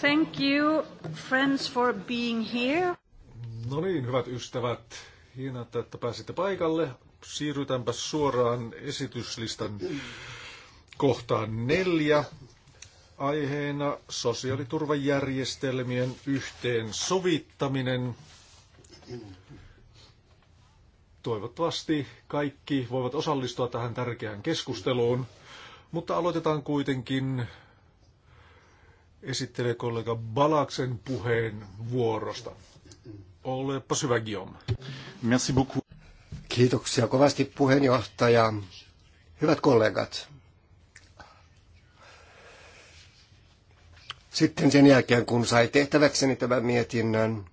Thank you, friends, for being here. No niin, hyvät ystävät. Hienoa, että pääsitte paikalle. Siirrytäänpä suoraan esityslistan kohtaan neljä. Aiheena sosiaaliturvajärjestelmien yhteensovittaminen. Toivottavasti kaikki voivat osallistua tähän tärkeään keskusteluun, mutta aloitetaan kuitenkin esittelee kollega Balaksen puheen vuorosta. Olepa syvä, Guillaume. Merci beaucoup. Kiitoksia kovasti puheenjohtaja. Hyvät kollegat. Sitten sen jälkeen, kun sai tehtäväkseni tämän mietinnön,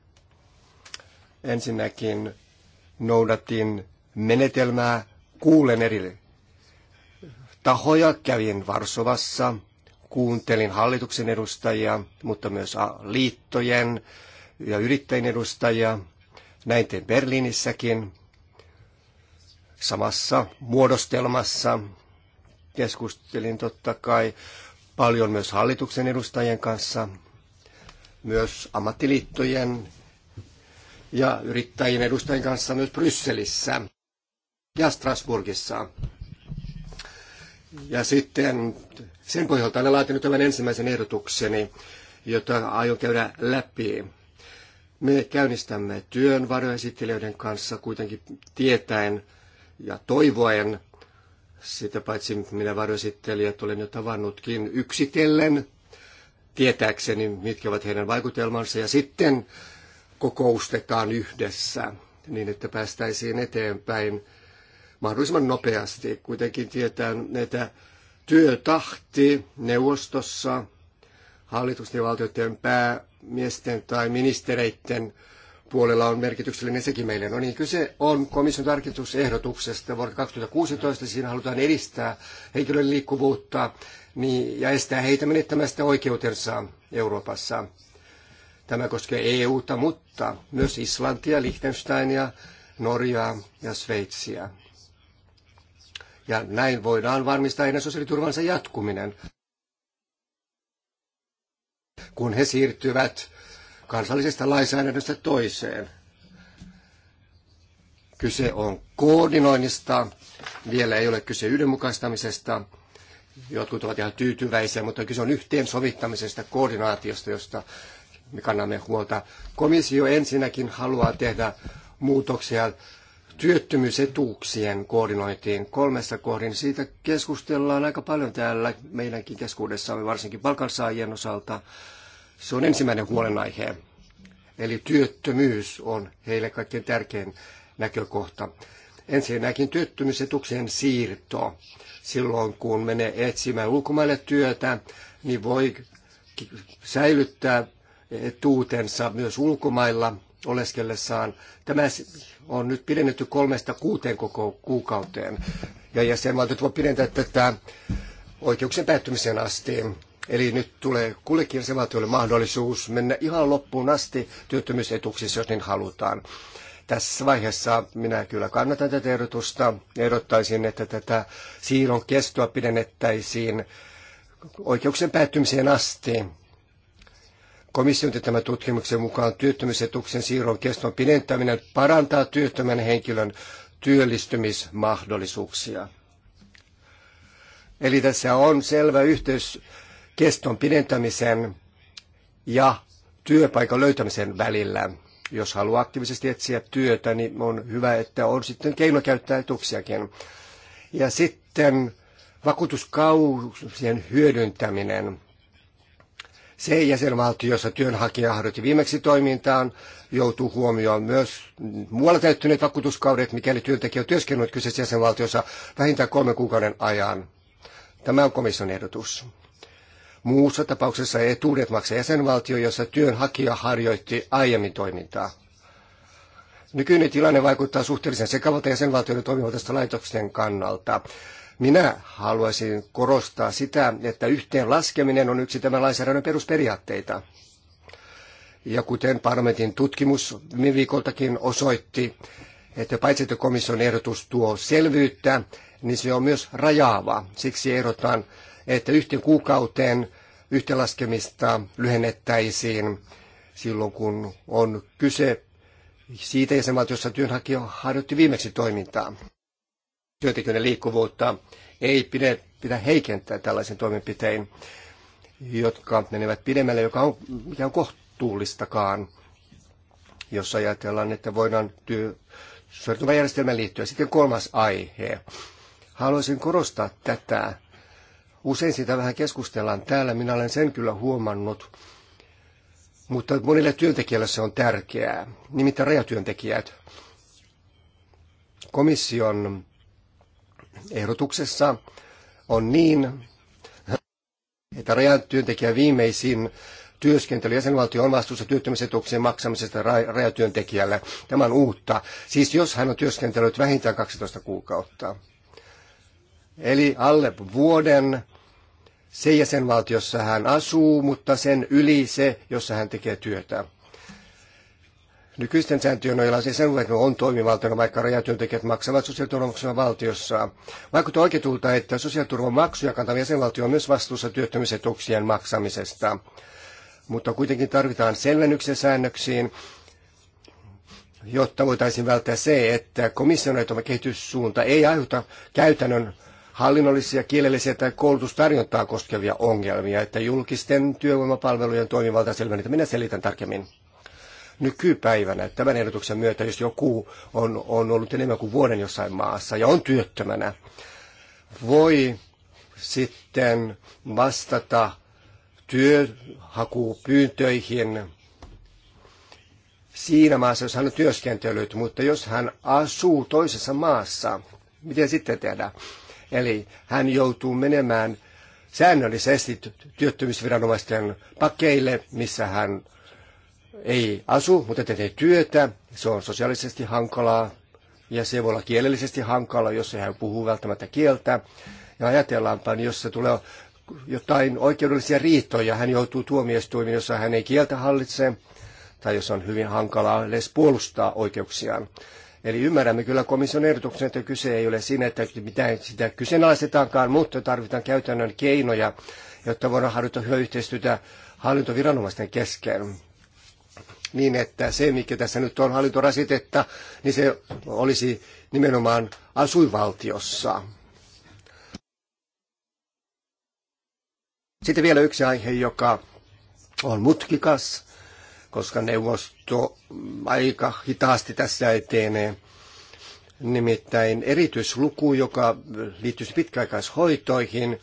ensinnäkin noudatin menetelmää kuulen eri tahoja. Kävin Varsovassa, kuuntelin hallituksen edustajia, mutta myös liittojen ja yrittäjien edustajia. Näin tein Berliinissäkin samassa muodostelmassa. Keskustelin totta kai paljon myös hallituksen edustajien kanssa, myös ammattiliittojen ja yrittäjien edustajien kanssa myös Brysselissä ja Strasbourgissa. Ja sitten sen pohjalta olen laatinut tämän ensimmäisen ehdotukseni, jota aion käydä läpi. Me käynnistämme työn varjoesittelijöiden kanssa kuitenkin tietäen ja toivoen, sitä paitsi minä varjoesittelijät olen jo tavannutkin yksitellen, tietääkseni mitkä ovat heidän vaikutelmansa, ja sitten kokoustetaan yhdessä niin, että päästäisiin eteenpäin mahdollisimman nopeasti. Kuitenkin tietää, että työtahti neuvostossa hallitusten ja valtioiden päämiesten tai ministereiden puolella on merkityksellinen sekin meille. No niin, kyse on komission tarkistusehdotuksesta vuodelta 2016. Siinä halutaan edistää henkilön liikkuvuutta niin, ja estää heitä menettämästä oikeutensa Euroopassa. Tämä koskee EUta, mutta myös Islantia, Liechtensteinia, Norjaa ja Sveitsiä ja näin voidaan varmistaa heidän sosiaaliturvansa jatkuminen. Kun he siirtyvät kansallisesta lainsäädännöstä toiseen. Kyse on koordinoinnista, vielä ei ole kyse yhdenmukaistamisesta. Jotkut ovat ihan tyytyväisiä, mutta kyse on yhteensovittamisesta, koordinaatiosta, josta me kannamme huolta. Komissio ensinnäkin haluaa tehdä muutoksia työttömyysetuuksien koordinointiin kolmessa kohdin. Siitä keskustellaan aika paljon täällä meidänkin keskuudessamme, varsinkin palkansaajien osalta. Se on ensimmäinen huolenaihe. Eli työttömyys on heille kaikkein tärkein näkökohta. Ensinnäkin työttömyysetuksien siirto. Silloin kun menee etsimään ulkomaille työtä, niin voi säilyttää etuutensa myös ulkomailla oleskellessaan. Tämä on nyt pidennetty kolmesta kuuteen koko kuukauteen. Ja jäsenvaltiot voi pidentää tätä oikeuksien päättymiseen asti. Eli nyt tulee kullekin jäsenvaltiolle mahdollisuus mennä ihan loppuun asti työttömyysetuuksissa, jos niin halutaan. Tässä vaiheessa minä kyllä kannatan tätä ehdotusta. Ehdottaisin, että tätä siirron kestoa pidennettäisiin oikeuksien päättymiseen asti Komission teettämän tutkimuksen mukaan työttömyysetuksen siirron keston pidentäminen parantaa työttömän henkilön työllistymismahdollisuuksia. Eli tässä on selvä yhteys keston pidentämisen ja työpaikan löytämisen välillä. Jos haluaa aktiivisesti etsiä työtä, niin on hyvä, että on sitten keino käyttää etuksiakin. Ja sitten vakuutuskausien hyödyntäminen se jäsenvaltio, jossa työnhakija harjoitti viimeksi toimintaan, joutuu huomioon myös muualla täyttyneet vakuutuskaudet, mikäli työntekijä on työskennellyt kyseisessä jäsenvaltiossa vähintään kolme kuukauden ajan. Tämä on komission ehdotus. Muussa tapauksessa etuudet maksaa jäsenvaltio, jossa työnhakija harjoitti aiemmin toimintaa. Nykyinen tilanne vaikuttaa suhteellisen sekavalta jäsenvaltioiden toimivaltaisten laitoksen kannalta. Minä haluaisin korostaa sitä, että yhteenlaskeminen on yksi tämän lainsäädännön perusperiaatteita. Ja kuten parlamentin tutkimus viikoltakin osoitti, että paitsi että komission ehdotus tuo selvyyttä, niin se on myös rajaava. Siksi ehdotan, että yhteen kuukauteen yhteenlaskemista lyhennettäisiin silloin, kun on kyse siitä jäsenvaltiossa työnhakija harjoitti viimeksi toimintaa työntekijöiden liikkuvuutta ei pidä, pidä heikentää tällaisen toimenpitein, jotka menevät pidemmälle, joka on, mikä on kohtuullistakaan, jos ajatellaan, että voidaan työ, suoritumajärjestelmään liittyä. Sitten kolmas aihe. Haluaisin korostaa tätä. Usein sitä vähän keskustellaan täällä, minä olen sen kyllä huomannut, mutta monille työntekijöille se on tärkeää, nimittäin rajatyöntekijät. Komission Ehdotuksessa on niin, että rajan työntekijän viimeisin työskentely jäsenvaltio on vastuussa työttömyysetuuksien maksamisesta rajatyöntekijälle. Tämä on uutta. Siis jos hän on työskentelyt vähintään 12 kuukautta. Eli alle vuoden se jäsenvaltiossa hän asuu, mutta sen yli se, jossa hän tekee työtä. Nykyisten sääntöjen nojalla se sanoo, siis että on toimivaltainen, vaikka rajatyöntekijät maksavat sosiaaliturvamaksuja valtiossa. Vaikuttaa oikeutulta, että sosiaaliturvamaksuja kantava jäsenvaltio on myös vastuussa työttömyysetuuksien maksamisesta. Mutta kuitenkin tarvitaan selvennyksiä säännöksiin, jotta voitaisiin välttää se, että komission kehityssuunta ei aiheuta käytännön hallinnollisia, kielellisiä tai koulutustarjontaa koskevia ongelmia, että julkisten työvoimapalvelujen toimivalta selvennetään. Minä selitän tarkemmin nykypäivänä tämän ehdotuksen myötä, jos joku on, on ollut enemmän kuin vuoden jossain maassa ja on työttömänä, voi sitten vastata työhakupyyntöihin siinä maassa, jos hän on työskentelyt, mutta jos hän asuu toisessa maassa, miten sitten tehdään? Eli hän joutuu menemään säännöllisesti työttömyysviranomaisten pakeille, missä hän ei asu, mutta tekee työtä. Se on sosiaalisesti hankalaa ja se voi olla kielellisesti hankala, jos ei hän puhu välttämättä kieltä. Ja ajatellaanpa, niin jos se tulee jotain oikeudellisia riitoja, hän joutuu tuomioistuimiin, jossa hän ei kieltä hallitse, tai jos on hyvin hankalaa edes puolustaa oikeuksiaan. Eli ymmärrämme kyllä komission ehdotuksen, että kyse ei ole siinä, että mitään sitä kyseenalaistetaankaan, mutta tarvitaan käytännön keinoja, jotta voidaan harjoittaa hyvää yhteistyötä hallintoviranomaisten kesken niin, että se, mikä tässä nyt on hallintorasitetta, niin se olisi nimenomaan asuinvaltiossa. Sitten vielä yksi aihe, joka on mutkikas, koska neuvosto aika hitaasti tässä etenee. Nimittäin erityisluku, joka liittyy pitkäaikaishoitoihin,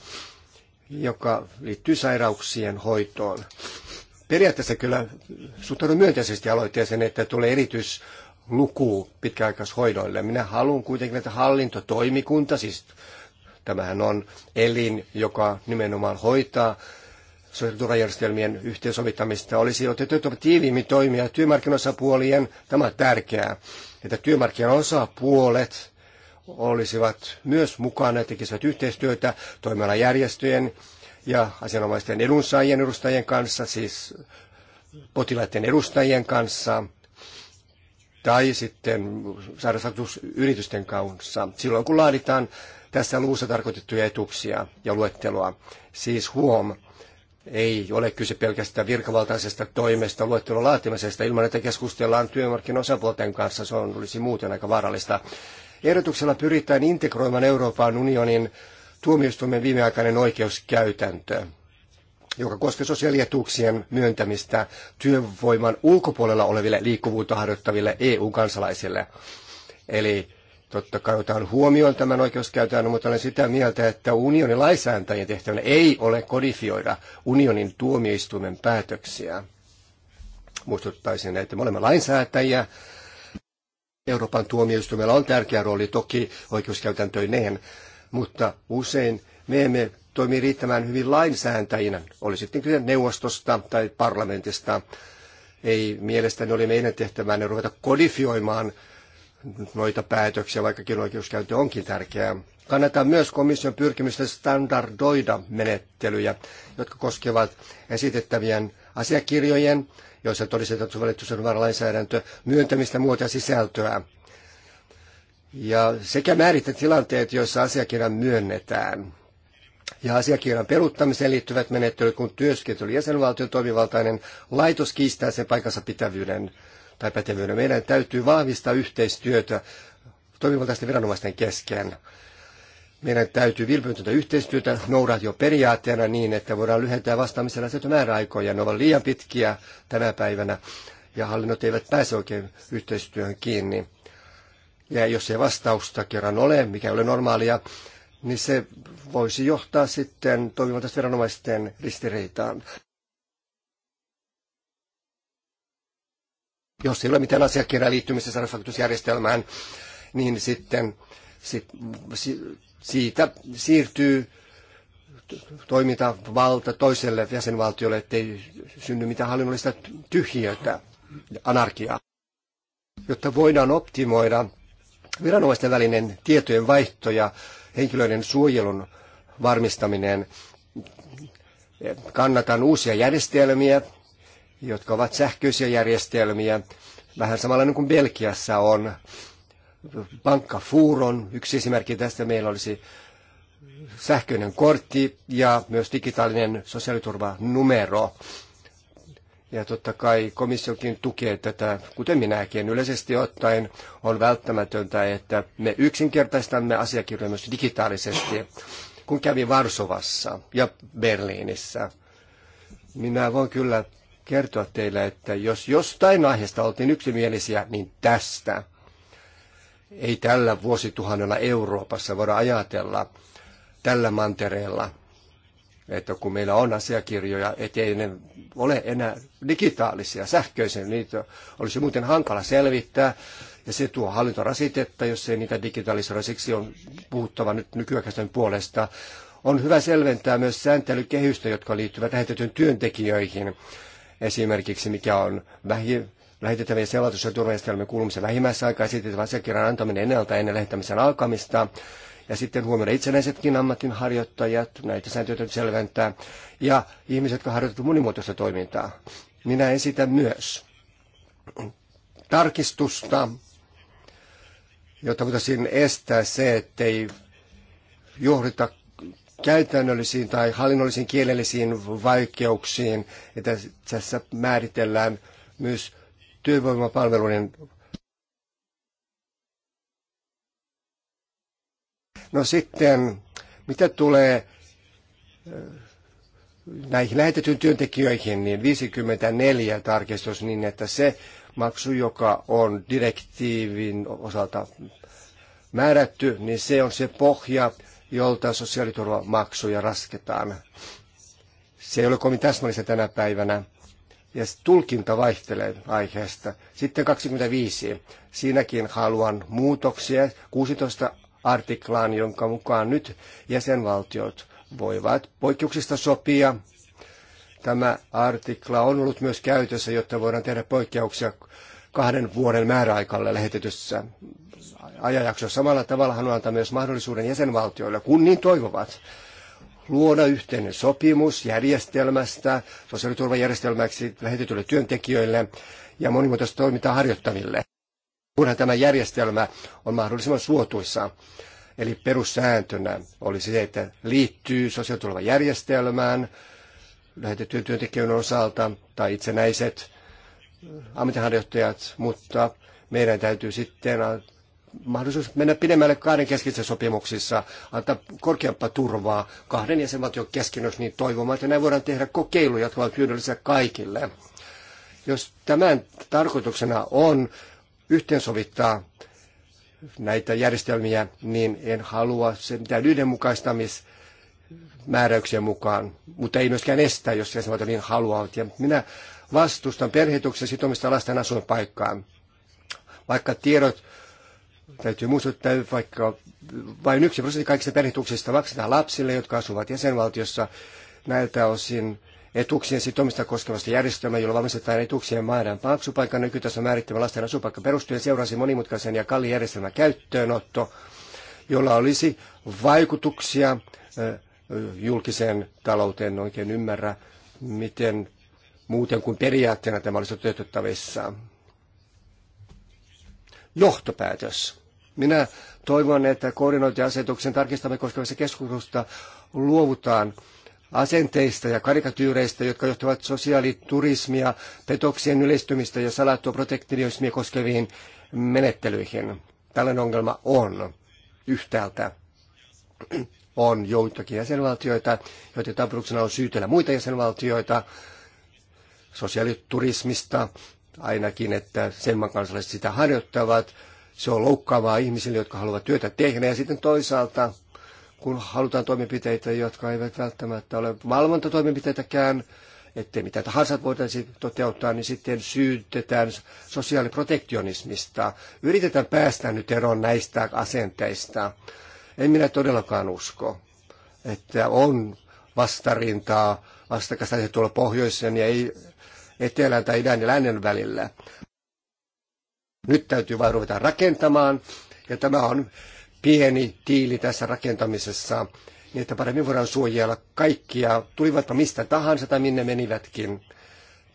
joka liittyy sairauksien hoitoon periaatteessa kyllä suhtaudun myönteisesti aloitteeseen, että tulee erityisluku pitkäaikaishoidoille. Minä haluan kuitenkin, että hallintotoimikunta, siis tämähän on elin, joka nimenomaan hoitaa sosiaaliturvajärjestelmien yhteensovittamista, olisi otettu tiiviimmin toimia työmarkkinosapuolien. Tämä on tärkeää, että työmarkkinosapuolet olisivat myös mukana ja tekisivät yhteistyötä toimialajärjestöjen järjestöjen ja asianomaisten edunsaajien edustajien kanssa, siis potilaiden edustajien kanssa tai sitten sairausvakuutusyritysten kanssa silloin, kun laaditaan tässä luussa tarkoitettuja etuuksia ja luetteloa. Siis huom, ei ole kyse pelkästään virkavaltaisesta toimesta luettelon laatimisesta ilman, että keskustellaan työmarkkinosapuolten kanssa. Se on, olisi muuten aika vaarallista. Ehdotuksella pyritään integroimaan Euroopan unionin tuomioistuimen viimeaikainen oikeuskäytäntö, joka koskee sosiaalietuuksien myöntämistä työvoiman ulkopuolella oleville liikkuvuutta harjoittaville EU-kansalaisille. Eli totta kai otan huomioon tämän oikeuskäytännön, mutta olen sitä mieltä, että unionin lainsäätäjien tehtävänä ei ole kodifioida unionin tuomioistuimen päätöksiä. Muistuttaisin, että me olemme lainsäätäjiä. Euroopan tuomioistuimella on tärkeä rooli toki oikeuskäytäntöineen, mutta usein me emme toimi riittämään hyvin lainsääntäjinä, oli sitten kyse neuvostosta tai parlamentista. Ei mielestäni ole meidän tehtävänä ruveta kodifioimaan noita päätöksiä, vaikkakin oikeuskäyntö onkin tärkeää. Kannatan myös komission pyrkimystä standardoida menettelyjä, jotka koskevat esitettävien asiakirjojen, joissa todistetaan sovellettu lainsäädäntö, myöntämistä muuta sisältöä ja sekä määrittää tilanteet, joissa asiakirja myönnetään. Ja asiakirjan peruuttamiseen liittyvät menettelyt, kun työskentely jäsenvaltion toimivaltainen laitos kiistää sen paikassa pitävyyden tai pätevyyden. Meidän täytyy vahvistaa yhteistyötä toimivaltaisten viranomaisten kesken. Meidän täytyy vilpytöntä yhteistyötä noudat jo periaatteena niin, että voidaan lyhentää vastaamisen sieltä määräaikoja. Ne ovat liian pitkiä tänä päivänä ja hallinnot eivät pääse oikein yhteistyöhön kiinni ja jos ei vastausta kerran ole, mikä ei ole normaalia, niin se voisi johtaa sitten toimivaltaisten viranomaisten ristiriitaan. Jos ei ole mitään asiakirjaa liittymistä sairausvakuutusjärjestelmään, niin sitten sit, siitä siirtyy toimintavalta toiselle jäsenvaltiolle, ettei synny mitään hallinnollista tyhjiötä, anarkiaa. Jotta voidaan optimoida Viranomaisten välinen tietojen vaihto ja henkilöiden suojelun varmistaminen. Kannatan uusia järjestelmiä, jotka ovat sähköisiä järjestelmiä. Vähän samalla niin kuin Belgiassa on. Pankka Fuuron yksi esimerkki tästä meillä olisi sähköinen kortti ja myös digitaalinen sosiaaliturvanumero. numero ja totta kai komissiokin tukee tätä, kuten minäkin. Yleisesti ottaen on välttämätöntä, että me yksinkertaistamme asiakirjoja myös digitaalisesti. Kun kävin Varsovassa ja Berliinissä, minä voin kyllä kertoa teille, että jos jostain aiheesta oltiin yksimielisiä, niin tästä. Ei tällä vuosituhannella Euroopassa voida ajatella tällä mantereella, että kun meillä on asiakirjoja, ettei ne ole enää digitaalisia, sähköisiä, niitä olisi muuten hankala selvittää, ja se tuo hallintorasitetta, jos ei niitä digitaalisoida, siksi on puhuttava nyt nykyaikaisten puolesta. On hyvä selventää myös sääntelykehystä, jotka liittyvät lähetetyn työntekijöihin, esimerkiksi mikä on vähi, lähetettävien selatus- ja turvajärjestelmien kuulumisen vähimmäisaika esitettävän asiakirjan antaminen ennalta ennen lähettämisen alkamista, ja sitten huomioida itsenäisetkin ammatinharjoittajat, näitä sääntöjä täytyy selventää, ja ihmiset, jotka harjoittavat monimuotoista toimintaa. Minä esitän myös tarkistusta, jotta voitaisiin estää se, ettei johdita käytännöllisiin tai hallinnollisiin kielellisiin vaikeuksiin, että tässä määritellään myös työvoimapalveluiden No sitten, mitä tulee äh, näihin lähetetyn työntekijöihin, niin 54 tarkistus niin, että se maksu, joka on direktiivin osalta määrätty, niin se on se pohja, jolta sosiaaliturvamaksuja rasketaan. Se ei ole kovin täsmällistä tänä päivänä ja tulkinta vaihtelee aiheesta. Sitten 25. Siinäkin haluan muutoksia. 16 artiklaan, jonka mukaan nyt jäsenvaltiot voivat poikkeuksista sopia. Tämä artikla on ollut myös käytössä, jotta voidaan tehdä poikkeuksia kahden vuoden määräaikalle lähetetyssä ajanjaksossa. Samalla tavalla hän antaa myös mahdollisuuden jäsenvaltioille, kun niin toivovat, luoda yhteinen sopimus järjestelmästä, sosiaaliturvajärjestelmäksi lähetetyille työntekijöille ja monimuotoista toimintaa harjoittaville kunhan tämä järjestelmä on mahdollisimman suotuisa, Eli perussääntönä oli se, että liittyy sosiaaliturvajärjestelmään lähetettyjen työntekijöiden osalta tai itsenäiset äh, ammatinharjoittajat, mutta meidän täytyy sitten äh, mahdollisuus mennä pidemmälle kahden keskisissä sopimuksissa, antaa korkeampaa turvaa kahden jäsenvaltion kesken, jos niin toivomaan, että näin voidaan tehdä kokeiluja, jotka ovat hyödyllisiä kaikille. Jos tämän tarkoituksena on yhteensovittaa näitä järjestelmiä, niin en halua sen mitään yhdenmukaistamis mukaan, mutta ei myöskään estää, jos jäsenvaltiot niin haluavat. Ja minä vastustan perheetuksen sitomista lasten asuinpaikkaan. Vaikka tiedot, täytyy muistuttaa, vaikka vain yksi prosentti kaikista perheetuksista maksetaan lapsille, jotka asuvat jäsenvaltiossa, näiltä osin etuuksien sitomista koskevasta järjestelmää, jolla valmistetaan etuuksien määrän maksupaikan nykytaso määrittämä lasten asupaikka perustuen seurasi monimutkaisen ja kalliin järjestelmän käyttöönotto, jolla olisi vaikutuksia julkiseen talouteen. En oikein ymmärrä, miten muuten kuin periaatteena tämä olisi toteutettavissa. Johtopäätös. Minä toivon, että koordinointiasetuksen tarkistaminen koskevassa keskustelusta luovutaan asenteista ja karikatyyreistä, jotka johtavat sosiaaliturismia, petoksien yleistymistä ja salattua protektionismia koskeviin menettelyihin. Tällainen ongelma on yhtäältä. On joitakin jäsenvaltioita, joita tarkoituksena on syytellä muita jäsenvaltioita sosiaaliturismista, ainakin, että sen kansalaiset sitä harjoittavat. Se on loukkaavaa ihmisille, jotka haluavat työtä tehdä. Ja sitten toisaalta kun halutaan toimenpiteitä, jotka eivät välttämättä ole valvontatoimenpiteitäkään, ettei mitä tahansa voitaisiin toteuttaa, niin sitten syytetään sosiaaliprotektionismista. Yritetään päästä nyt eroon näistä asenteista. En minä todellakaan usko, että on vastarintaa vastakasta tuolla pohjoisen ja ei etelän tai idän ja lännen välillä. Nyt täytyy vain ruveta rakentamaan, ja tämä on pieni tiili tässä rakentamisessa, niin että paremmin voidaan suojella kaikkia, tulivatpa mistä tahansa tai minne menivätkin.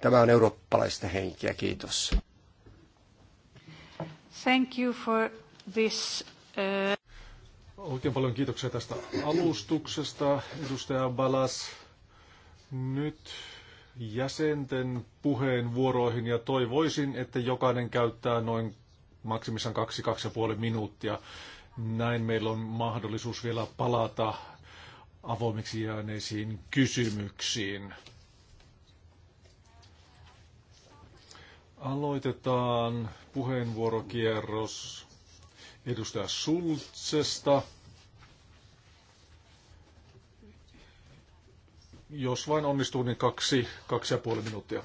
Tämä on eurooppalaista henkiä. Kiitos. Thank you for this, uh... Oikein paljon kiitoksia tästä alustuksesta, edustaja Balas. Nyt jäsenten puheenvuoroihin ja toivoisin, että jokainen käyttää noin maksimissaan ja puoli minuuttia. Näin meillä on mahdollisuus vielä palata avoimiksi jääneisiin kysymyksiin. Aloitetaan puheenvuorokierros edustaja Sultsesta. Jos vain onnistuu, niin kaksi, kaksi ja puoli minuuttia.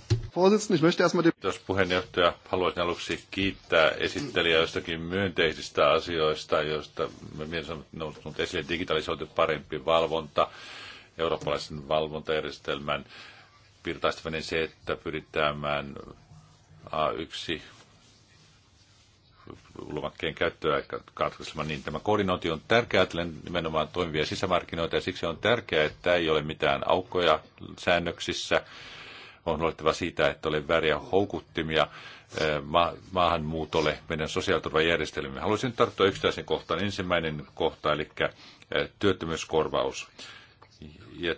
Kiitos puheenjohtaja. Haluaisin aluksi kiittää esittelijää jostakin myönteisistä asioista, joista mielestäni on noussut esille digitalisoitu parempi valvonta, eurooppalaisen valvontajärjestelmän virtaistaminen se, että pyritään A1 lomakkeen käyttöä katkaisemaan, niin tämä koordinointi on tärkeää että nimenomaan toimivia sisämarkkinoita, ja siksi on tärkeää, että ei ole mitään aukkoja säännöksissä. On huolehtava siitä, että ole väriä houkuttimia eh, ma- maahanmuutolle meidän sosiaaliturvajärjestelmiin. Haluaisin tarttua yksittäisen kohtaan. Ensimmäinen kohta, eli eh, työttömyyskorvaus. Ja,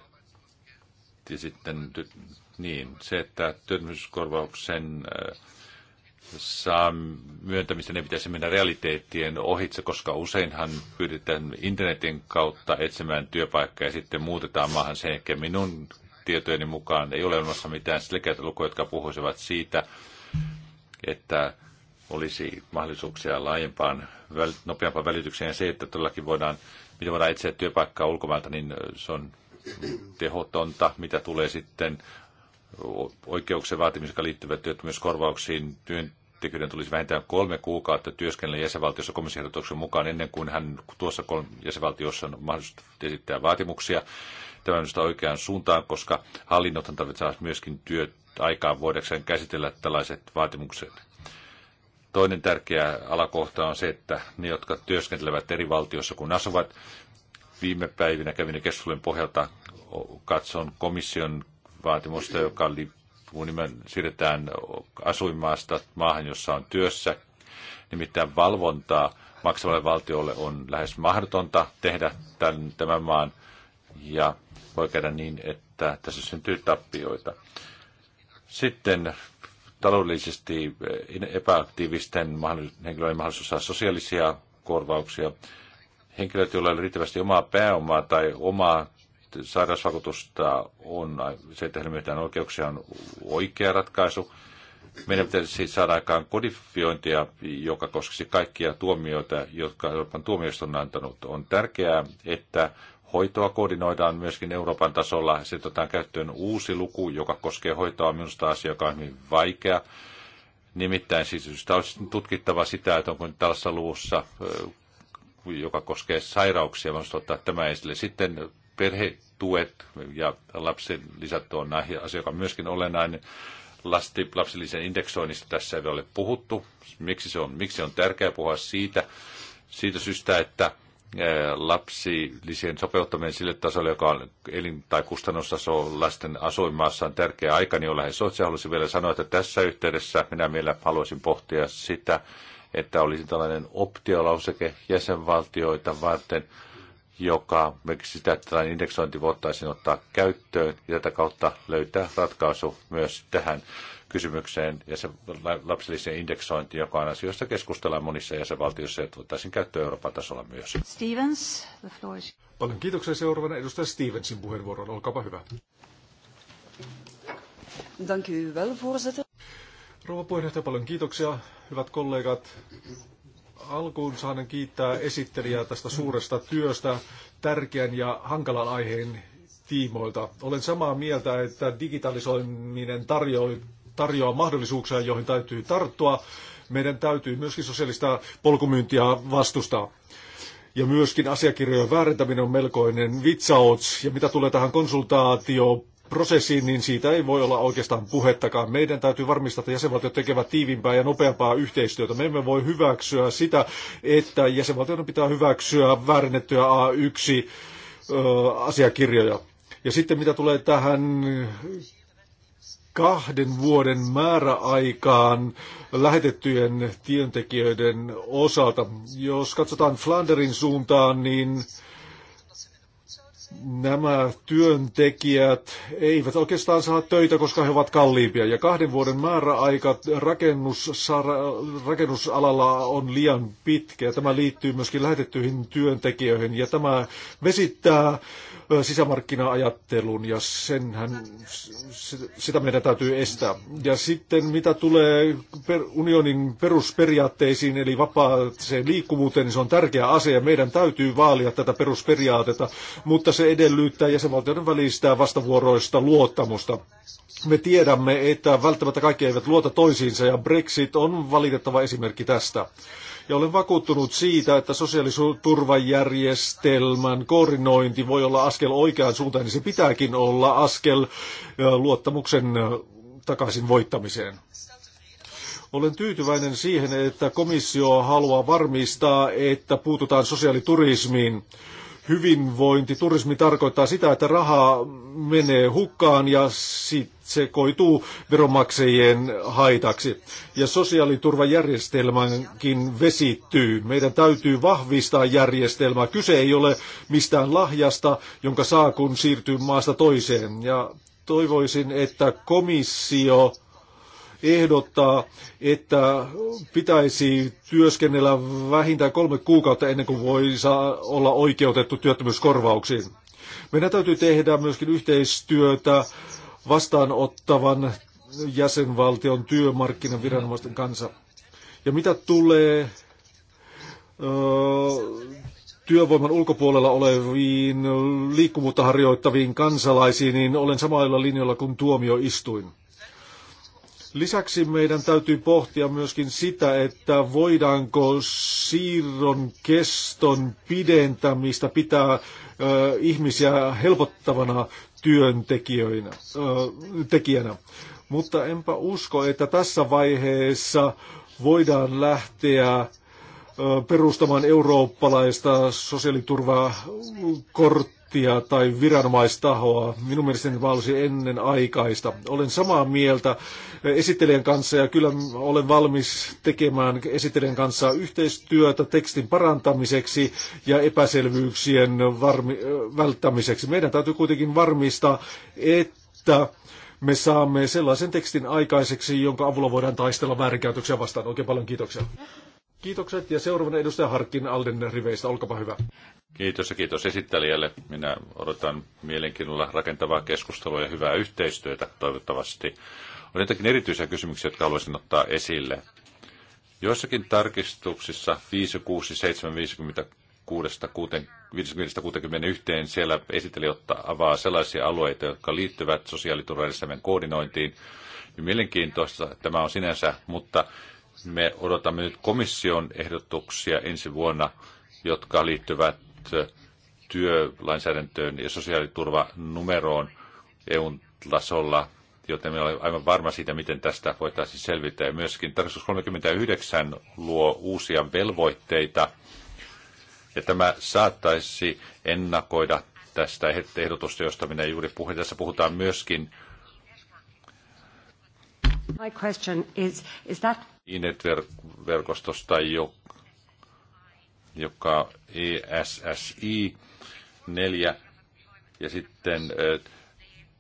ja sitten niin, se, että työttömyyskorvauksen äh, saa myöntämistä, ne niin pitäisi mennä realiteettien ohitse, koska useinhan pyydetään internetin kautta etsimään työpaikkaa ja sitten muutetaan maahan sen että Minun tietojeni mukaan ei ole olemassa mitään selkeitä lukuja, jotka puhuisivat siitä, että olisi mahdollisuuksia laajempaan, nopeampaan välitykseen ja se, että todellakin voidaan, mitä voidaan etsiä työpaikkaa ulkomailta, niin se on tehotonta, mitä tulee sitten oikeuksien vaatimuksia, jotka liittyvät työttömyyskorvauksiin, työntekijöiden tulisi vähintään kolme kuukautta työskennellä jäsenvaltiossa komission mukaan ennen kuin hän tuossa jäsenvaltiossa on mahdollisuus esittää vaatimuksia. Tämä on oikeaan suuntaan, koska hallinnothan tarvitsevat myöskin työaikaan voidakseen käsitellä tällaiset vaatimukset. Toinen tärkeä alakohta on se, että ne, jotka työskentelevät eri valtioissa kun asuvat, viime päivinä kävin keskustelujen pohjalta katson komission vaatimusta, joka oli, nimen, siirretään asuinmaasta maahan, jossa on työssä. Nimittäin valvontaa maksavalle valtiolle on lähes mahdotonta tehdä tämän, tämän maan ja voi käydä niin, että tässä syntyy tappioita. Sitten taloudellisesti epäaktiivisten henkilöiden mahdollisuus saada sosiaalisia korvauksia. Henkilöt, joilla ei ole riittävästi omaa pääomaa tai omaa sairausvakuutusta on, se, että myötään oikeuksia on oikea ratkaisu. Meidän pitäisi siis saada aikaan kodifiointia, joka koskisi kaikkia tuomioita, jotka Euroopan tuomioistuin on antanut. On tärkeää, että hoitoa koordinoidaan myöskin Euroopan tasolla. Sitten otetaan käyttöön uusi luku, joka koskee hoitoa minusta asia, joka on hyvin vaikea. Nimittäin siis olisi tutkittava sitä, että onko nyt tällaisessa luvussa, joka koskee sairauksia, voisi ottaa tämä esille. Sitten perhetuet ja lapsen lisät on asia, joka on myöskin olennainen. Lasti, lapsilisen indeksoinnista tässä ei ole puhuttu. Miksi, se on, miksi on tärkeää puhua siitä? Siitä syystä, että lapsilisien sopeuttaminen sille tasolle, joka on elin- tai kustannustaso lasten asuinmaassa on tärkeä aika, niin olen sosiaalisesti haluaisin vielä sanoa, että tässä yhteydessä minä vielä haluaisin pohtia sitä, että olisi tällainen optiolauseke jäsenvaltioita varten, joka merkitsi sitä, että tällainen indeksointi voitaisiin ottaa käyttöön ja tätä kautta löytää ratkaisu myös tähän kysymykseen ja se lapsellisen indeksointi, joka on asioista keskustellaan monissa jäsenvaltioissa ja voitaisiin käyttöön Euroopan tasolla myös. Stevens, the floor is... Paljon kiitoksia seuraavana edustaja Stevensin puheenvuoron. Olkaapa hyvä. Dank u voorzitter. Rouva puheenjohtaja, paljon kiitoksia. Hyvät kollegat, Alkuun saan kiittää esittelijää tästä suuresta työstä tärkeän ja hankalan aiheen tiimoilta. Olen samaa mieltä, että digitalisoiminen tarjoaa, tarjoaa mahdollisuuksia, joihin täytyy tarttua. Meidän täytyy myöskin sosiaalista polkumyyntiä vastustaa. Ja myöskin asiakirjojen väärentäminen on melkoinen vitsaots. Ja mitä tulee tähän konsultaatio prosessiin, niin siitä ei voi olla oikeastaan puhettakaan. Meidän täytyy varmistaa, että jäsenvaltiot tekevät tiivimpää ja nopeampaa yhteistyötä. Me emme voi hyväksyä sitä, että jäsenvaltioiden pitää hyväksyä väärennettyä A1 asiakirjoja. Ja sitten mitä tulee tähän kahden vuoden määräaikaan lähetettyjen työntekijöiden osalta. Jos katsotaan Flanderin suuntaan, niin nämä työntekijät eivät oikeastaan saa töitä, koska he ovat kalliimpia. Ja kahden vuoden määräaika rakennus, rakennusalalla on liian pitkä. Tämä liittyy myöskin lähetettyihin työntekijöihin ja tämä vesittää sisämarkkina-ajattelun ja senhän, sitä meidän täytyy estää. Ja sitten mitä tulee unionin perusperiaatteisiin eli vapaaseen liikkuvuuteen, niin se on tärkeä asia meidän täytyy vaalia tätä perusperiaatetta, mutta se edellyttää jäsenvaltioiden välistä vastavuoroista luottamusta. Me tiedämme, että välttämättä kaikki eivät luota toisiinsa ja Brexit on valitettava esimerkki tästä. Ja olen vakuuttunut siitä, että sosiaaliturvajärjestelmän koordinointi voi olla askel oikeaan suuntaan, niin se pitääkin olla askel luottamuksen takaisin voittamiseen. Olen tyytyväinen siihen, että komissio haluaa varmistaa, että puututaan sosiaaliturismiin hyvinvointiturismi tarkoittaa sitä, että rahaa menee hukkaan ja sit se koituu veronmaksajien haitaksi. Ja sosiaaliturvajärjestelmänkin vesittyy. Meidän täytyy vahvistaa järjestelmää. Kyse ei ole mistään lahjasta, jonka saa kun siirtyy maasta toiseen. Ja toivoisin, että komissio ehdottaa, että pitäisi työskennellä vähintään kolme kuukautta ennen kuin voi saa olla oikeutettu työttömyyskorvauksiin. Meidän täytyy tehdä myöskin yhteistyötä vastaanottavan jäsenvaltion työmarkkinaviranomaisten kanssa. Ja mitä tulee työvoiman ulkopuolella oleviin liikkuvuutta harjoittaviin kansalaisiin, niin olen samalla linjalla, kuin tuomioistuin. Lisäksi meidän täytyy pohtia myöskin sitä, että voidaanko siirron keston pidentämistä pitää ihmisiä helpottavana työntekijöinä, tekijänä. Mutta enpä usko, että tässä vaiheessa voidaan lähteä perustamaan eurooppalaista sosiaaliturvakorttia tai viranomaistahoa. Minun mielestäni vaan olisi ennen aikaista. Olen samaa mieltä esittelijän kanssa ja kyllä olen valmis tekemään esittelijän kanssa yhteistyötä tekstin parantamiseksi ja epäselvyyksien välttämiseksi. Meidän täytyy kuitenkin varmistaa, että me saamme sellaisen tekstin aikaiseksi, jonka avulla voidaan taistella väärinkäytöksiä vastaan. Oikein paljon kiitoksia. Kiitokset ja seuraavana edustaja Harkin Alden riveistä, olkapa hyvä. Kiitos ja kiitos esittelijälle. Minä odotan mielenkiinnolla rakentavaa keskustelua ja hyvää yhteistyötä toivottavasti. On jotakin erityisiä kysymyksiä, jotka haluaisin ottaa esille. Joissakin tarkistuksissa 5, 6, 7, 56, 50, 61 siellä esittelijä ottaa, avaa sellaisia alueita, jotka liittyvät sosiaaliturvajärjestelmän koordinointiin. Niin mielenkiintoista tämä on sinänsä, mutta me odotamme nyt komission ehdotuksia ensi vuonna, jotka liittyvät työlainsäädäntöön ja sosiaaliturvanumeroon EUn tasolla, joten me olen aivan varma siitä, miten tästä voitaisiin selvitä. Ja myöskin tarkastus 39 luo uusia velvoitteita, ja tämä saattaisi ennakoida tästä ehdotusta, josta minä juuri puhuin. Tässä puhutaan myöskin My question is, is that... Inet-verkostosta, joka ESSI 4 ja sitten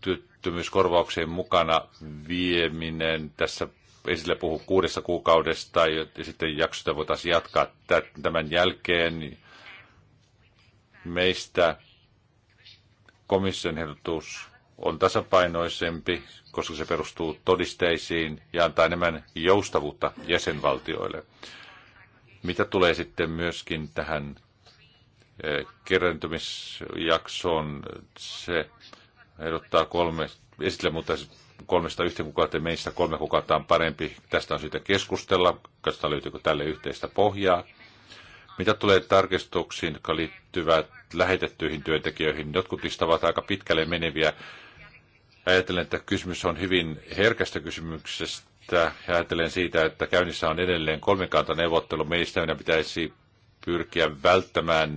työttömyyskorvauksien mukana vieminen tässä esille puhuu kuudessa kuukaudesta ja sitten jaksota voitaisiin jatkaa tämän jälkeen. Meistä komission ehdotus on tasapainoisempi, koska se perustuu todisteisiin ja antaa enemmän joustavuutta jäsenvaltioille. Mitä tulee sitten myöskin tähän eh, kerentymisjaksoon, se ehdottaa kolme, esille, mutta kolmesta yhteen kuukauteen meistä kolme kuukautta on parempi. Tästä on syytä keskustella, katsotaan löytyykö tälle yhteistä pohjaa. Mitä tulee tarkistuksiin, jotka liittyvät lähetettyihin työntekijöihin, jotkut niistä ovat aika pitkälle meneviä ajattelen, että kysymys on hyvin herkästä kysymyksestä. ajattelen siitä, että käynnissä on edelleen kolmikantaneuvottelu. Meistä meidän pitäisi pyrkiä välttämään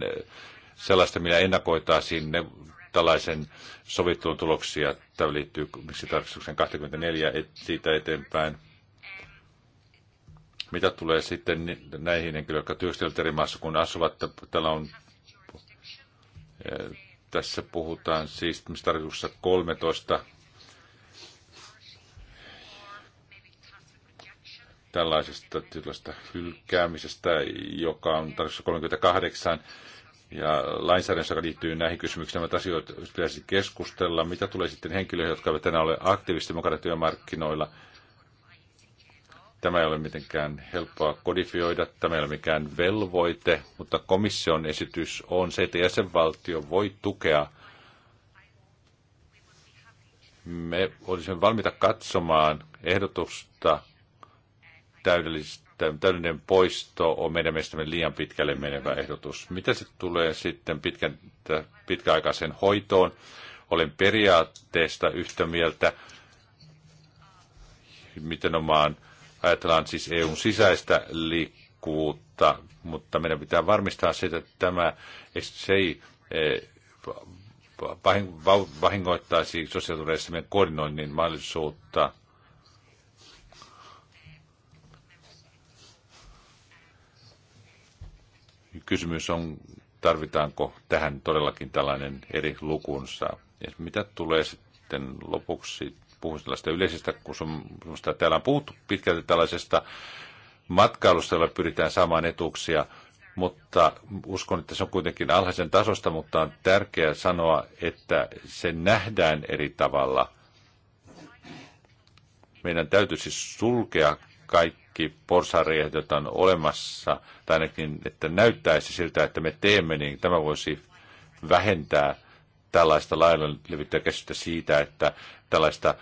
sellaista, millä ennakoitaan sinne tällaisen sovittuun tuloksia. Tämä liittyy miksi tarkistuksen 24 et, siitä eteenpäin. Mitä tulee sitten näihin henkilöihin, jotka työskentelevät eri maassa, kun asuvat, täällä on eh, tässä puhutaan siis tarkoituksessa 13 tällaisesta tällaista hylkäämisestä, joka on tarkoitus 38 ja lainsäädännössä, joka liittyy näihin kysymyksiin, nämä asioita pitäisi keskustella. Mitä tulee sitten henkilöihin, jotka eivät enää ole aktiivisesti mukana työmarkkinoilla? Tämä ei ole mitenkään helppoa kodifioida, tämä ei ole mikään velvoite, mutta komission esitys on se, että jäsenvaltio voi tukea. Me olisimme valmiita katsomaan ehdotusta täydellinen poisto on meidän mielestämme liian pitkälle menevä ehdotus. Mitä se tulee sitten pitkän, pitkäaikaisen hoitoon? Olen periaatteesta yhtä mieltä, miten omaan ajatellaan siis EUn sisäistä liikkuvuutta, mutta meidän pitää varmistaa se, että tämä se ei e, vahingoittaisi sosiaaliturvallisuuden koordinoinnin mahdollisuutta kysymys on, tarvitaanko tähän todellakin tällainen eri lukunsa. Ja mitä tulee sitten lopuksi, puhun tällaista yleisestä, kun on, täällä on puhuttu pitkälti tällaisesta matkailusta, jolla pyritään saamaan etuuksia, mutta uskon, että se on kuitenkin alhaisen tasosta, mutta on tärkeää sanoa, että se nähdään eri tavalla. Meidän täytyisi sulkea kaikki kaikki porsareet, joita on olemassa, tai ainakin, että näyttäisi siltä, että me teemme, niin tämä voisi vähentää tällaista lailla levittää käsitystä siitä, että tällaista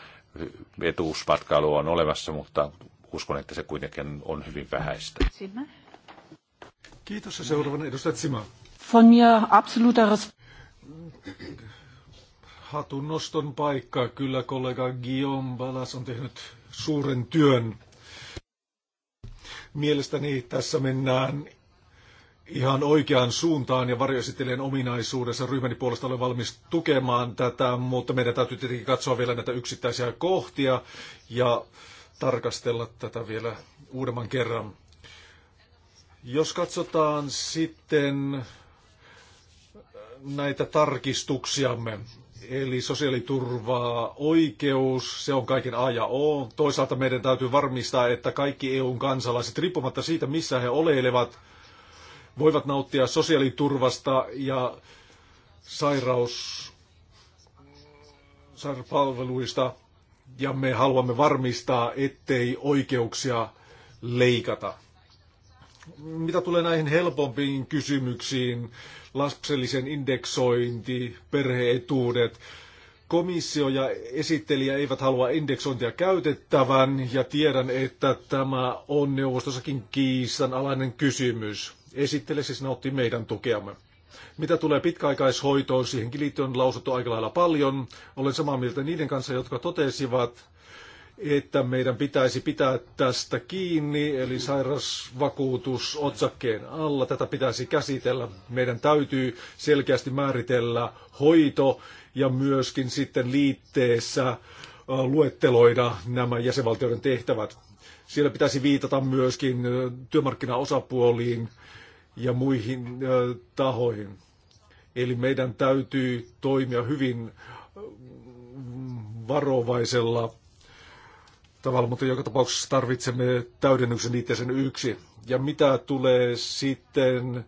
etuusmatkailua on olemassa, mutta uskon, että se kuitenkin on hyvin vähäistä. Kiitos ja seuraavana edustaja Tsima. Von mir absoluter Hatun noston paikka. Kyllä kollega Guillaume Balas on tehnyt suuren työn Mielestäni tässä mennään ihan oikeaan suuntaan ja varjoesittelijän ominaisuudessa ryhmäni puolesta olen valmis tukemaan tätä, mutta meidän täytyy tietenkin katsoa vielä näitä yksittäisiä kohtia ja tarkastella tätä vielä uudemman kerran. Jos katsotaan sitten näitä tarkistuksiamme, Eli sosiaaliturvaa oikeus, se on kaiken A ja O. Toisaalta meidän täytyy varmistaa, että kaikki EUn kansalaiset, riippumatta siitä missä he oleilevat, voivat nauttia sosiaaliturvasta ja sairaus, sairauspalveluista. Ja me haluamme varmistaa, ettei oikeuksia leikata. Mitä tulee näihin helpompiin kysymyksiin, lapsellisen indeksointi, perheetuudet. Komissio ja esittelijä eivät halua indeksointia käytettävän ja tiedän, että tämä on neuvostossakin kiistanalainen kysymys. Esittelijä siis nautti meidän tukeamme. Mitä tulee pitkäaikaishoitoon, siihenkin liittyen on lausuttu aika lailla paljon. Olen samaa mieltä niiden kanssa, jotka totesivat, että meidän pitäisi pitää tästä kiinni, eli sairausvakuutus otsakkeen alla. Tätä pitäisi käsitellä. Meidän täytyy selkeästi määritellä hoito ja myöskin sitten liitteessä äh, luetteloida nämä jäsenvaltioiden tehtävät. Siellä pitäisi viitata myöskin äh, työmarkkinaosapuoliin ja muihin äh, tahoihin. Eli meidän täytyy toimia hyvin varovaisella tavalla, mutta joka tapauksessa tarvitsemme täydennyksen sen yksi. Ja mitä tulee sitten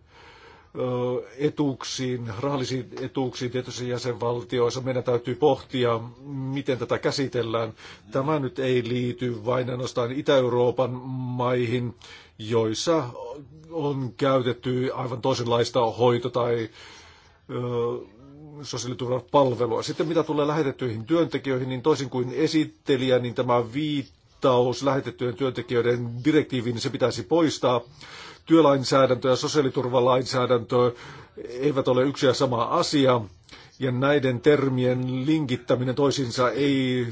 etuuksiin, rahallisiin etuuksiin tietyissä jäsenvaltioissa. Meidän täytyy pohtia, miten tätä käsitellään. Tämä nyt ei liity vain ainoastaan Itä-Euroopan maihin, joissa on käytetty aivan toisenlaista hoito- tai sosiaaliturvan palvelua. Sitten mitä tulee lähetettyihin työntekijöihin, niin toisin kuin esittelijä, niin tämä viittaus lähetettyjen työntekijöiden direktiiviin, niin se pitäisi poistaa. Työlainsäädäntö ja sosiaaliturvalainsäädäntö eivät ole yksi ja sama asia, ja näiden termien linkittäminen toisiinsa ei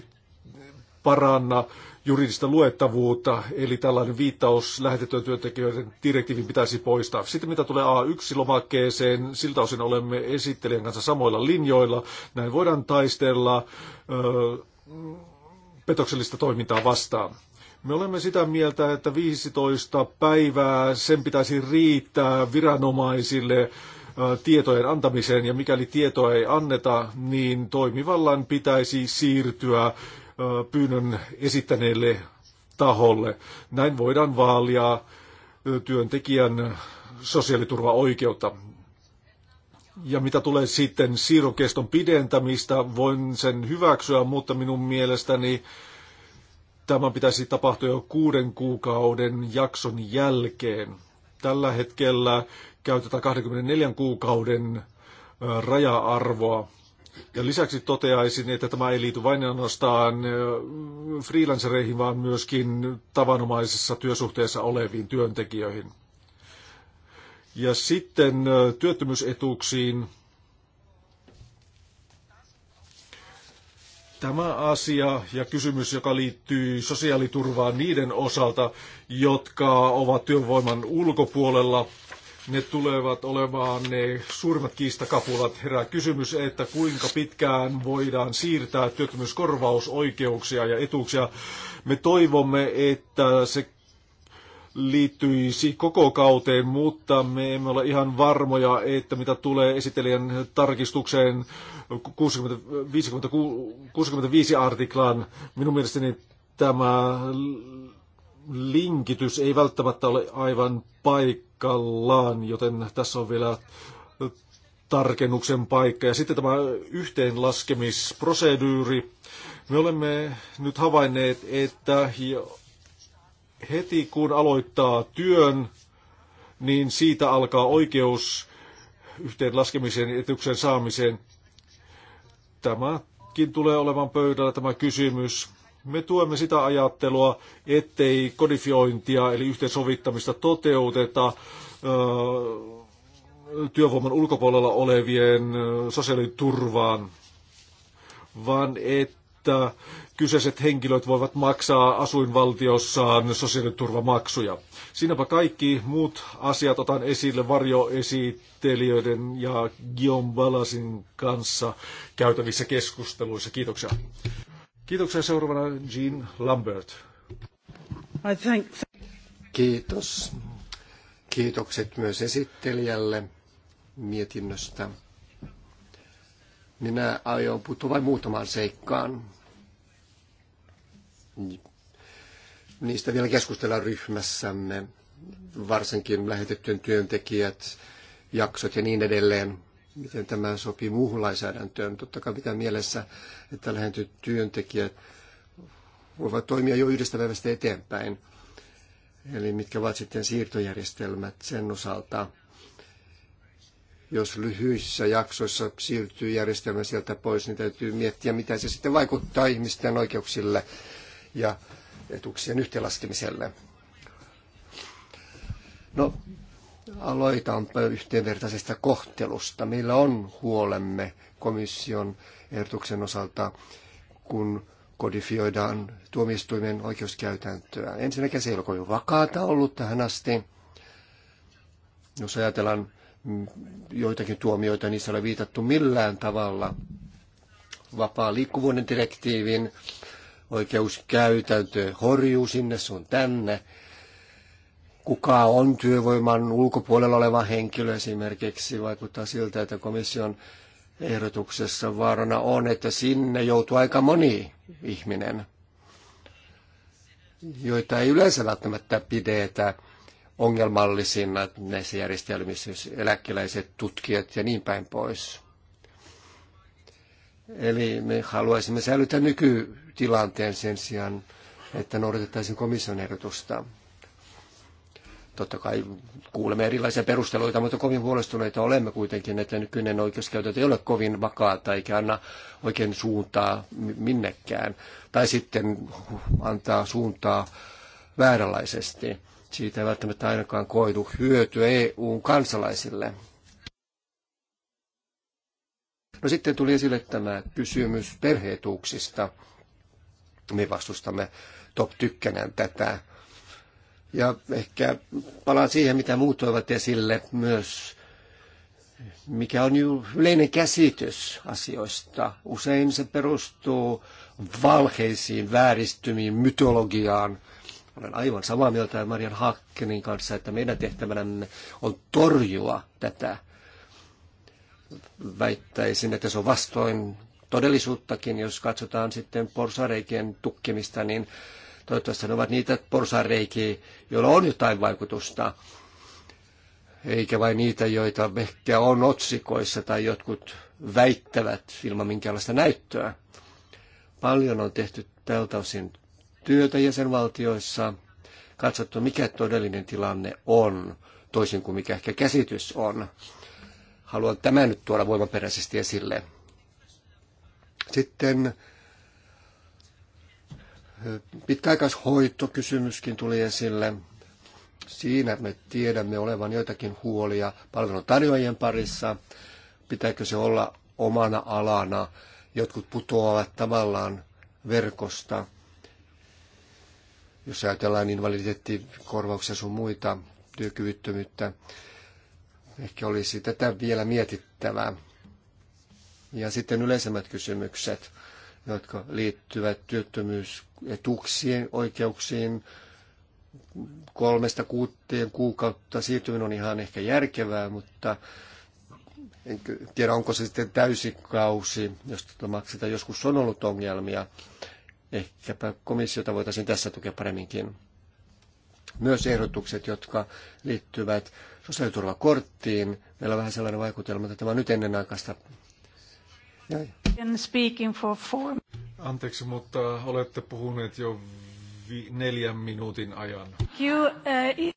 paranna juridista luettavuutta, eli tällainen viittaus lähetettyjen työntekijöiden direktiivin pitäisi poistaa. Sitten mitä tulee A1-lomakkeeseen, siltä osin olemme esittelijän kanssa samoilla linjoilla. Näin voidaan taistella ö, petoksellista toimintaa vastaan. Me olemme sitä mieltä, että 15 päivää sen pitäisi riittää viranomaisille tietojen antamiseen, ja mikäli tietoa ei anneta, niin toimivallan pitäisi siirtyä pyynnön esittäneelle taholle. Näin voidaan vaalia työntekijän sosiaaliturvaoikeutta. Ja mitä tulee sitten siirrokeston pidentämistä, voin sen hyväksyä, mutta minun mielestäni tämä pitäisi tapahtua jo kuuden kuukauden jakson jälkeen. Tällä hetkellä käytetään 24 kuukauden raja-arvoa ja lisäksi toteaisin, että tämä ei liity vain ainoastaan freelancereihin, vaan myöskin tavanomaisessa työsuhteessa oleviin työntekijöihin. Ja sitten työttömyysetuuksiin. Tämä asia ja kysymys, joka liittyy sosiaaliturvaan niiden osalta, jotka ovat työvoiman ulkopuolella – ne tulevat olemaan ne suurimmat kiistakapulat. Herää kysymys, että kuinka pitkään voidaan siirtää työttömyyskorvausoikeuksia ja etuuksia. Me toivomme, että se liittyisi koko kauteen, mutta me emme ole ihan varmoja, että mitä tulee esittelijän tarkistukseen 60, 50, 65 artiklaan. Minun mielestäni tämä linkitys ei välttämättä ole aivan paikallaan, joten tässä on vielä tarkennuksen paikka. Ja sitten tämä yhteenlaskemisproseduuri. Me olemme nyt havainneet, että heti kun aloittaa työn, niin siitä alkaa oikeus yhteenlaskemisen etuksen saamiseen. Tämäkin tulee olemaan pöydällä tämä kysymys. Me tuemme sitä ajattelua, ettei kodifiointia eli yhteensovittamista toteuteta työvoiman ulkopuolella olevien sosiaaliturvaan, vaan että kyseiset henkilöt voivat maksaa asuinvaltiossaan sosiaaliturvamaksuja. Siinäpä kaikki muut asiat otan esille varjoesittelijöiden ja Guillaume Balasin kanssa käytävissä keskusteluissa. Kiitoksia. Kiitoksia seuraavana Jean Lambert. I thank... Kiitos. Kiitokset myös esittelijälle mietinnöstä. Minä aion puuttua vain muutamaan seikkaan. Niistä vielä keskustellaan ryhmässämme, varsinkin lähetettyjen työntekijät, jaksot ja niin edelleen miten tämä sopii muuhun lainsäädäntöön. Totta kai pitää mielessä, että lähentyt työntekijät voivat toimia jo yhdestä päivästä eteenpäin. Eli mitkä ovat sitten siirtojärjestelmät sen osalta. Jos lyhyissä jaksoissa siirtyy järjestelmä sieltä pois, niin täytyy miettiä, mitä se sitten vaikuttaa ihmisten oikeuksille ja etuuksien yhteenlaskemiselle. No, aloitan yhdenvertaisesta kohtelusta. Meillä on huolemme komission ehdotuksen osalta, kun kodifioidaan tuomioistuimen oikeuskäytäntöä. Ensinnäkin se ei ole kovin vakaata ollut tähän asti. Jos ajatellaan mm, joitakin tuomioita, niissä ei ole viitattu millään tavalla vapaa liikkuvuuden direktiivin oikeuskäytäntö horjuu sinne sun tänne kuka on työvoiman ulkopuolella oleva henkilö esimerkiksi. Vaikuttaa siltä, että komission ehdotuksessa vaarana on, että sinne joutuu aika moni ihminen, joita ei yleensä välttämättä pidetä ongelmallisina näissä järjestelmissä, jos eläkkeläiset, tutkijat ja niin päin pois. Eli me haluaisimme säilyttää nykytilanteen sen sijaan, että noudatettaisiin komission ehdotusta. Totta kai kuulemme erilaisia perusteluita, mutta kovin huolestuneita olemme kuitenkin, että nykyinen oikeuskäytäntö ei ole kovin vakaata eikä anna oikein suuntaa minnekään. Tai sitten antaa suuntaa vääränlaisesti. Siitä ei välttämättä ainakaan koidu hyötyä EUn kansalaisille. No sitten tuli esille tämä kysymys perheetuuksista. Me vastustamme top tykkänään tätä ja ehkä palaan siihen, mitä muut toivat esille myös, mikä on yleinen käsitys asioista. Usein se perustuu valheisiin, vääristymiin, mytologiaan. Olen aivan samaa mieltä Marian Hakkenin kanssa, että meidän tehtävänämme on torjua tätä. Väittäisin, että se on vastoin todellisuuttakin, jos katsotaan sitten porsareikien tukkimista, niin Toivottavasti ne ovat niitä porsareikiä, joilla on jotain vaikutusta, eikä vain niitä, joita ehkä on otsikoissa tai jotkut väittävät ilman minkäänlaista näyttöä. Paljon on tehty tältä osin työtä jäsenvaltioissa, katsottu mikä todellinen tilanne on, toisin kuin mikä ehkä käsitys on. Haluan tämän nyt tuoda voimaperäisesti esille. Sitten Pitkäaikaishoitokysymyskin tuli esille. Siinä me tiedämme olevan joitakin huolia palvelutarjoajien parissa. Pitääkö se olla omana alana? Jotkut putoavat tavallaan verkosta. Jos ajatellaan invaliditeettikorvauksia sun muita työkyvyttömyyttä, ehkä olisi tätä vielä mietittävää. Ja sitten yleisemmät kysymykset jotka liittyvät työttömyysetuuksien oikeuksiin. Kolmesta kuuteen kuukautta siirtyminen on ihan ehkä järkevää, mutta en tiedä onko se sitten täysikausi, jos maksetaan. Joskus on ollut ongelmia. Ehkäpä komissiota voitaisiin tässä tukea paremminkin. Myös ehdotukset, jotka liittyvät sosiaaliturvakorttiin. Meillä on vähän sellainen vaikutelma, että tämä on nyt ennenaikaista Anteeksi, mutta olette puhuneet jo vi- neljän minuutin ajan. You, uh,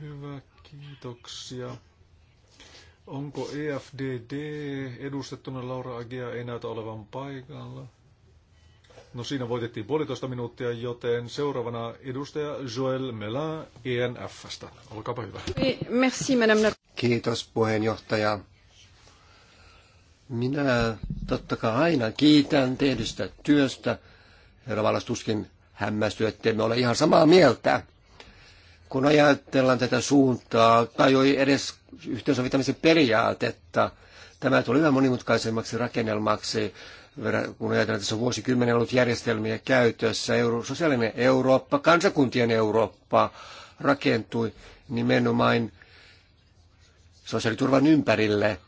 Hyvä, kiitoksia. Onko EFDD edustettuna Laura Agia ei näytä olevan paikalla? No siinä voitettiin puolitoista minuuttia, joten seuraavana edustaja Joel Melan ENFstä. Olkaapa hyvä. Merci, madame. Kiitos puheenjohtaja. Minä totta kai aina kiitän tehdystä työstä. Herra Valastuskin hämmästyy, ettei me ole ihan samaa mieltä. Kun ajatellaan tätä suuntaa, tai ei edes yhteensovittamisen periaatetta, tämä tuli yhä monimutkaisemmaksi rakennelmaksi, kun ajatellaan, että tässä on vuosikymmenen ollut järjestelmiä käytössä. Euro, sosiaalinen Eurooppa, kansakuntien Eurooppa rakentui nimenomaan sosiaaliturvan ympärille –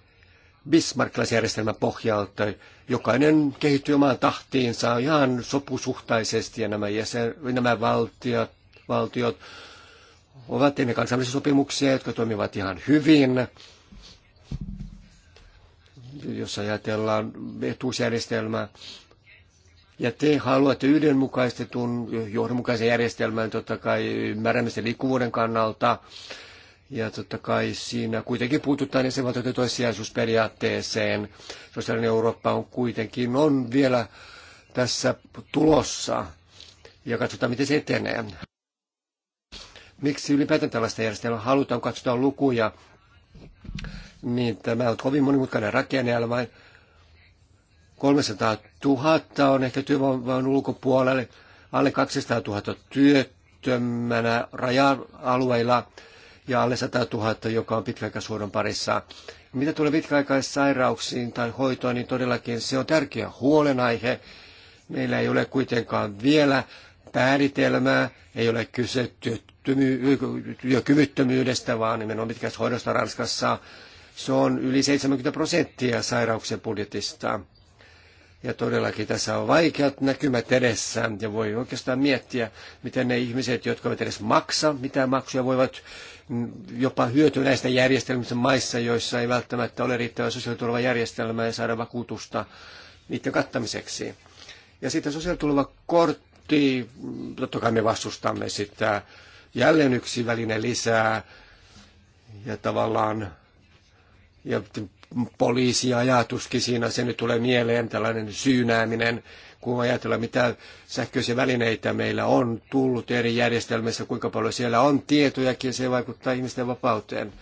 bismarckilaisjärjestelmän pohjalta. Jokainen kehittyy omaan tahtiinsa ihan sopusuhtaisesti ja nämä, jäsen, nämä valtiot, valtiot ovat ennen kansainvälisiä sopimuksia, jotka toimivat ihan hyvin. Jos ajatellaan etuusjärjestelmää, ja te haluatte yhdenmukaistetun johdonmukaisen järjestelmän totta kai ymmärrämisen liikkuvuuden kannalta ja totta kai siinä kuitenkin puututaan jäsenvaltioiden toissijaisuusperiaatteeseen. Sosiaalinen Eurooppa on kuitenkin on vielä tässä tulossa ja katsotaan, miten se etenee. Miksi ylipäätään tällaista järjestelmää halutaan, katsotaan lukuja, niin tämä on kovin monimutkainen rakennelma. 300 000 on ehkä työvoiman ulkopuolelle, alle 200 000 työttömänä raja-alueilla – ja alle 100 000, joka on pitkäaikaishuollon parissa. Mitä tulee pitkäaikaissairauksiin tai hoitoon, niin todellakin se on tärkeä huolenaihe. Meillä ei ole kuitenkaan vielä määritelmää, ei ole kyse työkyvyttömyydestä, vaan nimenomaan pitkästä hoidosta Ranskassa. Se on yli 70 prosenttia sairauksien budjetista. Ja todellakin tässä on vaikeat näkymät edessä ja voi oikeastaan miettiä, miten ne ihmiset, jotka eivät edes maksa mitä maksuja, voivat jopa hyöty näistä järjestelmistä maissa, joissa ei välttämättä ole riittävää sosiaaliturvajärjestelmää ja saada vakuutusta niiden kattamiseksi. Ja sitten sosiaaliturvakortti, totta kai me vastustamme sitä jälleen yksi väline lisää ja tavallaan ja poliisiajatuskin siinä, se nyt tulee mieleen, tällainen syynääminen, kun ajatellaan mitä sähköisiä välineitä meillä on tullut eri järjestelmissä, kuinka paljon siellä on tietojakin, se vaikuttaa ihmisten vapauteen.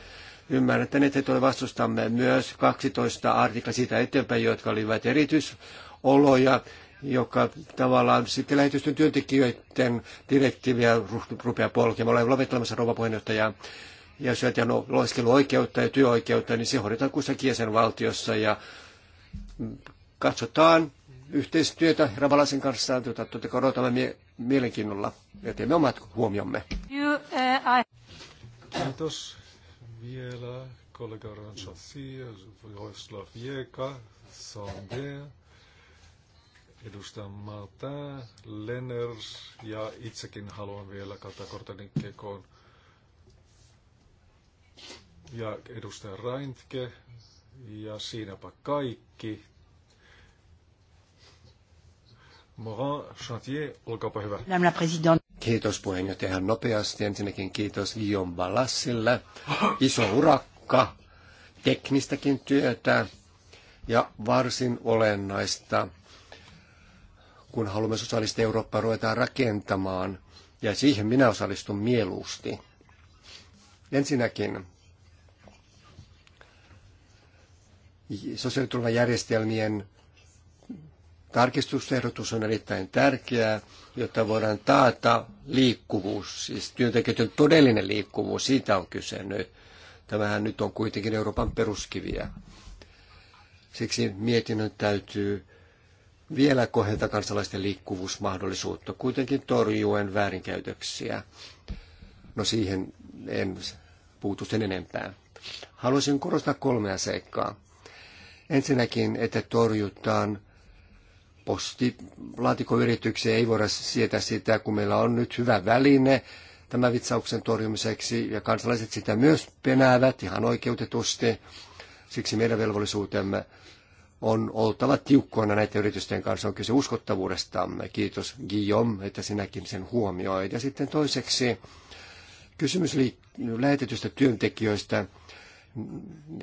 Ymmärrän, että ne vastustamme myös 12 artikla siitä eteenpäin, jotka olivat erityisoloja, joka tavallaan sitten lähetystyn työntekijöiden direktiiviä rupeaa polkemaan. Olen lopettelemassa rouva puheenjohtajaa ja syötän no, loiskeluoikeutta ja työoikeutta, niin se hoidetaan kussakin jäsenvaltiossa ja katsotaan, yhteistyötä Ravalaisen kanssa, jota totta kai odotamme mie- mielenkiinnolla ja teemme omat huomiomme. You, uh, I... Kiitos vielä kollega Ranchassia, Vojislav Jeka, Sande, edustaja Malta, Lenners ja itsekin haluan vielä kantaa korteni kekoon. Ja edustaja Raintke ja siinäpä kaikki Morin Chantier, olkaapa hyvä. Madame la Présidente. Kiitos puheenjohtaja ihan nopeasti. Ensinnäkin kiitos Guillaume Ballassille. Iso urakka, teknistäkin työtä ja varsin olennaista, kun haluamme sosiaalista Eurooppaa ruvetaan rakentamaan. Ja siihen minä osallistun mieluusti. Ensinnäkin sosiaaliturvajärjestelmien Tarkistusehdotus on erittäin tärkeää, jotta voidaan taata liikkuvuus, siis työntekijöiden todellinen liikkuvuus, siitä on kyse nyt. Tämähän nyt on kuitenkin Euroopan peruskiviä. Siksi mietinnön täytyy vielä kohdata kansalaisten liikkuvuusmahdollisuutta, kuitenkin torjuen väärinkäytöksiä. No siihen en puutu sen enempää. Haluaisin korostaa kolmea seikkaa. Ensinnäkin, että torjutaan postilaatikoyrityksiä ei voida sietää sitä, kun meillä on nyt hyvä väline tämän vitsauksen torjumiseksi, ja kansalaiset sitä myös penäävät ihan oikeutetusti. Siksi meidän velvollisuutemme on oltava tiukkoina näiden yritysten kanssa, on kyse uskottavuudestamme. Kiitos Guillaume, että sinäkin sen huomioit. Ja sitten toiseksi kysymys lähetetystä työntekijöistä,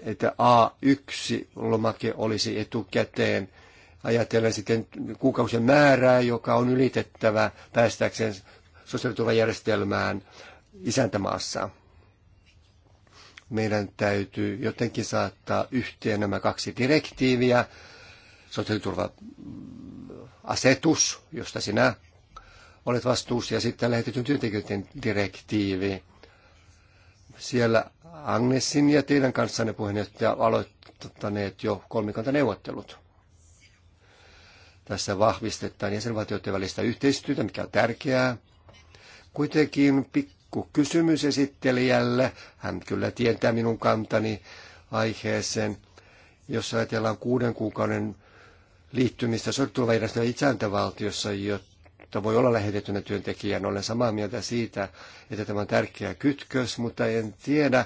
että A1-lomake olisi etukäteen – ajatellen sitten kuukausien määrää, joka on ylitettävä päästäkseen sosiaaliturvajärjestelmään isäntämaassa. Meidän täytyy jotenkin saattaa yhteen nämä kaksi direktiiviä, sosiaaliturva-asetus, josta sinä olet vastuussa, ja sitten lähetetyn työntekijöiden direktiivi. Siellä Agnesin ja teidän kanssanne puheenjohtaja aloittaneet jo kolmikantaneuvottelut. Tässä vahvistetaan jäsenvaltioiden välistä yhteistyötä, mikä on tärkeää. Kuitenkin pikku kysymys esittelijälle. Hän kyllä tietää minun kantani aiheeseen. Jos ajatellaan kuuden kuukauden liittymistä sosiaaliturvajärjestelmän itsääntövaltiossa, jotta voi olla lähetettynä työntekijän. Olen samaa mieltä siitä, että tämä on tärkeä kytkös, mutta en tiedä,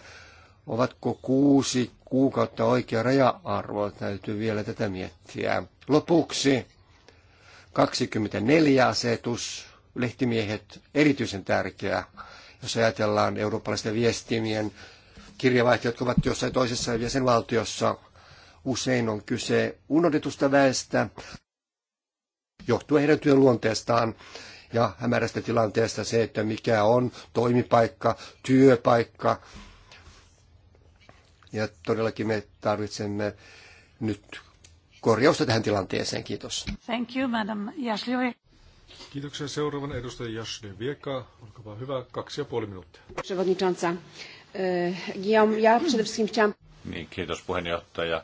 ovatko kuusi kuukautta oikea raja-arvo. Täytyy vielä tätä miettiä. Lopuksi 24 asetus, lehtimiehet, erityisen tärkeä, jos ajatellaan eurooppalaisten viestimien kirjavaihtoja, jotka ovat jossain toisessa jäsenvaltiossa. Usein on kyse unohdetusta väestä, johtuen heidän työluonteestaan ja hämärästä tilanteesta se, että mikä on toimipaikka, työpaikka. Ja todellakin me tarvitsemme nyt korjausta tähän tilanteeseen. Kiitos. Thank you, Madam Jaslioi. Kiitoksia. Seuraavan edustaja Jasne Vieka. Olkaa hyvä. Kaksi ja puoli minuuttia. Przewodnicząca. E, Guillaume, ja przede Niin, kiitos puheenjohtaja.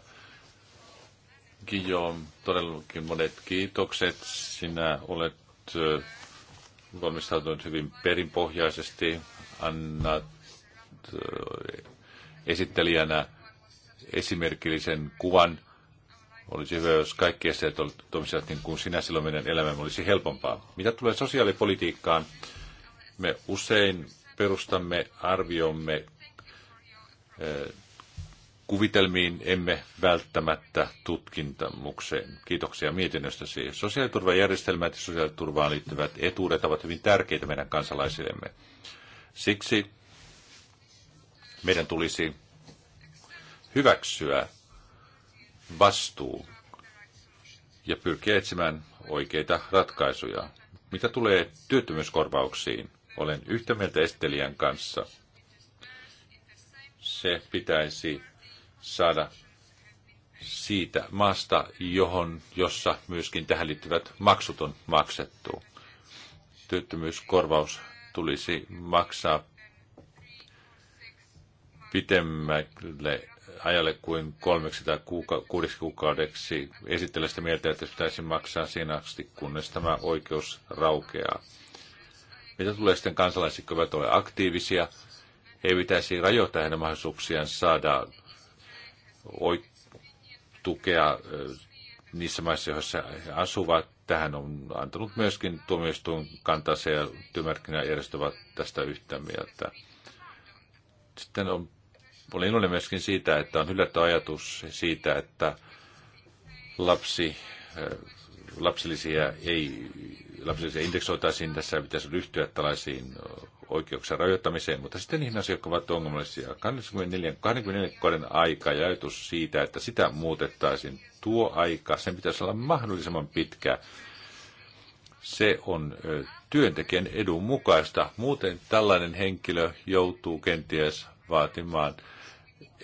Guillaume, todellakin monet kiitokset. Sinä olet e, valmistautunut hyvin perinpohjaisesti. Annat e, esittelijänä esimerkillisen kuvan olisi hyvä, jos kaikki asiat toimisivat niin kuin sinä silloin meidän elämämme olisi helpompaa. Mitä tulee sosiaalipolitiikkaan, me usein perustamme arviomme kuvitelmiin, emme välttämättä tutkintamukseen. Kiitoksia mietinnöstä Sosiaaliturvajärjestelmät ja sosiaaliturvaan liittyvät etuudet ovat hyvin tärkeitä meidän kansalaisillemme. Siksi meidän tulisi hyväksyä vastuu ja pyrkiä etsimään oikeita ratkaisuja. Mitä tulee työttömyyskorvauksiin, olen yhtä mieltä Estelian kanssa. Se pitäisi saada siitä maasta, johon, jossa myöskin tähän liittyvät maksut on maksettu. Työttömyyskorvaus tulisi maksaa pitemmälle ajalle kuin kolmeksi tai kuuka- kuudeksi kuukaudeksi esitellä sitä mieltä, että pitäisi maksaa siinä asti, kunnes tämä oikeus raukeaa. Mitä tulee sitten kansalaisiin, jotka eivät ole aktiivisia, ei pitäisi rajoittaa heidän mahdollisuuksiaan saada tukea niissä maissa, joissa he asuvat. Tähän on antanut myöskin tuomioistuin se ja työmarkkinajärjestö ovat tästä yhtä mieltä. Sitten on olen iloinen myöskin siitä, että on hylätty ajatus siitä, että lapsi, äh, lapsilisiä ei lapsilisiä indeksoitaisiin, tässä pitäisi ryhtyä tällaisiin oikeuksien rajoittamiseen, mutta sitten niihin asioihin, jotka ovat ongelmallisia. 24, 24 vuoden aika ja ajatus siitä, että sitä muutettaisiin, tuo aika, sen pitäisi olla mahdollisimman pitkä. Se on työntekijän edun mukaista. Muuten tällainen henkilö joutuu kenties vaatimaan –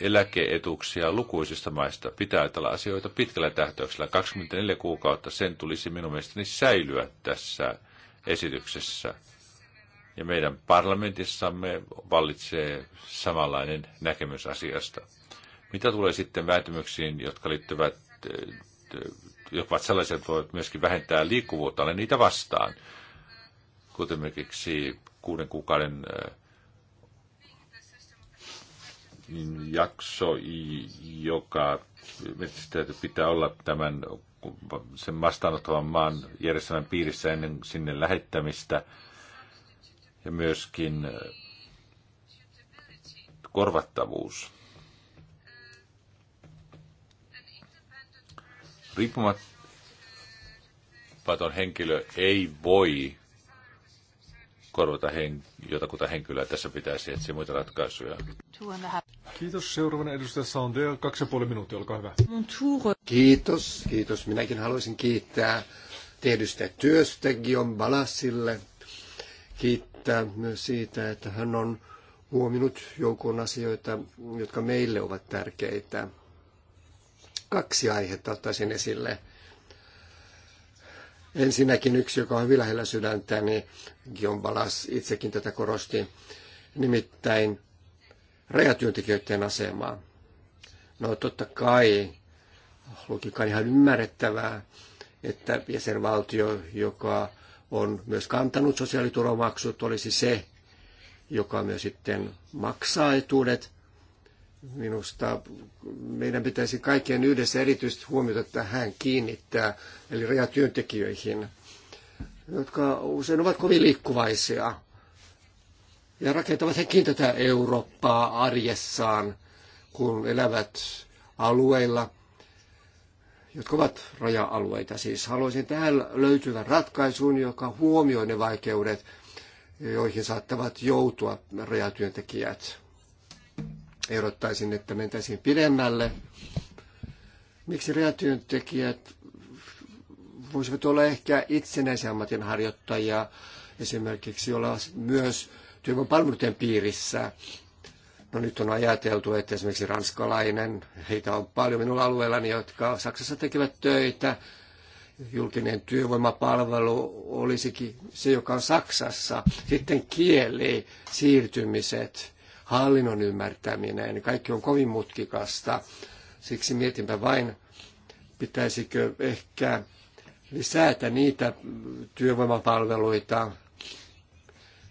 eläkeetuuksia lukuisista maista. Pitää ajatella asioita pitkällä tähtäyksellä. 24 kuukautta sen tulisi minun mielestäni säilyä tässä esityksessä. Ja meidän parlamentissamme vallitsee samanlainen näkemys asiasta. Mitä tulee sitten väitymyksiin, jotka liittyvät, jotka ovat sellaisia, että voivat myöskin vähentää liikkuvuutta, olen niitä vastaan. Kuten esimerkiksi kuuden kuukauden äh, niin jakso, joka metsästäjäty pitää olla tämän sen vastaanottavan maan järjestelmän piirissä ennen sinne lähettämistä ja myöskin äh, korvattavuus. Riippumaton henkilö ei voi korvata hen, jotakuta henkilöä. Tässä pitäisi etsiä muita ratkaisuja. Kiitos. Seuraavana edustaja Sandea. Kaksi ja puoli minuuttia, olkaa hyvä. Kiitos, kiitos. Minäkin haluaisin kiittää tehdystä työstä Gion Balassille. Kiittää myös siitä, että hän on huominut joukon asioita, jotka meille ovat tärkeitä. Kaksi aihetta ottaisin esille. Ensinnäkin yksi, joka on hyvin lähellä sydäntäni, niin Gion Balas itsekin tätä korosti, nimittäin rajatyöntekijöiden asemaa. No totta kai, logiikka ihan ymmärrettävää, että jäsenvaltio, joka on myös kantanut sosiaaliturvamaksut, olisi se, joka myös sitten maksaa etuudet. Minusta meidän pitäisi kaikkien yhdessä erityisesti huomiota tähän kiinnittää, eli rajatyöntekijöihin, jotka usein ovat kovin liikkuvaisia ja rakentavat hekin tätä Eurooppaa arjessaan, kun elävät alueilla, jotka ovat raja-alueita. Siis haluaisin tähän löytyvän ratkaisun, joka huomioi ne vaikeudet, joihin saattavat joutua rajatyöntekijät. Ehdottaisin, että mentäisiin pidemmälle. Miksi rajatyöntekijät voisivat olla ehkä itsenäisiä ammatinharjoittajia, esimerkiksi olla myös palveluiden piirissä. No nyt on ajateltu, että esimerkiksi ranskalainen, heitä on paljon minulla alueellani, jotka Saksassa tekevät töitä. Julkinen työvoimapalvelu olisikin se, joka on Saksassa. Sitten kieli, siirtymiset, hallinnon ymmärtäminen, kaikki on kovin mutkikasta. Siksi mietinpä vain, pitäisikö ehkä lisätä niitä työvoimapalveluita,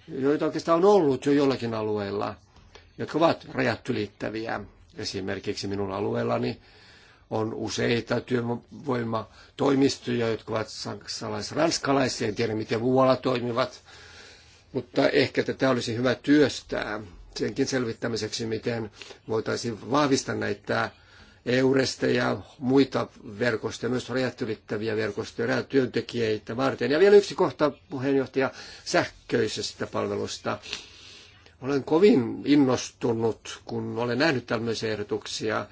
joita oikeastaan on ollut jo jollakin alueella, jotka ovat rajat ylittäviä. Esimerkiksi minun alueellani on useita työvoimatoimistoja, jotka ovat saksalais-ranskalaisia, en tiedä miten muualla toimivat, mutta ehkä tätä olisi hyvä työstää senkin selvittämiseksi, miten voitaisiin vahvistaa näitä Euresta ja muita verkostoja, myös rajat ylittäviä verkostoja, rajat työntekijöitä varten. Ja vielä yksi kohta puheenjohtaja sähköisestä palvelusta. Olen kovin innostunut, kun olen nähnyt tämmöisiä ehdotuksia.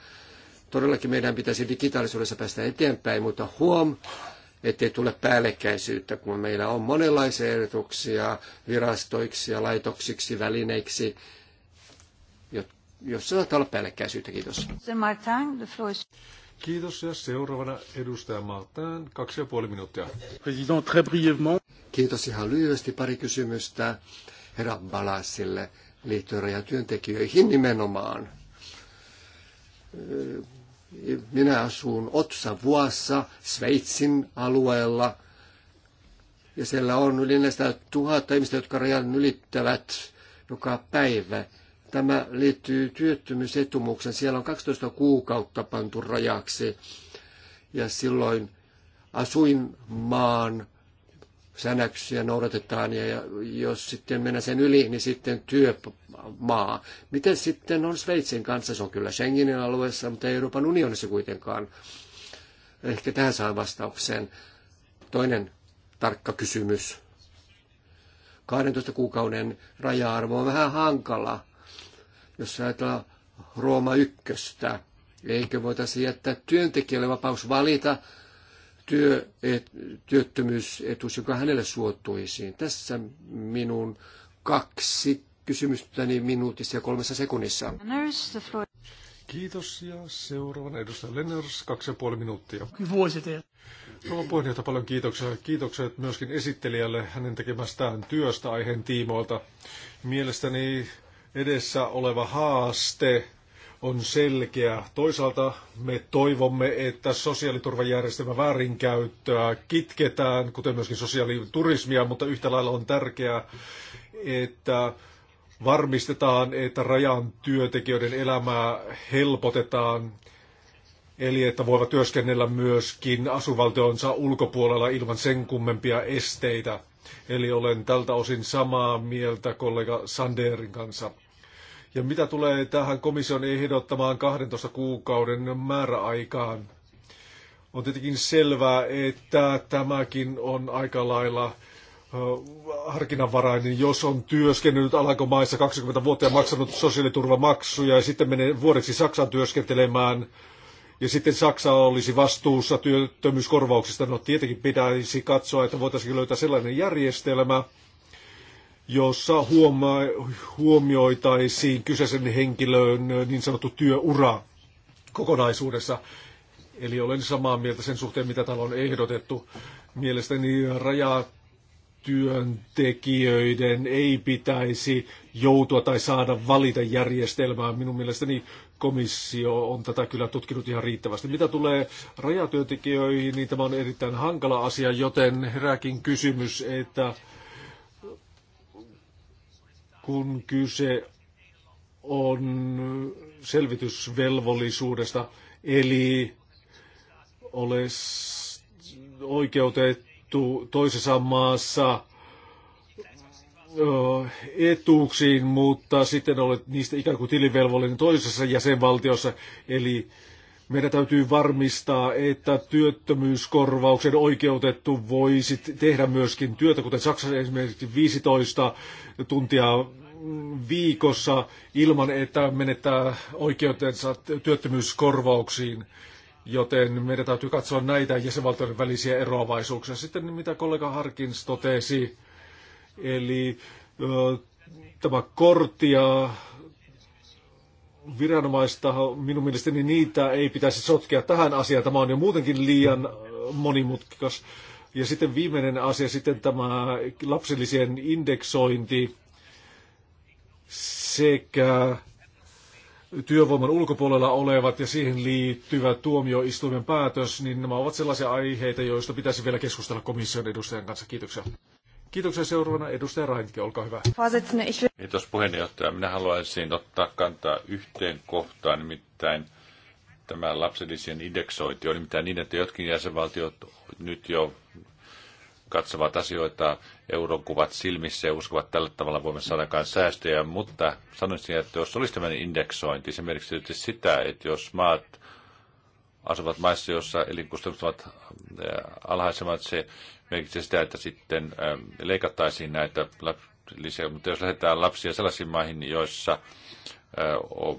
Todellakin meidän pitäisi digitaalisuudessa päästä eteenpäin, mutta huom, ettei tule päällekkäisyyttä, kun meillä on monenlaisia ehdotuksia virastoiksi ja laitoksiksi, välineiksi, jos se saattaa olla päällekkäisyyttä. Kiitos. Kiitos ja seuraavana edustaja Martin, kaksi ja puoli minuuttia. President, très brièvement. Kiitos ihan lyhyesti pari kysymystä herra Balasille liittyen ja työntekijöihin nimenomaan. Minä asun vuossa Sveitsin alueella, ja siellä on yli näistä 000 ihmistä, jotka rajan ylittävät joka päivä Tämä liittyy työttömyysetumukseen. Siellä on 12 kuukautta pantu rajaksi ja silloin asuinmaan säännöksiä noudatetaan ja jos sitten mennään sen yli, niin sitten työmaa. Miten sitten on Sveitsin kanssa? Se on kyllä Schengenin alueessa, mutta ei Euroopan unionissa kuitenkaan. Ehkä tähän saa vastauksen. Toinen tarkka kysymys. 12 kuukauden raja-arvo on vähän hankala jos ajatellaan Rooma ykköstä, eikö voitaisi jättää työntekijälle vapaus valita työ, et, työttömyysetuus, joka hänelle suotuisiin. Tässä minun kaksi kysymystäni minuutissa ja kolmessa sekunnissa. Kiitos ja seuraavana edustaja Lenners, kaksi ja puoli minuuttia. Vuositeet. Rouva puheenjohtaja, paljon kiitoksia. Kiitokset myöskin esittelijälle hänen tekemästään työstä aiheen tiimoilta. Mielestäni edessä oleva haaste on selkeä. Toisaalta me toivomme, että sosiaaliturvajärjestelmän väärinkäyttöä kitketään, kuten myöskin sosiaaliturismia, mutta yhtä lailla on tärkeää, että varmistetaan, että rajan työntekijöiden elämää helpotetaan, eli että voivat työskennellä myöskin asuvaltionsa ulkopuolella ilman sen kummempia esteitä. Eli olen tältä osin samaa mieltä kollega Sanderin kanssa. Ja mitä tulee tähän komission ehdottamaan 12 kuukauden määräaikaan, on tietenkin selvää, että tämäkin on aika lailla harkinnanvarainen, jos on työskennellyt Alankomaissa 20 vuotta ja maksanut sosiaaliturvamaksuja ja sitten menee vuodeksi Saksaan työskentelemään – ja sitten Saksa olisi vastuussa työttömyyskorvauksista. No tietenkin pitäisi katsoa, että voitaisiin löytää sellainen järjestelmä, jossa huoma- huomioitaisiin kyseisen henkilön niin sanottu työura kokonaisuudessa. Eli olen samaa mieltä sen suhteen, mitä täällä on ehdotettu. Mielestäni rajatyöntekijöiden ei pitäisi joutua tai saada valita järjestelmää. Minun mielestäni komissio on tätä kyllä tutkinut ihan riittävästi. Mitä tulee rajatyöntekijöihin, niin tämä on erittäin hankala asia, joten herääkin kysymys, että kun kyse on selvitysvelvollisuudesta, eli olisi oikeutettu toisessa maassa etuuksiin, mutta sitten olet niistä ikään kuin tilivelvollinen toisessa jäsenvaltiossa. Eli meidän täytyy varmistaa, että työttömyyskorvauksen oikeutettu voisi tehdä myöskin työtä, kuten Saksassa esimerkiksi 15 tuntia viikossa ilman, että menettää oikeutensa työttömyyskorvauksiin. Joten meidän täytyy katsoa näitä jäsenvaltioiden välisiä eroavaisuuksia. Sitten mitä kollega Harkins totesi, Eli tämä kortia viranomaista, minun mielestäni niitä ei pitäisi sotkea tähän asiaan. Tämä on jo muutenkin liian monimutkikas. Ja sitten viimeinen asia, sitten tämä lapsillisien indeksointi sekä työvoiman ulkopuolella olevat ja siihen liittyvä tuomioistuimen päätös, niin nämä ovat sellaisia aiheita, joista pitäisi vielä keskustella komission edustajan kanssa. Kiitoksia. Kiitoksia seuraavana edustaja Rainke, olkaa hyvä. Kiitos puheenjohtaja. Minä haluaisin ottaa kantaa yhteen kohtaan, nimittäin tämä lapsilisien indeksointi on nimittäin niin, että jotkin jäsenvaltiot nyt jo katsovat asioita euron kuvat silmissä ja uskovat että tällä tavalla voimme saadakaan säästöjä, mutta sanoisin, että jos olisi tämmöinen indeksointi, se merkitsisi sitä, että jos maat asuvat maissa, joissa elinkustannukset ovat äh, alhaisemmat, se merkitsee sitä, että sitten ähm, leikattaisiin näitä lapsia. Mutta jos lähdetään lapsia sellaisiin maihin, joissa äh,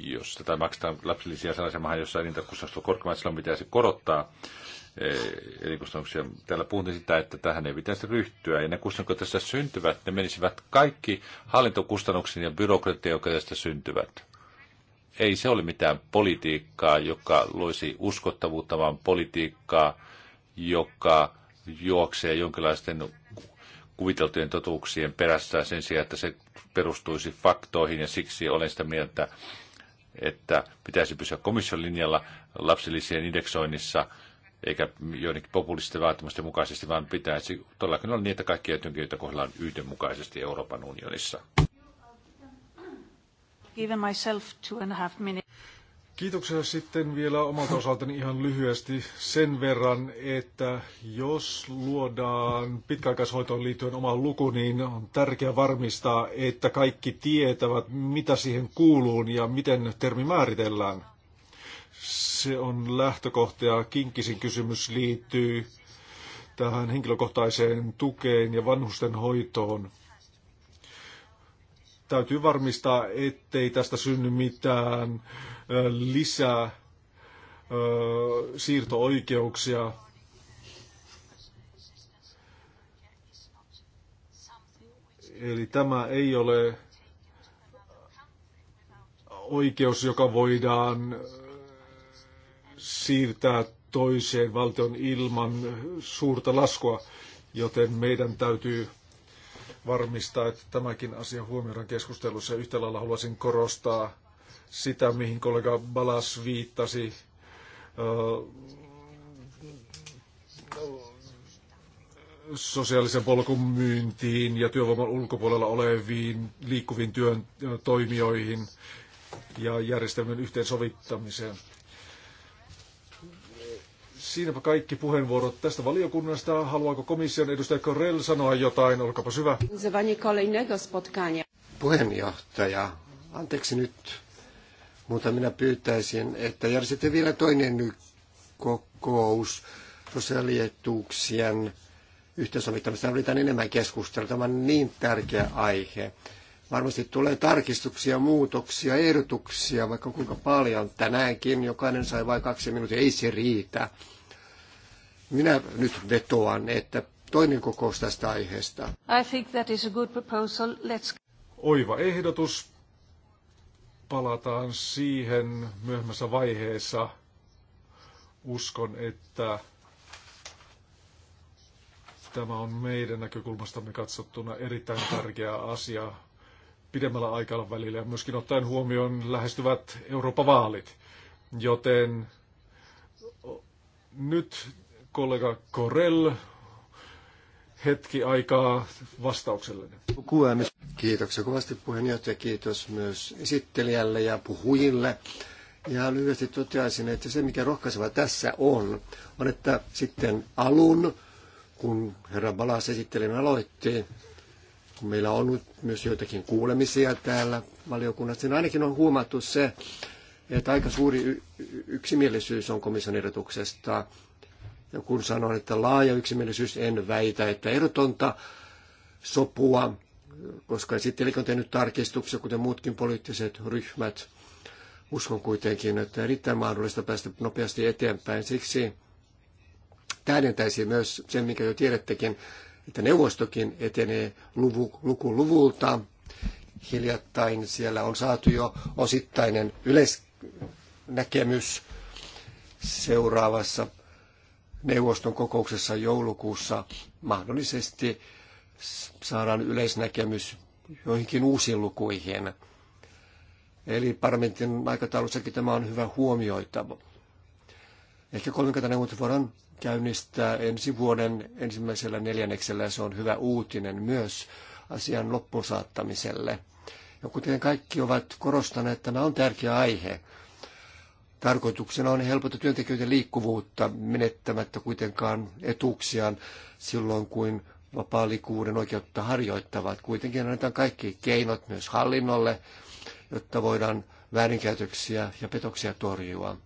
jos tätä maksetaan lapsilisiä sellaisen maahan, jossa elintakustannukset on korkeammat, silloin pitäisi korottaa äh, elinkustannuksia. Täällä puhuttiin sitä, että tähän ei pitäisi ryhtyä. Ja ne kustannukset, jotka tästä syntyvät, ne menisivät kaikki hallintokustannuksiin ja byrokratiaan, jotka tästä syntyvät. Ei se ole mitään politiikkaa, joka loisi uskottavuutta, vaan politiikkaa, joka juoksee jonkinlaisten kuviteltujen totuuksien perässä sen sijaan, että se perustuisi faktoihin ja siksi olen sitä mieltä, että pitäisi pysyä komission linjalla lapsilisien indeksoinnissa eikä joidenkin populististen vaatimusten mukaisesti, vaan pitäisi todellakin olla niin, että kaikkia työntekijöitä kohdellaan yhdenmukaisesti Euroopan unionissa. Given myself two and a half minutes. Kiitoksia sitten vielä omalta osaltani ihan lyhyesti sen verran, että jos luodaan pitkäaikaishoitoon liittyen oma luku, niin on tärkeää varmistaa, että kaikki tietävät, mitä siihen kuuluu ja miten termi määritellään. Se on lähtökohta ja kinkkisin kysymys liittyy tähän henkilökohtaiseen tukeen ja vanhusten hoitoon täytyy varmistaa, ettei tästä synny mitään lisää siirtooikeuksia. Eli tämä ei ole oikeus, joka voidaan siirtää toiseen valtion ilman suurta laskua, joten meidän täytyy varmistaa, että tämäkin asia huomioidaan keskustelussa. Yhtä lailla haluaisin korostaa sitä, mihin kollega Balas viittasi, sosiaalisen polkun myyntiin ja työvoiman ulkopuolella oleviin liikkuviin työn toimijoihin ja järjestelmän yhteensovittamiseen. Siinäpä kaikki puheenvuorot tästä valiokunnasta. Haluaako komission edustaja Korell sanoa jotain? Olkaapa hyvä. Puheenjohtaja, anteeksi nyt mutta minä pyytäisin, että järjestetään vielä toinen kokous sosiaalietuuksien yhteensovittamista. Tarvitaan enemmän keskustelua. Tämä on niin tärkeä aihe. Varmasti tulee tarkistuksia, muutoksia, ehdotuksia, vaikka kuinka paljon. Tänäänkin jokainen sai vain kaksi minuuttia. Ei se riitä. Minä nyt vetoan, että toinen kokous tästä aiheesta. I think that is a good proposal. Let's... Oiva ehdotus palataan siihen myöhemmässä vaiheessa. Uskon, että tämä on meidän näkökulmastamme katsottuna erittäin tärkeä asia pidemmällä aikavälillä ja myöskin ottaen huomioon lähestyvät Euroopan vaalit. Joten nyt kollega Korel, hetki aikaa vastauksellenne. Kiitoksia kovasti puheenjohtaja, kiitos myös esittelijälle ja puhujille. Ja lyhyesti toteaisin, että se mikä rohkaiseva tässä on, on että sitten alun, kun herra Balas esittelyn aloitti, kun meillä on nyt myös joitakin kuulemisia täällä valiokunnassa, niin ainakin on huomattu se, että aika suuri yksimielisyys on komission ehdotuksesta. Ja kun sanon, että laaja yksimielisyys, en väitä, että erotonta sopua koska esittelijät on tehnyt tarkistuksia, kuten muutkin poliittiset ryhmät. Uskon kuitenkin, että erittäin mahdollista päästä nopeasti eteenpäin. Siksi täydentäisi myös sen, minkä jo tiedättekin, että neuvostokin etenee luvu, luku luvulta. Hiljattain siellä on saatu jo osittainen yleisnäkemys seuraavassa neuvoston kokouksessa joulukuussa mahdollisesti saadaan yleisnäkemys joihinkin uusiin lukuihin. Eli parlamentin aikataulussakin tämä on hyvä huomioitava. Ehkä kolmikantaneuvot voidaan käynnistää ensi vuoden ensimmäisellä neljänneksellä ja se on hyvä uutinen myös asian loppuun saattamiselle. Ja kuten kaikki ovat korostaneet, tämä on tärkeä aihe. Tarkoituksena on helpottaa työntekijöiden liikkuvuutta menettämättä kuitenkaan etuuksiaan silloin, kun vapaaliikkuvuuden oikeutta harjoittavat. Kuitenkin annetaan kaikki keinot myös hallinnolle, jotta voidaan väärinkäytöksiä ja petoksia torjua.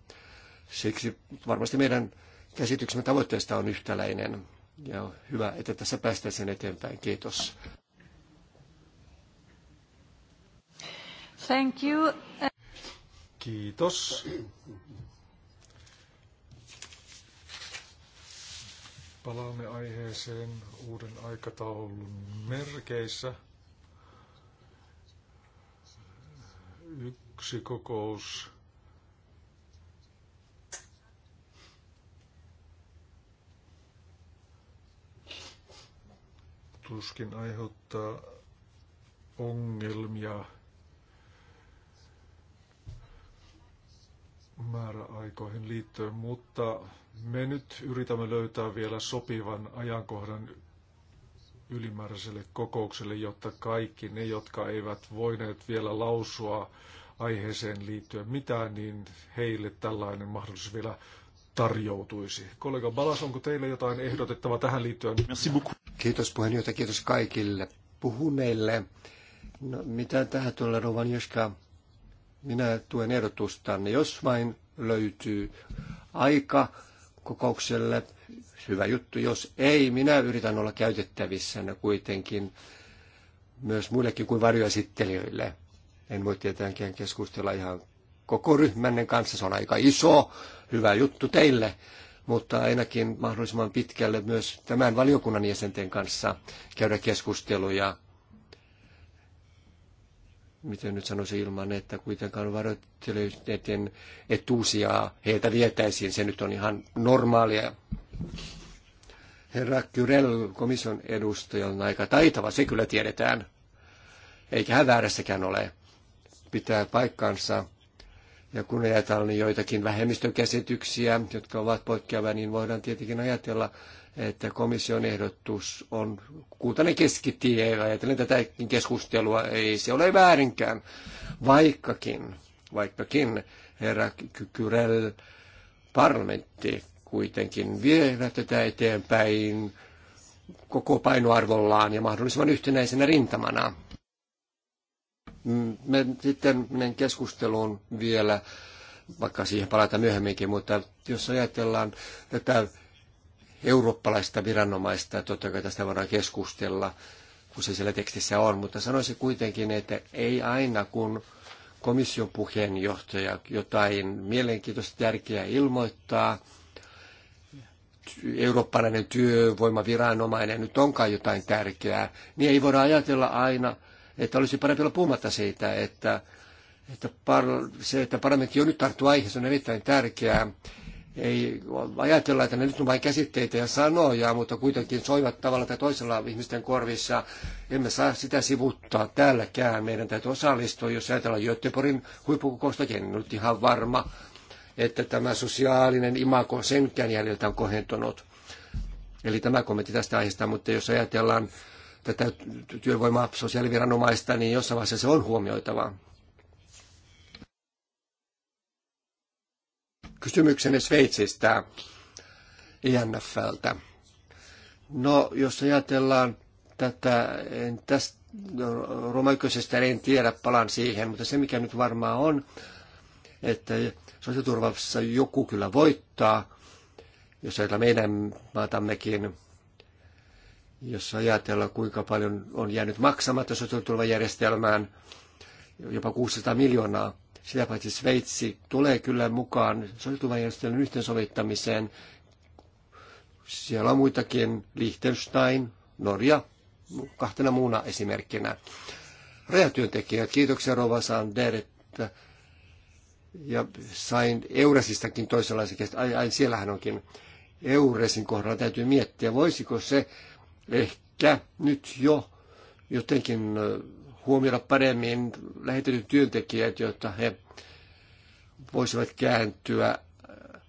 Siksi varmasti meidän käsityksemme tavoitteesta on yhtäläinen. Ja hyvä, että tässä sen eteenpäin. Kiitos. Thank you. Kiitos. Palaamme aiheeseen uuden aikataulun merkeissä. Yksi kokous tuskin aiheuttaa ongelmia aikoihin liittyen, mutta me nyt yritämme löytää vielä sopivan ajankohdan ylimääräiselle kokoukselle, jotta kaikki ne, jotka eivät voineet vielä lausua aiheeseen liittyen mitään, niin heille tällainen mahdollisuus vielä tarjoutuisi. Kollega Balas, onko teille jotain ehdotettavaa tähän liittyen? Kiitos puheenjohtaja, kiitos kaikille puhuneille. No, mitä tähän tulee, Rovan Joska? Minä tuen ehdotustanne, jos vain löytyy aika kokoukselle. Hyvä juttu, jos ei, minä yritän olla käytettävissä kuitenkin myös muillekin kuin varjoesittelijöille. En voi tietenkään keskustella ihan koko ryhmänne kanssa, se on aika iso, hyvä juttu teille, mutta ainakin mahdollisimman pitkälle myös tämän valiokunnan jäsenten kanssa käydä keskusteluja miten nyt sanoisi ilman, että kuitenkaan varoitteleiden etuusia, heiltä vietäisiin. Se nyt on ihan normaalia. Herra Kyrell, komission edustaja, on aika taitava, se kyllä tiedetään. Eikä hän väärässäkään ole. Pitää paikkansa. Ja kun ajatellaan niin joitakin vähemmistökäsityksiä, jotka ovat poikkeavia, niin voidaan tietenkin ajatella, että komission ehdotus on kuutainen keskitie, ajatellen tätäkin keskustelua, ei se ole väärinkään, vaikkakin, vaikkakin herra Kyrell parlamentti kuitenkin vielä tätä eteenpäin koko painoarvollaan ja mahdollisimman yhtenäisenä rintamana. Mm, me sitten menen keskusteluun vielä, vaikka siihen palata myöhemminkin, mutta jos ajatellaan tätä eurooppalaista viranomaista. Totta kai tästä voidaan keskustella, kun se siellä tekstissä on, mutta sanoisin kuitenkin, että ei aina kun komission puheenjohtaja jotain mielenkiintoista tärkeää ilmoittaa, eurooppalainen työvoimaviranomainen nyt onkaan jotain tärkeää, niin ei voida ajatella aina, että olisi parempi olla puhumatta siitä, että, että par, se, että parlamentti on nyt tarttu aiheeseen, on erittäin tärkeää. Ei ajatella, että ne nyt on vain käsitteitä ja sanoja, mutta kuitenkin soivat tavalla tai toisella ihmisten korvissa. Emme saa sitä sivuttaa täälläkään. Meidän täytyy osallistua, jos ajatellaan Göteborgin huippukokousta, en nyt ihan varma, että tämä sosiaalinen imako senkään jäljiltä on kohentunut. Eli tämä kommentti tästä aiheesta, mutta jos ajatellaan tätä työvoimaa sosiaaliviranomaista, niin jossain vaiheessa se on huomioitava. kysymyksenne Sveitsistä IMFltä. No, jos ajatellaan tätä, en tästä Roma en tiedä, palaan siihen, mutta se mikä nyt varmaan on, että sosiaaliturvassa joku kyllä voittaa, jos ajatellaan meidän maatammekin, jos ajatellaan kuinka paljon on jäänyt maksamatta sosiaaliturvajärjestelmään, jopa 600 miljoonaa, sitä paitsi Sveitsi tulee kyllä mukaan sosiaaliturvajärjestelmän yhteensovittamiseen. Siellä on muitakin, Liechtenstein, Norja, kahtena muuna esimerkkinä. Rajatyöntekijät, kiitoksia Rova Sander, että ja sain Eurasistakin toisenlaisen ai, ai, siellähän onkin Euresin kohdalla täytyy miettiä, voisiko se ehkä nyt jo jotenkin huomioida paremmin lähetetyt työntekijät, jotta he voisivat kääntyä äh,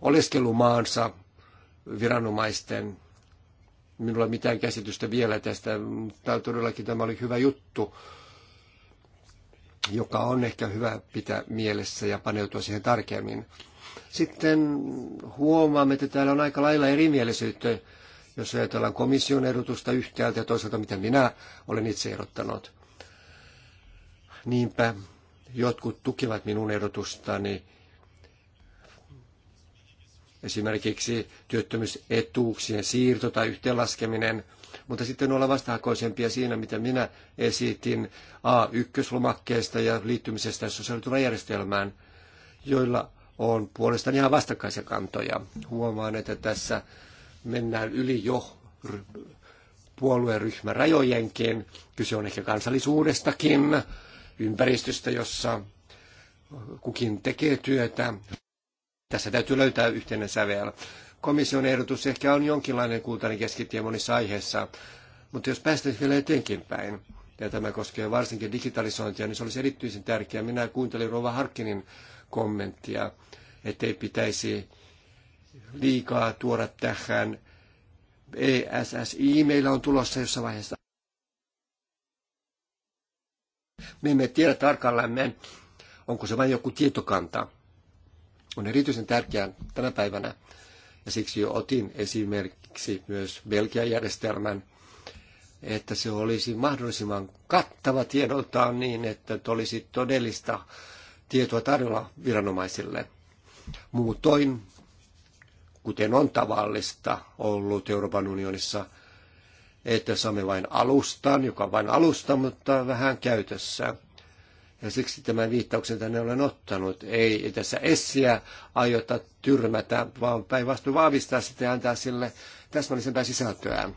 oleskelumaansa viranomaisten. Minulla ei mitään käsitystä vielä tästä, mutta todellakin tämä oli hyvä juttu, joka on ehkä hyvä pitää mielessä ja paneutua siihen tarkemmin. Sitten huomaamme, että täällä on aika lailla erimielisyyttä jos ajatellaan komission ehdotusta yhtäältä ja toisaalta mitä minä olen itse ehdottanut. Niinpä jotkut tukivat minun ehdotustani esimerkiksi työttömyysetuuksien siirto tai yhteenlaskeminen, mutta sitten olla vastahakoisempia siinä, mitä minä esitin A1-lomakkeesta ja liittymisestä sosiaaliturvajärjestelmään, joilla on puolestaan ihan vastakkaisia kantoja. Huomaan, että tässä mennään yli jo puolueryhmän rajojenkin. Kyse on ehkä kansallisuudestakin, ympäristöstä, jossa kukin tekee työtä. Tässä täytyy löytää yhteinen sävel. Komission ehdotus ehkä on jonkinlainen kultainen keskitie monissa aiheissa, mutta jos päästäisiin vielä eteenkin päin, ja tämä koskee varsinkin digitalisointia, niin se olisi erityisen tärkeää. Minä kuuntelin Rova Harkinin kommenttia, ettei pitäisi liikaa tuoda tähän. ESSI meillä on tulossa jossain vaiheessa. Me emme tiedä tarkalleen, onko se vain joku tietokanta. On erityisen tärkeää tänä päivänä, ja siksi jo otin esimerkiksi myös Belgian järjestelmän, että se olisi mahdollisimman kattava tiedoltaan niin, että olisi todellista tietoa tarjolla viranomaisille. Muutoin kuten on tavallista ollut Euroopan unionissa, että saamme vain alustan, joka on vain alusta, mutta vähän käytössä. Ja siksi tämän viittauksen tänne olen ottanut. Ei tässä essiä aiota tyrmätä, vaan päinvastoin vahvistaa sitä ja antaa sille täsmällisempää sisältöä.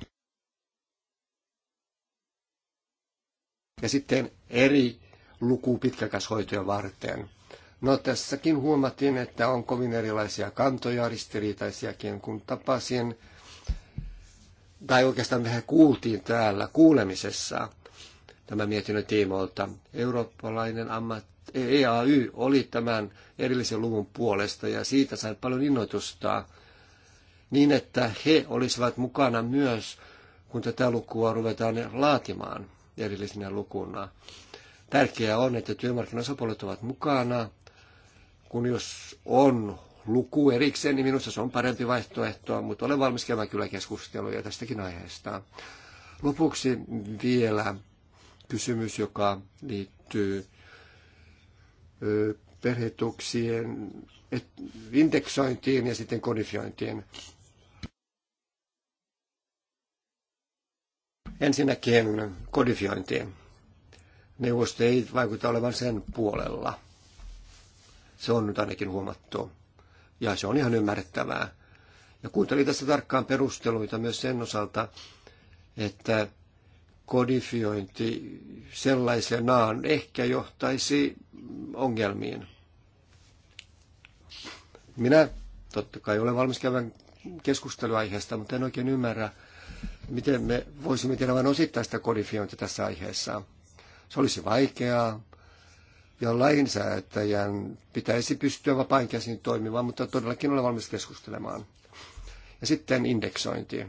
Ja sitten eri luku pitkäkäshoitoja varten. No tässäkin huomattiin, että on kovin erilaisia kantoja, ristiriitaisiakin, kun tapasin, tai oikeastaan mehän kuultiin täällä kuulemisessa tämä mietinnön tiimoilta. Eurooppalainen ammat, EAY oli tämän erillisen luvun puolesta ja siitä sai paljon innoitusta niin, että he olisivat mukana myös, kun tätä lukua ruvetaan laatimaan erillisenä lukuna. Tärkeää on, että työmarkkinasopuolet ovat mukana kun jos on luku erikseen, niin minusta se on parempi vaihtoehto, mutta olen valmis käymään kyllä keskusteluja tästäkin aiheesta. Lopuksi vielä kysymys, joka liittyy perhetuksien indeksointiin ja sitten kodifiointiin. Ensinnäkin kodifiointiin. Neuvosto ei vaikuta olevan sen puolella se on nyt ainakin huomattu. Ja se on ihan ymmärrettävää. Ja kuuntelin tässä tarkkaan perusteluita myös sen osalta, että kodifiointi sellaisenaan ehkä johtaisi ongelmiin. Minä totta kai olen valmis käymään keskusteluaiheesta, mutta en oikein ymmärrä, miten me voisimme tehdä vain osittaista kodifiointia tässä aiheessa. Se olisi vaikeaa, ja lainsäätäjän pitäisi pystyä vapaan käsin toimimaan, mutta todellakin olen valmis keskustelemaan. Ja sitten indeksointi.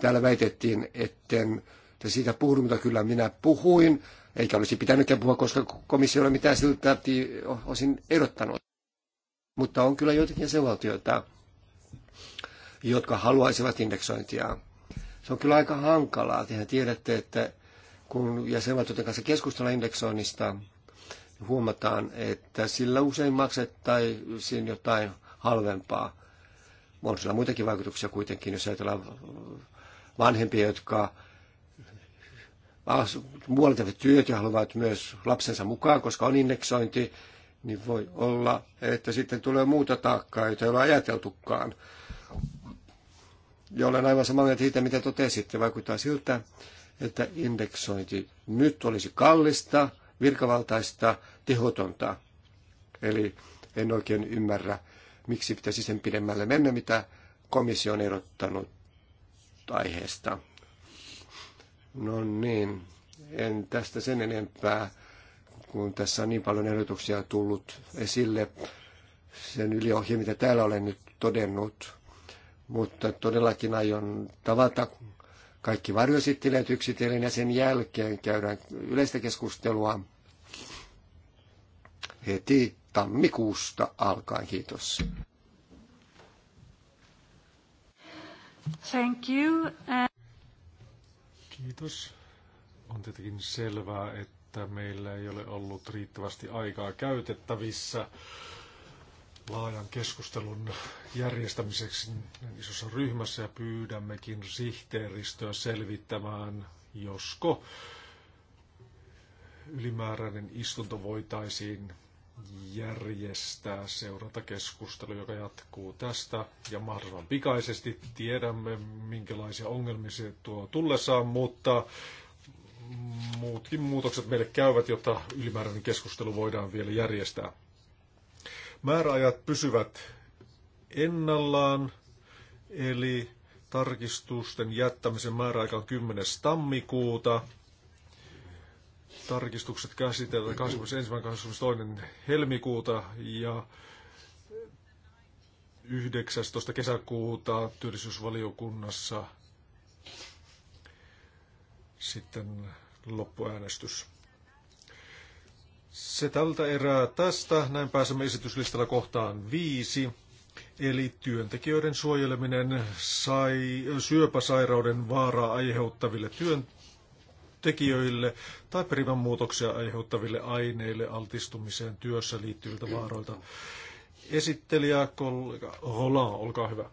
Täällä väitettiin, etten te siitä puhunut, mutta kyllä minä puhuin, eikä olisi pitänytkään puhua, koska komissio ei ole mitään siltä osin erottanut. Mutta on kyllä joitakin jäsenvaltioita, jotka haluaisivat indeksointia. Se on kyllä aika hankalaa. Tehän tiedätte, että kun jäsenvaltioiden kanssa keskustellaan indeksoinnista, niin huomataan, että sillä usein maksettaisiin jotain halvempaa. On sillä muitakin vaikutuksia kuitenkin, jos ajatellaan vanhempia, jotka muualla työt ja haluavat myös lapsensa mukaan, koska on indeksointi, niin voi olla, että sitten tulee muuta taakkaa, jota ei ole ajateltukaan. Ja olen aivan samaa mieltä siitä, mitä totesitte. Vaikuttaa siltä, että indeksointi nyt olisi kallista, virkavaltaista, tehotonta. Eli en oikein ymmärrä, miksi pitäisi sen pidemmälle mennä, mitä komissio on erottanut aiheesta. No niin, en tästä sen enempää, kun tässä on niin paljon erotuksia tullut esille sen yli mitä täällä olen nyt todennut. Mutta todellakin aion tavata kaikki varjoesittelijät yksitellen ja sen jälkeen käydään yleistä keskustelua heti tammikuusta alkaen. Kiitos. Thank you. Kiitos. On tietenkin selvää, että meillä ei ole ollut riittävästi aikaa käytettävissä laajan keskustelun järjestämiseksi isossa ryhmässä ja pyydämmekin sihteeristöä selvittämään, josko ylimääräinen istunto voitaisiin järjestää seurata keskustelu, joka jatkuu tästä. Ja mahdollisimman pikaisesti tiedämme, minkälaisia ongelmia se tuo tullessaan, mutta muutkin muutokset meille käyvät, jotta ylimääräinen keskustelu voidaan vielä järjestää. Määräajat pysyvät ennallaan, eli tarkistusten jättämisen määräaika on 10. tammikuuta. Tarkistukset käsitellään 21. 22. helmikuuta ja 19. kesäkuuta työllisyysvaliokunnassa sitten loppuäänestys. Se tältä erää tästä. Näin pääsemme esityslistalla kohtaan viisi. Eli työntekijöiden suojeleminen sai syöpäsairauden vaaraa aiheuttaville työntekijöille tai muutoksia aiheuttaville aineille altistumiseen työssä liittyviltä vaaroilta. Esittelijä kollega Holland, olkaa hyvä.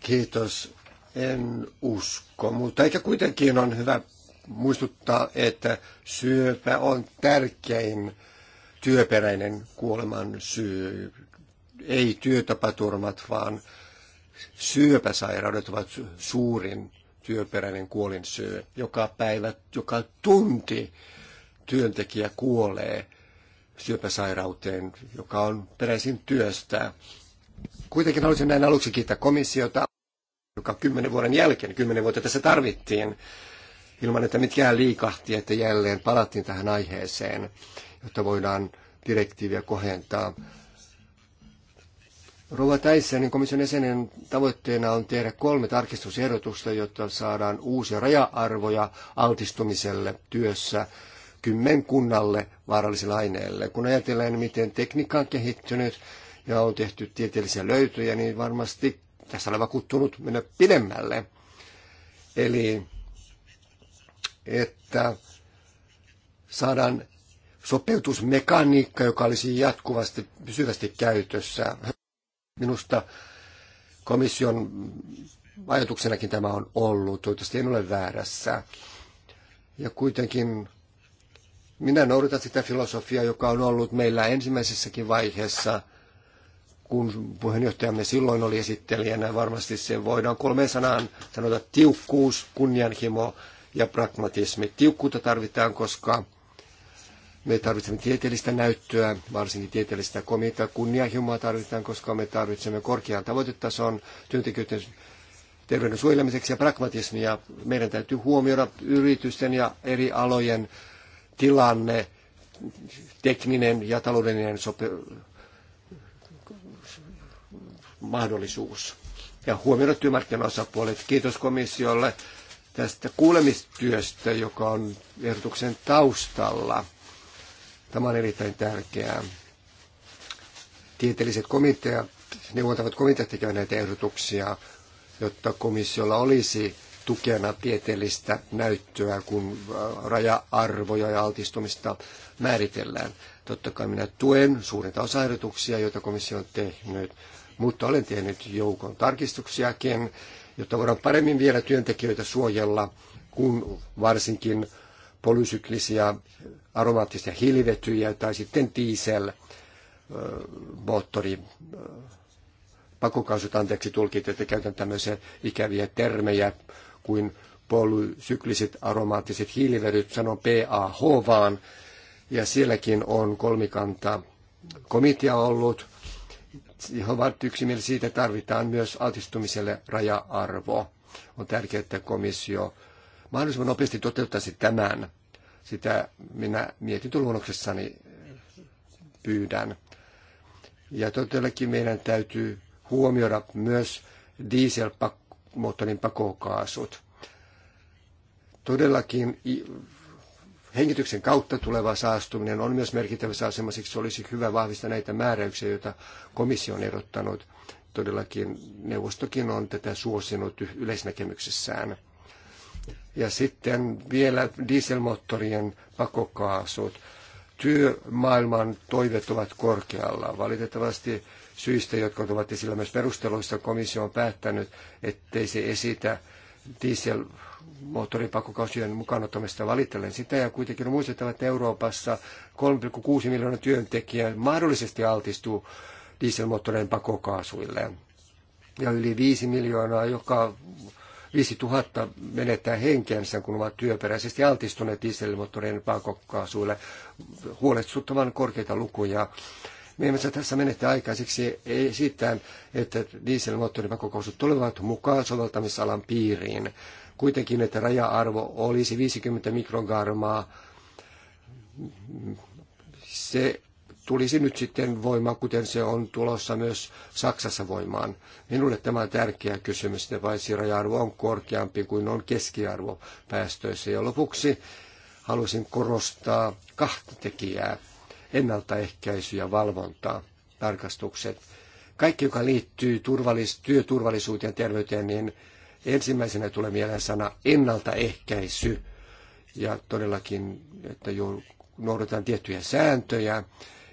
Kiitos. En usko, mutta eikä kuitenkin on hyvä muistuttaa, että syöpä on tärkein työperäinen kuoleman syy. Ei työtapaturmat, vaan syöpäsairaudet ovat suurin työperäinen kuolinsyy. Joka päivä, joka tunti työntekijä kuolee syöpäsairauteen, joka on peräisin työstä. Kuitenkin haluaisin näin aluksi kiittää komissiota, joka kymmenen vuoden jälkeen, kymmenen vuotta tässä tarvittiin, ilman, että mitkään liikahti, että jälleen palattiin tähän aiheeseen, jotta voidaan direktiiviä kohentaa. Rova Täissänin komission jäsenen tavoitteena on tehdä kolme tarkistusehdotusta, jotta saadaan uusia raja-arvoja altistumiselle työssä kymmenkunnalle vaaralliselle aineelle. Kun ajatellaan, miten tekniikka on kehittynyt ja on tehty tieteellisiä löytöjä, niin varmasti tässä olen vakuuttunut mennä pidemmälle. Eli että saadaan sopeutusmekaniikka, joka olisi jatkuvasti pysyvästi käytössä. Minusta komission ajatuksenakin tämä on ollut, toivottavasti en ole väärässä. Ja kuitenkin minä noudatan sitä filosofiaa, joka on ollut meillä ensimmäisessäkin vaiheessa, kun puheenjohtajamme silloin oli esittelijänä, varmasti se voidaan kolmeen sanaan sanota tiukkuus, kunnianhimo ja pragmatismi. Tiukkuutta tarvitaan, koska me tarvitsemme tieteellistä näyttöä, varsinkin tieteellistä komitea. Kunnianhimoa tarvitaan, koska me tarvitsemme korkean tavoitetason työntekijöiden terveyden suojelemiseksi ja pragmatismia. Meidän täytyy huomioida yritysten ja eri alojen tilanne, tekninen ja taloudellinen sope- mahdollisuus. Ja huomioida työmarkkinaosapuolet. Kiitos komissiolle tästä kuulemistyöstä, joka on ehdotuksen taustalla. Tämä on erittäin tärkeää. Tieteelliset komiteat, neuvontavat komiteat tekevät näitä ehdotuksia, jotta komissiolla olisi tukena tieteellistä näyttöä, kun äh, raja-arvoja ja altistumista määritellään. Totta kai minä tuen suurinta osa ehdotuksia, joita komissio on tehnyt, mutta olen tehnyt joukon tarkistuksiakin, jotta voidaan paremmin vielä työntekijöitä suojella, kun varsinkin polysyklisiä aromaattisia hilvetyjä tai sitten diesel moottori pakokaasut, anteeksi tulkit, että käytän tämmöisiä ikäviä termejä kuin polysykliset aromaattiset hiilivedyt, sanon PAH vaan, ja sielläkin on kolmikanta komitea ollut, he ovat yksimielisiä siitä, että tarvitaan myös altistumiselle raja-arvo. On tärkeää, että komissio mahdollisimman nopeasti toteuttaisi tämän. Sitä minä mietintöluonnoksessani pyydän. Ja todellakin meidän täytyy huomioida myös dieselmoottorin pakokaasut. Todellakin hengityksen kautta tuleva saastuminen on myös merkittävässä asemassa, siksi olisi hyvä vahvistaa näitä määräyksiä, joita komissio on erottanut. Todellakin neuvostokin on tätä suosinut yleisnäkemyksessään. Ja sitten vielä dieselmoottorien pakokaasut. Työmaailman toiveet ovat korkealla. Valitettavasti syistä, jotka ovat esillä myös perusteluissa, komissio on päättänyt, ettei se esitä diesel moottoripakokausien mukaanottamista valitellen sitä ja kuitenkin on muistettava, että Euroopassa 3,6 miljoonaa työntekijää mahdollisesti altistuu dieselmoottoreiden pakokaasuille ja yli 5 miljoonaa joka tuhatta menettää henkensä, kun ovat työperäisesti altistuneet dieselmoottoreiden pakokaasuille. Huolestuttavan korkeita lukuja. Me emme saa tässä menettää aikaa siksi että dieselmoottorin pakokaasut tulevat mukaan soveltamisalan piiriin kuitenkin, että raja-arvo olisi 50 mikrogrammaa. Se tulisi nyt sitten voimaan, kuten se on tulossa myös Saksassa voimaan. Minulle tämä on tärkeä kysymys, että paitsi raja-arvo on korkeampi kuin on keskiarvo päästöissä. Ja lopuksi halusin korostaa kahta tekijää, ennaltaehkäisy ja valvontaa, tarkastukset. Kaikki, joka liittyy turvallis- työturvallisuuteen ja terveyteen, niin Ensimmäisenä tulee mieleen sana ennaltaehkäisy ja todellakin, että jo noudatetaan tiettyjä sääntöjä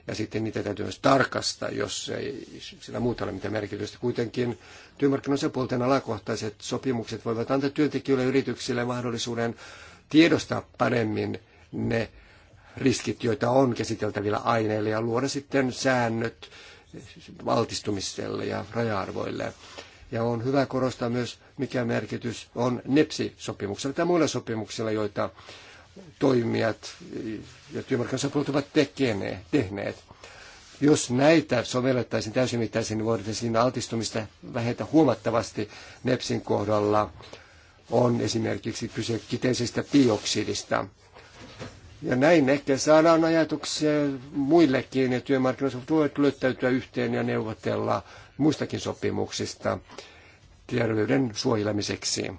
ja sitten niitä täytyy myös tarkastaa, jos ei sillä muuta ole mitään merkitystä. Kuitenkin työmarkkinoiden alakohtaiset sopimukset voivat antaa työntekijöille ja yrityksille mahdollisuuden tiedostaa paremmin ne riskit, joita on käsiteltävillä aineilla ja luoda sitten säännöt valtistumiselle ja raja-arvoille. Ja on hyvä korostaa myös, mikä merkitys on NEPSI-sopimuksella tai muilla sopimuksilla, joita toimijat ja työmarkkinaosapuolet ovat tehneet. Jos näitä sovellettaisiin täysimittaisiin, niin voitaisiin altistumista vähentää huomattavasti NEPSin kohdalla. On esimerkiksi kyse kiteisestä bioksidista. Ja näin ehkä saadaan ajatuksia muillekin, ja työmarkkinoissa voi löytäytyä yhteen ja neuvotella muistakin sopimuksista terveyden suojelemiseksi,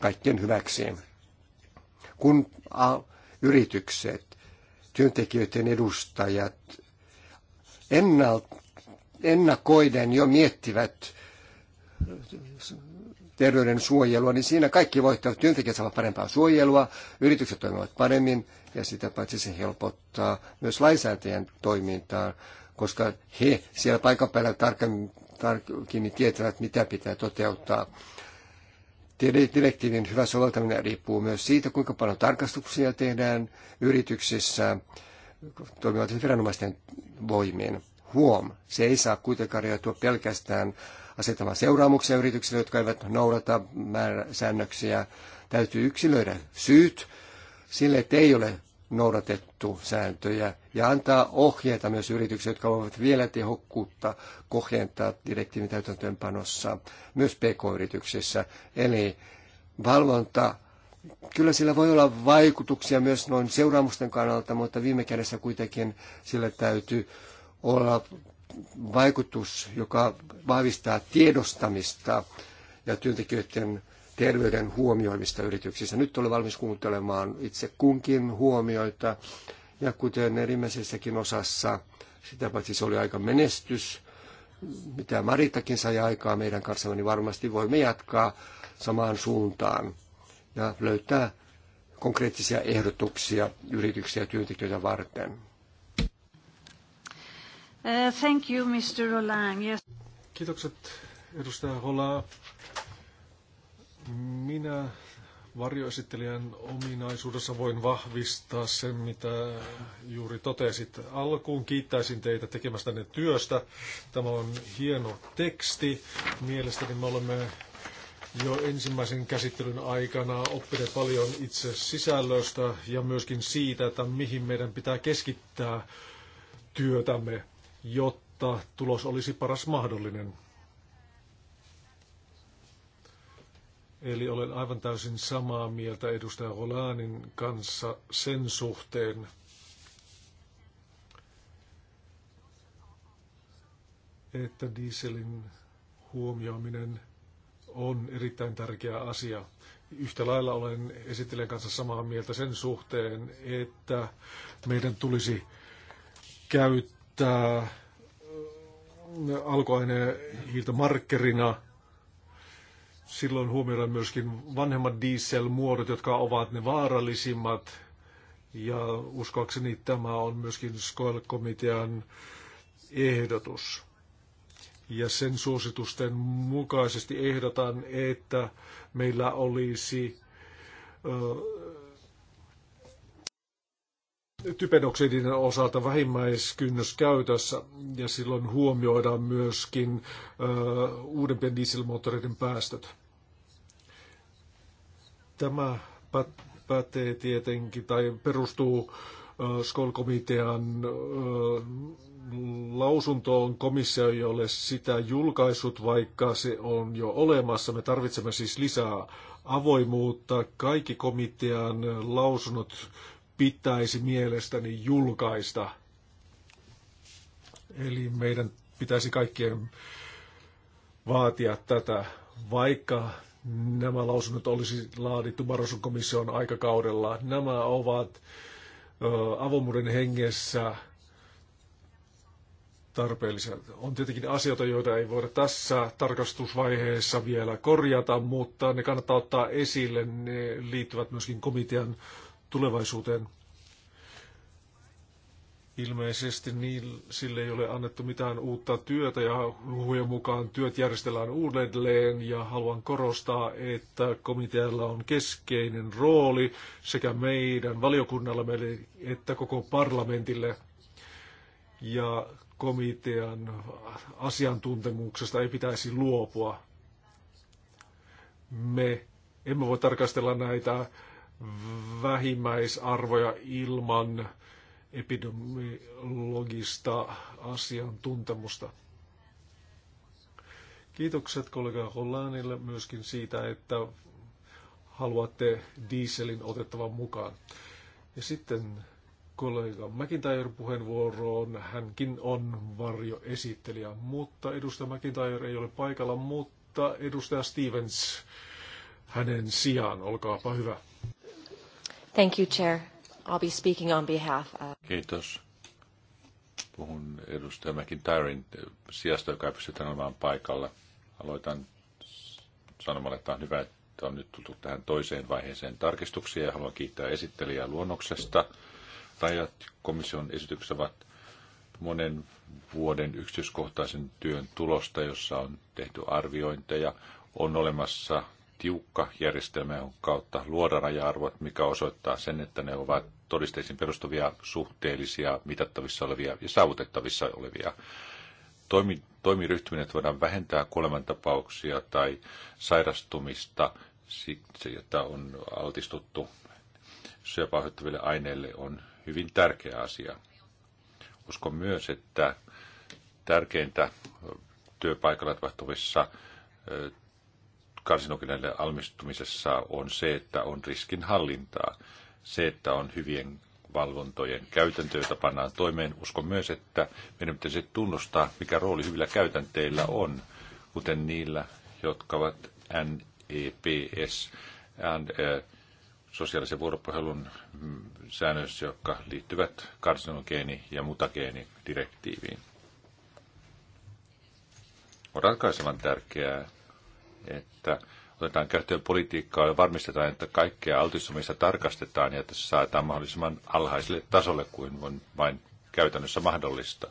kaikkien hyväksi. Kun yritykset, työntekijöiden edustajat ennal ennakoiden jo miettivät terveyden suojelua, niin siinä kaikki voittavat. Työntekijät saavat parempaa suojelua, yritykset toimivat paremmin ja sitä paitsi se helpottaa myös lainsäätäjän toimintaa, koska he siellä paikan päällä tarkemmin tarkemmin tietävät, mitä pitää toteuttaa. Direktiivin hyvä soveltaminen riippuu myös siitä, kuinka paljon tarkastuksia tehdään yrityksissä toimivat viranomaisten voimien. Huom, se ei saa kuitenkaan rajoittua pelkästään asettamaan seuraamuksia yrityksille, jotka eivät noudata määrä, säännöksiä. Täytyy yksilöidä syyt sille, että ei ole noudatettu sääntöjä ja antaa ohjeita myös yrityksille, jotka voivat vielä tehokkuutta kohentaa direktiivin täytäntöönpanossa, myös pk-yrityksissä. Eli valvonta, kyllä sillä voi olla vaikutuksia myös noin seuraamusten kannalta, mutta viime kädessä kuitenkin sillä täytyy olla vaikutus, joka vahvistaa tiedostamista ja työntekijöiden terveyden huomioimista yrityksissä. Nyt olen valmis kuuntelemaan itse kunkin huomioita. Ja kuten ensimmäisessäkin osassa, sitä paitsi se oli aika menestys, mitä Maritakin sai aikaa meidän kanssamme, niin varmasti voimme jatkaa samaan suuntaan ja löytää konkreettisia ehdotuksia yrityksiä ja työntekijöitä varten. Uh, thank you, Mr. Yes. Kiitokset, edustaja Hola. Minä varjoesittelijän ominaisuudessa voin vahvistaa sen, mitä juuri totesit. Alkuun kiittäisin teitä tekemästänne työstä. Tämä on hieno teksti. Mielestäni me olemme jo ensimmäisen käsittelyn aikana oppineet paljon itse sisällöstä ja myöskin siitä, että mihin meidän pitää keskittää työtämme, jotta tulos olisi paras mahdollinen. Eli olen aivan täysin samaa mieltä edustaja Holanin kanssa sen suhteen, että dieselin huomioiminen on erittäin tärkeä asia. Yhtä lailla olen esittelen kanssa samaa mieltä sen suhteen, että meidän tulisi käyttää alkuaineen hiiltä markkerina – silloin huomioidaan myöskin vanhemmat dieselmuodot, jotka ovat ne vaarallisimmat. Ja uskoakseni tämä on myöskin Skoil-komitean ehdotus. Ja sen suositusten mukaisesti ehdotan, että meillä olisi typenoksidin osalta vähimmäiskynnys käytössä ja silloin huomioidaan myöskin ö, uudempien dieselmoottoreiden päästöt. Tämä pätee tietenkin tai perustuu Skolkomitean lausuntoon komissio ei ole sitä julkaissut, vaikka se on jo olemassa. Me tarvitsemme siis lisää avoimuutta. Kaikki komitean lausunnot pitäisi mielestäni julkaista. Eli meidän pitäisi kaikkien vaatia tätä, vaikka nämä lausunnot olisi laadittu Barroson komission aikakaudella. Nämä ovat avomuuden hengessä tarpeellisia. On tietenkin asioita, joita ei voida tässä tarkastusvaiheessa vielä korjata, mutta ne kannattaa ottaa esille. Ne liittyvät myöskin komitean tulevaisuuteen. Ilmeisesti niille, sille ei ole annettu mitään uutta työtä ja huhujen mukaan työt järjestellään uudelleen ja haluan korostaa, että komitealla on keskeinen rooli sekä meidän valiokunnallamme että koko parlamentille ja komitean asiantuntemuksesta ei pitäisi luopua. Me emme voi tarkastella näitä vähimmäisarvoja ilman epidemiologista asiantuntemusta. Kiitokset kollega Hollanille myöskin siitä, että haluatte dieselin otettavan mukaan. Ja sitten kollega McIntyre puheenvuoroon. Hänkin on varjoesittelijä, mutta edustaja McIntyre ei ole paikalla, mutta edustaja Stevens hänen sijaan. Olkaapa hyvä. Thank you, Chair. I'll be speaking on behalf of... Kiitos. Puhun edustaja McIntyren sijasta, joka ei pysty olemaan paikalla. Aloitan sanomalla, että on hyvä, että on nyt tultu tähän toiseen vaiheeseen tarkistuksia ja haluan kiittää esittelijää luonnoksesta. Rajat komission esityksessä ovat monen vuoden yksityiskohtaisen työn tulosta, jossa on tehty arviointeja. On olemassa tiukka järjestelmä, jonka kautta luoda raja-arvot, mikä osoittaa sen, että ne ovat todisteisiin perustuvia, suhteellisia, mitattavissa olevia ja saavutettavissa olevia. Toimi, toimiryhtyminen voidaan vähentää kuolemantapauksia tai sairastumista, se, että on altistuttu syöpää aineille, on hyvin tärkeä asia. Uskon myös, että tärkeintä työpaikalla tapahtuvissa karsinogeneille almistumisessa on se, että on riskin hallintaa. Se, että on hyvien valvontojen käytäntö, jota pannaan toimeen. Uskon myös, että meidän pitäisi tunnustaa, mikä rooli hyvillä käytänteillä on, kuten niillä, jotka ovat NEPS, and, äh, eh, sosiaalisen vuoropuhelun mm, säännöissä, jotka liittyvät karsinogeeni- ja mutageenidirektiiviin. On ratkaisevan tärkeää, että otetaan käyttöön politiikkaa ja varmistetaan, että kaikkea altistumista tarkastetaan ja että se saadaan mahdollisimman alhaiselle tasolle kuin on vain käytännössä mahdollista.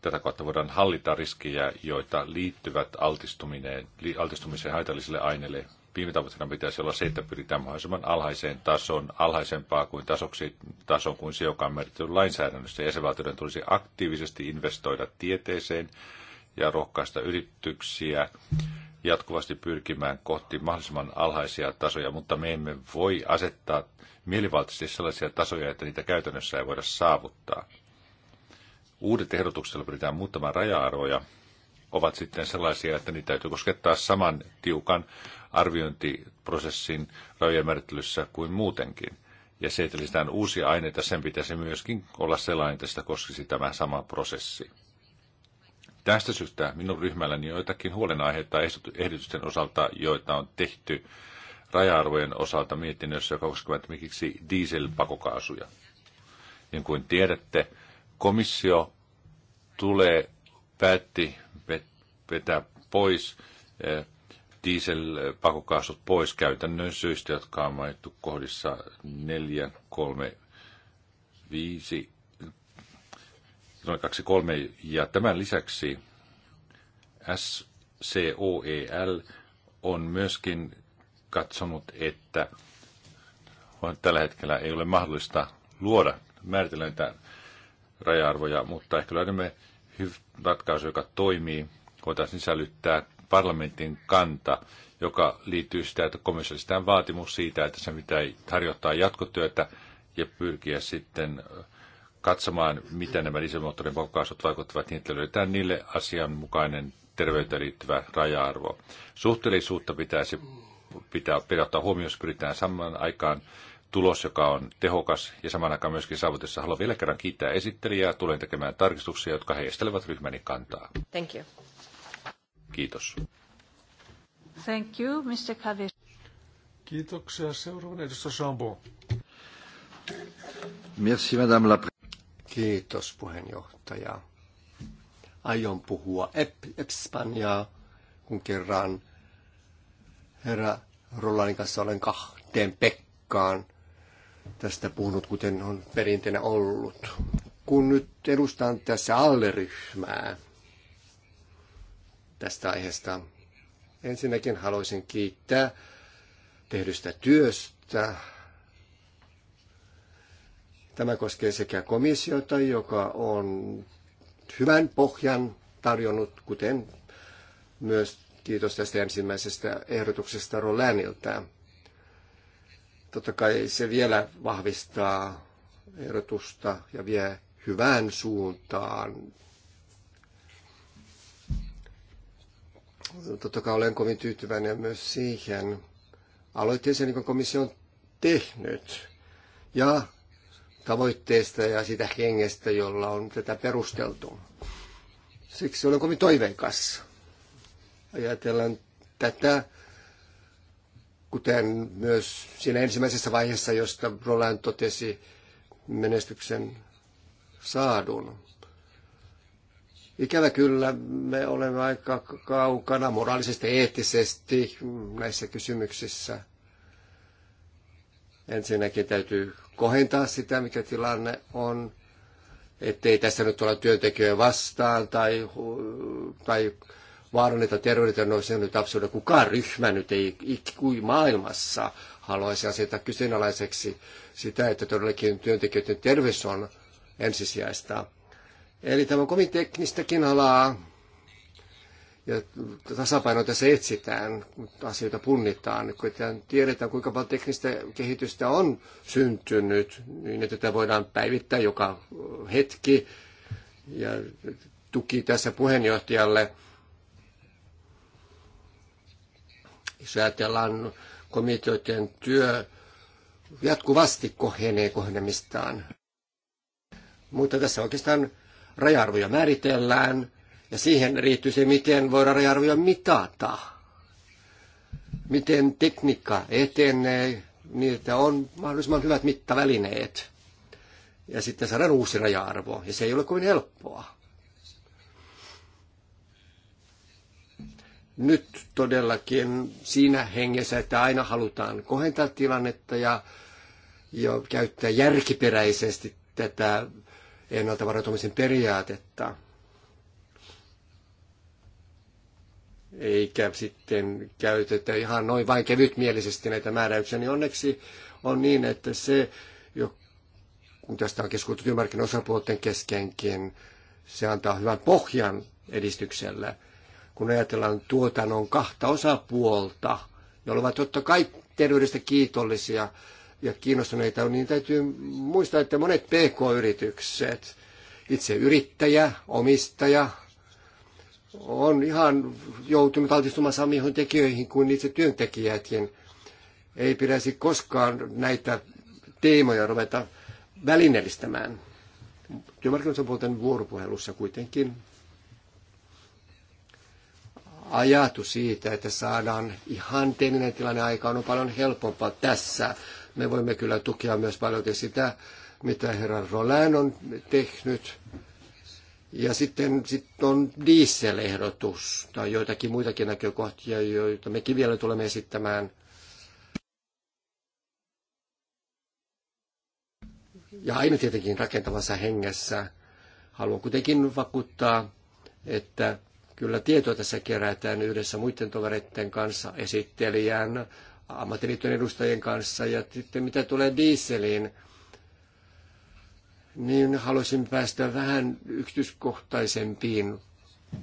Tätä kautta voidaan hallita riskejä, joita liittyvät altistumiseen, altistumiseen haitallisille aineille. Viime tavoitteena pitäisi olla se, että pyritään mahdollisimman alhaiseen tasoon, alhaisempaa kuin tasoksi, tason kuin se, joka on merkitty lainsäädännössä. Jäsenvaltioiden tulisi aktiivisesti investoida tieteeseen, ja rohkaista yrityksiä jatkuvasti pyrkimään kohti mahdollisimman alhaisia tasoja, mutta me emme voi asettaa mielivaltaisesti sellaisia tasoja, että niitä käytännössä ei voida saavuttaa. Uudet ehdotuksella pyritään muuttamaan raja-arvoja, ovat sitten sellaisia, että niitä täytyy koskettaa saman tiukan arviointiprosessin rajojen määrittelyssä kuin muutenkin. Ja se, että lisätään uusia aineita, sen pitäisi myöskin olla sellainen, että sitä koskisi tämä sama prosessi. Tästä syystä minun ryhmälläni joitakin huolenaiheita ehdotusten osalta, joita on tehty raja-arvojen osalta mietinnössä 20 miksi dieselpakokaasuja. Niin kuin tiedätte, komissio tulee, päätti vetää pois eh, dieselpakokaasut pois käytännön syistä, jotka on mainittu kohdissa 4, 3, 5 noin kaksi kolme Ja tämän lisäksi SCOEL on myöskin katsonut, että tällä hetkellä ei ole mahdollista luoda, määritellä niitä raja-arvoja, mutta ehkä löydämme ratkaisu, joka toimii. Voitaisiin sisällyttää parlamentin kanta, joka liittyy sitä, että komissiolla vaatimus siitä, että se pitää harjoittaa jatkotyötä ja pyrkiä sitten katsomaan, miten nämä dieselmoottorin pakokaasut vaikuttavat, niin löydetään niille asianmukainen terveyteen liittyvä raja-arvo. Suhteellisuutta pitäisi pitää, pitää ottaa huomioon, jos pyritään samaan aikaan tulos, joka on tehokas ja saman aikaan myöskin saavutessa. Haluan vielä kerran kiittää esittelijää. Tulen tekemään tarkistuksia, jotka heistelevät ryhmäni kantaa. Thank you. Kiitos. Thank you, Mr. Kavis. Kiitoksia. Seuraavana edustaja Merci, madame la Kiitos puheenjohtaja. Aion puhua Espanjaa, kun kerran herra Rollanin kanssa olen kahteen Pekkaan tästä puhunut, kuten on perinteinen ollut. Kun nyt edustan tässä alleryhmää tästä aiheesta, ensinnäkin haluaisin kiittää tehdystä työstä, Tämä koskee sekä komissiota, joka on hyvän pohjan tarjonnut, kuten myös kiitos tästä ensimmäisestä ehdotuksesta Roläniltä. Totta kai se vielä vahvistaa ehdotusta ja vie hyvään suuntaan. Totta kai olen kovin tyytyväinen myös siihen aloitteeseen, jonka komissio on tehnyt. Ja tavoitteesta ja sitä hengestä, jolla on tätä perusteltu. Siksi olen kovin toiveikas. Ajatellaan tätä, kuten myös siinä ensimmäisessä vaiheessa, josta Roland totesi menestyksen saadun. Ikävä kyllä me olemme aika kaukana moraalisesti eettisesti näissä kysymyksissä. Ensinnäkin täytyy kohentaa sitä, mikä tilanne on, ettei tässä nyt olla työntekijöitä vastaan tai, tai vaaranneta terveydet, no se on nyt absurda. Kukaan ryhmä nyt ei ikkui maailmassa haluaisi asettaa kyseenalaiseksi sitä, että todellakin työntekijöiden terveys on ensisijaista. Eli tämä on kovin teknistäkin alaa, ja tasapaino tässä etsitään, kun asioita punnitaan. Kun tiedetään, kuinka paljon teknistä kehitystä on syntynyt, niin että tätä voidaan päivittää joka hetki. Ja tuki tässä puheenjohtajalle. Jos ajatellaan komiteoiden työ jatkuvasti kohenee kohdemistaan. Mutta tässä oikeastaan raja-arvoja määritellään ja siihen riittyy se, miten voidaan mitata. Miten tekniikka etenee, niin että on mahdollisimman hyvät mittavälineet. Ja sitten saadaan uusi raja-arvo, ja se ei ole kovin helppoa. Nyt todellakin siinä hengessä, että aina halutaan kohentaa tilannetta ja, jo käyttää järkiperäisesti tätä ennalta periaatetta – eikä sitten käytetä ihan noin vain kevytmielisesti näitä määräyksiä, niin onneksi on niin, että se, jo, kun tästä on keskusteltu osapuolten keskenkin, se antaa hyvän pohjan edistykselle. Kun ajatellaan tuotannon kahta osapuolta, ne ovat totta kai terveydestä kiitollisia ja kiinnostuneita, niin täytyy muistaa, että monet PK-yritykset, itse yrittäjä, omistaja, on ihan joutunut altistumaan samoihin tekijöihin kuin itse työntekijätkin. Ei pitäisi koskaan näitä teemoja ruveta välineellistämään. Työmarkkinoiden vuoropuhelussa kuitenkin ajatus siitä, että saadaan ihan teeninen tilanne aikaan, on paljon helpompaa tässä. Me voimme kyllä tukea myös paljon sitä, mitä herra Roland on tehnyt ja sitten sit on dieselehdotus tai joitakin muitakin näkökohtia, joita mekin vielä tulemme esittämään. Ja aina tietenkin rakentavassa hengessä haluan kuitenkin vakuuttaa, että kyllä tietoa tässä kerätään yhdessä muiden tovereiden kanssa, esittelijän, ammattiliiton edustajien kanssa. Ja sitten mitä tulee dieseliin, niin haluaisin päästä vähän yksityiskohtaisempiin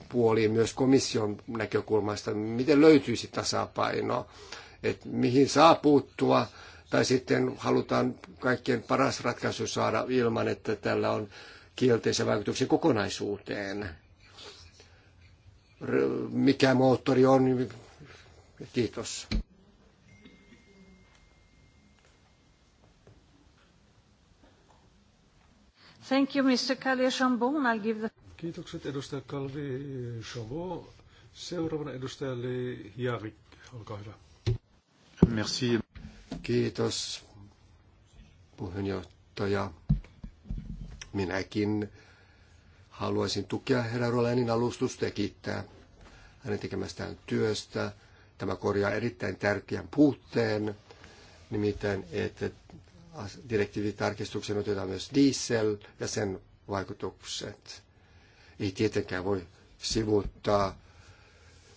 puoliin myös komission näkökulmasta. Miten löytyisi tasapaino, että mihin saa puuttua, tai sitten halutaan kaikkien paras ratkaisu saada ilman, että tällä on kielteisiä vaikutuksia kokonaisuuteen. Mikä moottori on? Kiitos. Thank you, Mr. Kalliashambon. I'll give the... Kiitokset edustaja Kalvi Chavot. Seuraavana edustajalle Jari Jarik, olkaa hyvä. Merci. Kiitos puheenjohtaja. Minäkin haluaisin tukea herra Rolenin alustusta ja kiittää hänen tekemästään työstä. Tämä korjaa erittäin tärkeän puutteen, nimittäin, että direktiivitarkistuksen otetaan myös diesel ja sen vaikutukset. Ei tietenkään voi sivuuttaa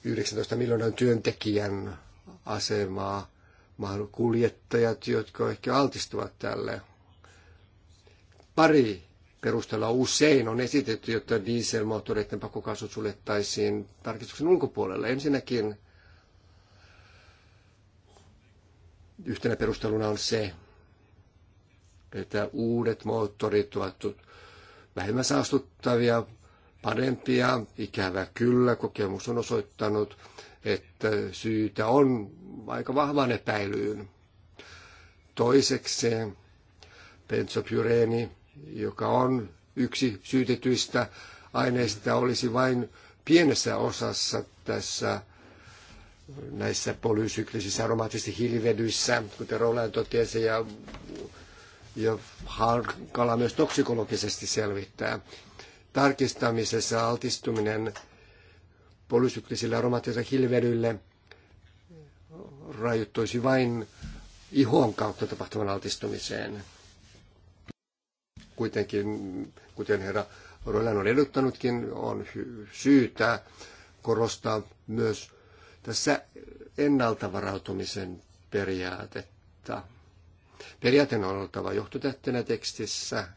19 miljoonan työntekijän asemaa, kuljettajat, jotka ehkä altistuvat tälle. Pari perusteella usein on esitetty, jotta dieselmoottoreiden pakokaasut suljettaisiin tarkistuksen ulkopuolelle. Ensinnäkin yhtenä perusteluna on se, että uudet moottorit ovat vähemmän saastuttavia, parempia. Ikävä kyllä, kokemus on osoittanut, että syytä on aika vahvan epäilyyn. Toiseksi pensopyreeni, joka on yksi syytetyistä aineista, olisi vain pienessä osassa tässä näissä polysyklisissä aromaattisissa hiilivedyissä, kuten Roland totesi, ja ja hankala myös toksikologisesti selvittää. Tarkistamisessa altistuminen polysyklisille aromaattisille hilvelyille rajoittuisi vain ihon kautta tapahtuvan altistumiseen. Kuitenkin, kuten herra Roilan on ehdottanutkin, on syytä korostaa myös tässä ennalta varautumisen periaatetta periaate on oltava johtotähtenä tekstissä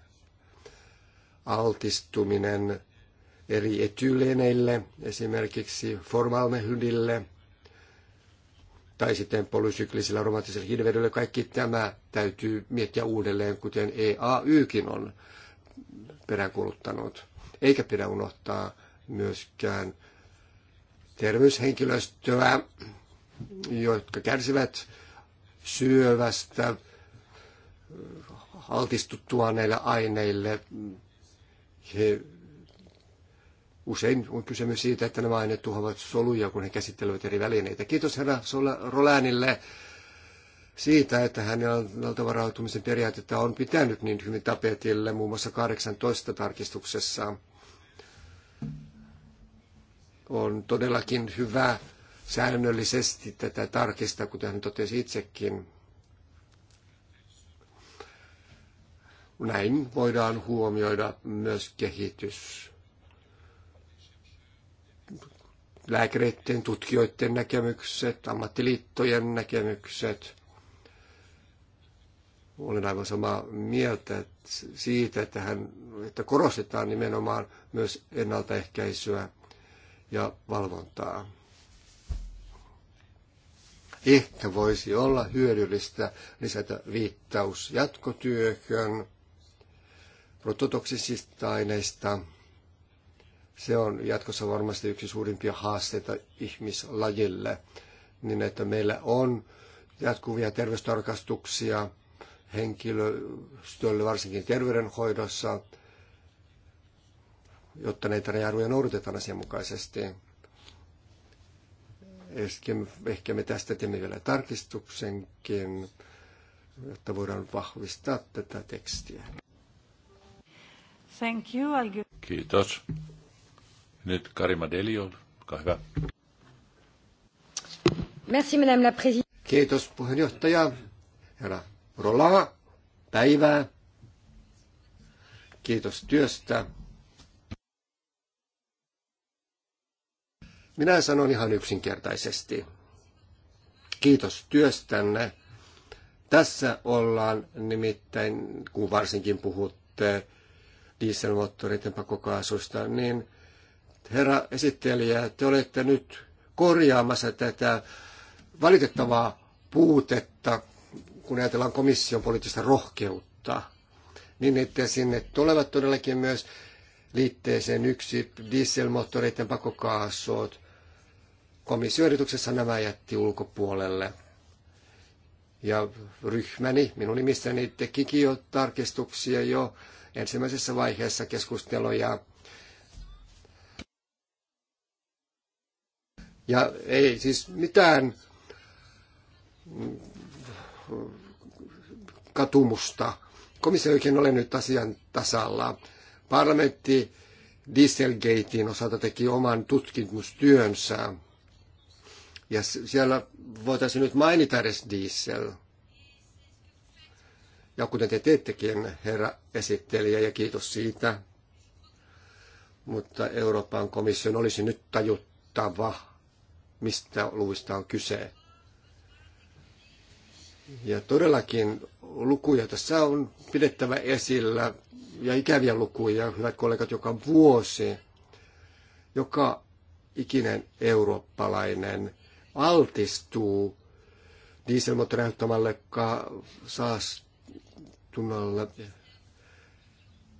altistuminen eri etyleeneille, esimerkiksi formaalmehydille tai sitten polysyklisillä romanttisella hiilivedyllä. Kaikki tämä täytyy miettiä uudelleen, kuten EAYkin on peräänkuluttanut. Eikä pidä unohtaa myöskään terveyshenkilöstöä, jotka kärsivät syövästä, altistuttua näille aineille. He, usein on kysymys siitä, että nämä aineet tuhoavat soluja, kun he käsittelevät eri välineitä. Kiitos herra Rolänille siitä, että häneltä varautumisen periaatetta on pitänyt niin hyvin tapetille, muun muassa 18 tarkistuksessa. On todellakin hyvä säännöllisesti tätä tarkistaa, kuten hän totesi itsekin. Näin voidaan huomioida myös kehitys. Lääkäreiden, tutkijoiden näkemykset, ammattiliittojen näkemykset. Olen aivan samaa mieltä siitä, että, hän, että korostetaan nimenomaan myös ennaltaehkäisyä ja valvontaa. Ehkä voisi olla hyödyllistä lisätä viittaus jatkotyöhön prototoksisista aineista. Se on jatkossa varmasti yksi suurimpia haasteita ihmislajille, niin että meillä on jatkuvia terveystarkastuksia henkilöstölle, varsinkin terveydenhoidossa, jotta näitä rajaruja noudatetaan asianmukaisesti. Ehkä me tästä teemme vielä tarkistuksenkin, jotta voidaan vahvistaa tätä tekstiä. Thank you. I'll give... Kiitos. Nyt Karima Deli, olkaa hyvä. Merci, madame la présidente. Kiitos puheenjohtaja. Herra Rola, päivää. Kiitos työstä. Minä sanon ihan yksinkertaisesti. Kiitos työstänne. Tässä ollaan nimittäin, kun varsinkin puhutte dieselmoottoreiden pakokaasusta, niin herra esittelijä, te olette nyt korjaamassa tätä valitettavaa puutetta, kun ajatellaan komission poliittista rohkeutta, niin että sinne tulevat todellakin myös liitteeseen yksi dieselmoottoreiden pakokaasut. Komissioehdotuksessa nämä jätti ulkopuolelle. Ja ryhmäni, minun nimissäni, tekikin jo tarkistuksia jo ensimmäisessä vaiheessa keskusteluja. Ja ei siis mitään katumusta. Komissio ei oikein ole nyt asian tasalla. Parlamentti Dieselgatein osalta teki oman tutkimustyönsä. Ja siellä voitaisiin nyt mainita edes diesel ja kuten te teettekin, herra esittelijä, ja kiitos siitä. Mutta Euroopan komission olisi nyt tajuttava, mistä luvista on kyse. Ja todellakin lukuja tässä on pidettävä esillä, ja ikäviä lukuja, hyvät kollegat, joka vuosi, joka ikinen eurooppalainen altistuu aiheuttamalle saastumille verrattuna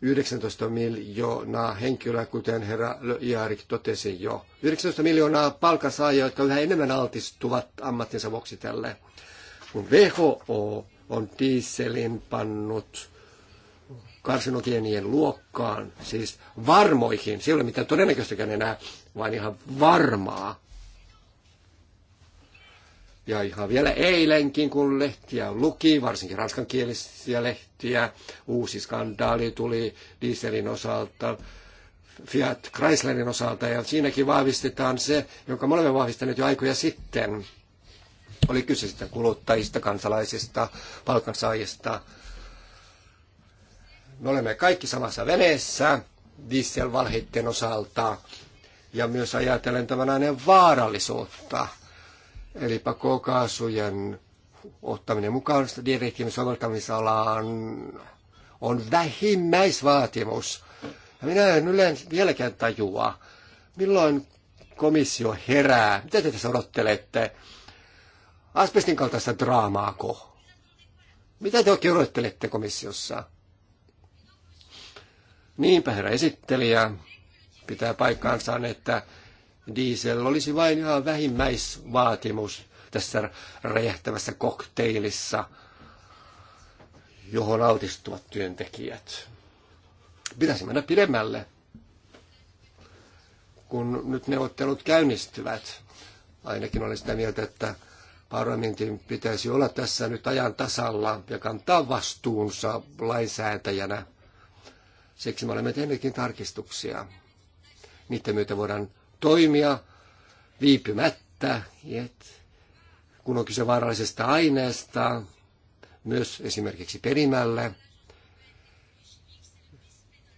19 miljoonaa henkilöä, kuten herra Jaarik totesi jo. 19 miljoonaa palkansaajia, jotka yhä enemmän altistuvat ammattinsa vuoksi tälle. Kun WHO on dieselin pannut karsinogeenien luokkaan, siis varmoihin, se ei ole mitään todennäköistäkään enää, vaan ihan varmaa. Ja ihan vielä eilenkin, kun lehtiä luki, varsinkin ranskankielisiä lehtiä, uusi skandaali tuli dieselin osalta, Fiat Chryslerin osalta, ja siinäkin vahvistetaan se, jonka me olemme vahvistaneet jo aikoja sitten. Oli kyse sitten kuluttajista, kansalaisista, palkansaajista. Me olemme kaikki samassa veneessä dieselvalheiden osalta, ja myös ajatellen tämän aineen vaarallisuutta – Eli pakokaasujen ottaminen mukaan direktiivin soveltamisalaan on vähimmäisvaatimus. Ja minä en yleensä vieläkään tajua, milloin komissio herää. Mitä te tässä odottelette? Asbestin kaltaista draamaako? Mitä te oikein odottelette komissiossa? Niinpä herra esittelijä pitää paikkaansa, että diesel olisi vain ihan vähimmäisvaatimus tässä räjähtävässä kokteilissa, johon altistuvat työntekijät. Pitäisi mennä pidemmälle, kun nyt neuvottelut käynnistyvät. Ainakin olen sitä mieltä, että parlamentin pitäisi olla tässä nyt ajan tasalla ja kantaa vastuunsa lainsäätäjänä. Siksi me olemme tehneetkin tarkistuksia. Niiden myötä voidaan toimia viipymättä, kun on kyse vaarallisesta aineesta, myös esimerkiksi perimälle.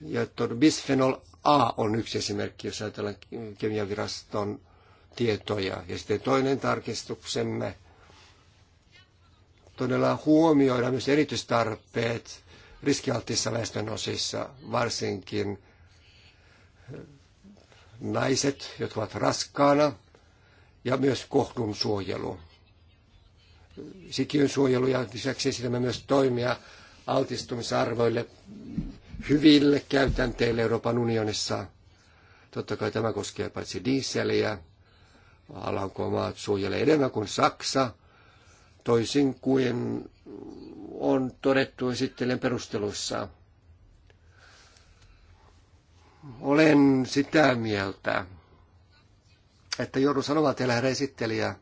Ja bisfenol A on yksi esimerkki, jos ajatellaan kemiaviraston tietoja. Ja sitten toinen tarkistuksemme todella huomioida myös erityistarpeet riskialtissa väestön osissa, varsinkin naiset, jotka ovat raskaana, ja myös kohdun suojelu. Sikiön suojelu ja lisäksi esitämme myös toimia altistumisarvoille hyville käytänteille Euroopan unionissa. Totta kai tämä koskee paitsi dieseliä, Alankomaat suojelee enemmän kuin Saksa, toisin kuin on todettu esittelen perusteluissaan. Olen sitä mieltä, että joudun sanomaan teille, herra esittelijä,